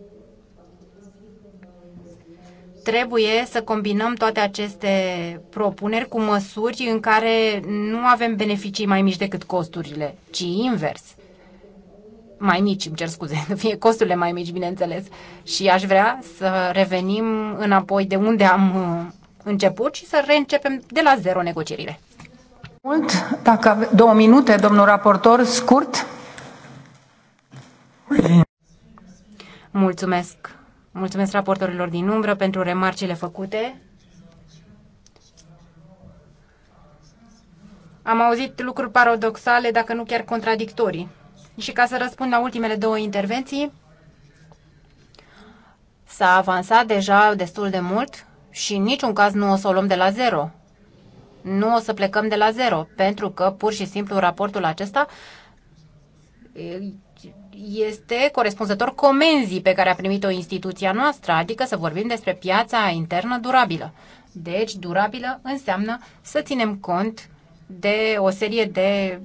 Trebuie să combinăm toate aceste propuneri cu măsuri în care nu avem beneficii mai mici decât costurile, ci invers mai mici, îmi cer scuze, fie costurile mai mici, bineînțeles. Și aș vrea să revenim înapoi de unde am uh, început și să reîncepem de la zero negocierile mult. Dacă ave... două minute, domnul raportor, scurt. Mulțumesc. Mulțumesc raportorilor din umbră pentru remarcile făcute. Am auzit lucruri paradoxale, dacă nu chiar contradictorii. Și ca să răspund la ultimele două intervenții, s-a avansat deja destul de mult și în niciun caz nu o să o luăm de la zero. Nu o să plecăm de la zero, pentru că pur și simplu raportul acesta este corespunzător comenzii pe care a primit-o instituția noastră, adică să vorbim despre piața internă durabilă. Deci, durabilă înseamnă să ținem cont de o serie de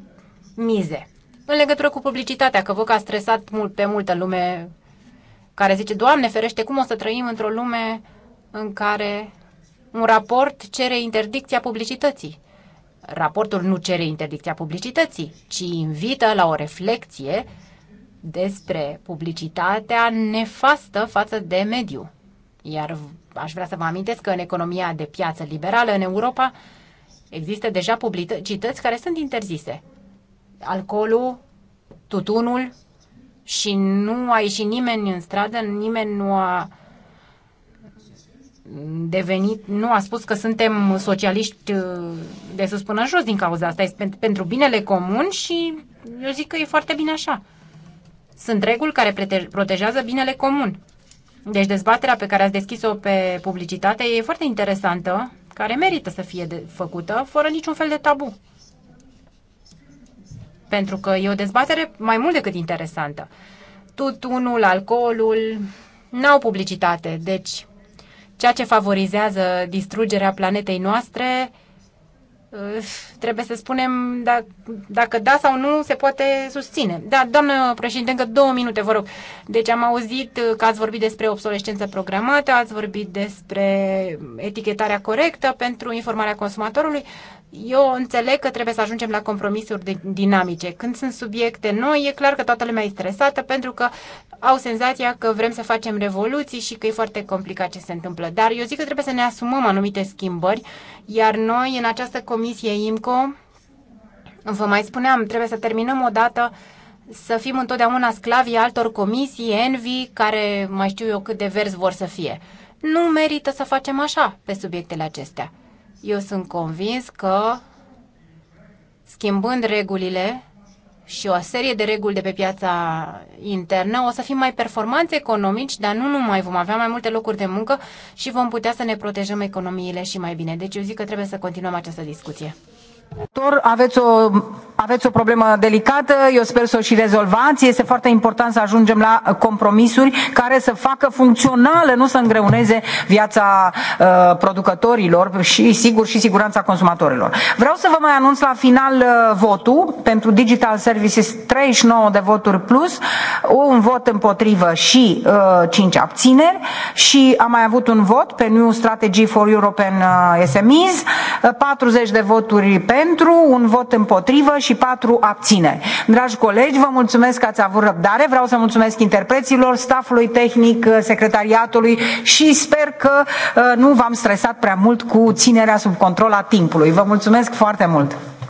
mize. În legătură cu publicitatea, că vă că a stresat mult pe multă lume care zice, Doamne ferește, cum o să trăim într-o lume în care un raport cere interdicția publicității. Raportul nu cere interdicția publicității, ci invită la o reflexie despre publicitatea nefastă față de mediu. Iar aș vrea să vă amintesc că în economia de piață liberală în Europa există deja publicități care sunt interzise. Alcoolul, tutunul și nu a ieșit nimeni în stradă, nimeni nu a devenit, nu a spus că suntem socialiști uh, de sus până jos din cauza asta. Este pentru binele comun și eu zic că e foarte bine așa. Sunt reguli care protejează binele comun. Deci dezbaterea pe care ați deschis-o pe publicitate e foarte interesantă, care merită să fie de- făcută fără niciun fel de tabu. Pentru că e o dezbatere mai mult decât interesantă. Tutunul, alcoolul, n-au publicitate, deci ceea ce favorizează distrugerea planetei noastre, trebuie să spunem dacă, dacă da sau nu se poate susține. Da, doamnă președinte, încă două minute, vă rog. Deci am auzit că ați vorbit despre obsolescență programată, ați vorbit despre etichetarea corectă pentru informarea consumatorului. Eu înțeleg că trebuie să ajungem la compromisuri dinamice. Când sunt subiecte noi, e clar că toată lumea e stresată pentru că au senzația că vrem să facem revoluții și că e foarte complicat ce se întâmplă. Dar eu zic că trebuie să ne asumăm anumite schimbări, iar noi în această comisie IMCO, vă mai spuneam, trebuie să terminăm odată să fim întotdeauna sclavii altor comisii, envi, care mai știu eu cât de verzi vor să fie. Nu merită să facem așa pe subiectele acestea. Eu sunt convins că schimbând regulile și o serie de reguli de pe piața internă, o să fim mai performanți economici, dar nu numai, vom avea mai multe locuri de muncă și vom putea să ne protejăm economiile și mai bine. Deci eu zic că trebuie să continuăm această discuție. Aveți o aveți o problemă delicată, eu sper să o și rezolvați. Este foarte important să ajungem la compromisuri care să facă funcțională, nu să îngreuneze viața uh, producătorilor și, sigur, și siguranța consumatorilor. Vreau să vă mai anunț la final uh, votul pentru Digital Services 39 de voturi plus, un vot împotrivă și uh, 5 abțineri și am mai avut un vot pe New Strategy for European uh, SMEs, 40 de voturi pentru, un vot împotrivă și și 4 abțineri. Dragi colegi, vă mulțumesc că ați avut răbdare, vreau să mulțumesc interpreților, staffului tehnic, uh, secretariatului și sper că uh, nu v-am stresat prea mult cu ținerea sub control a timpului. Vă mulțumesc foarte mult!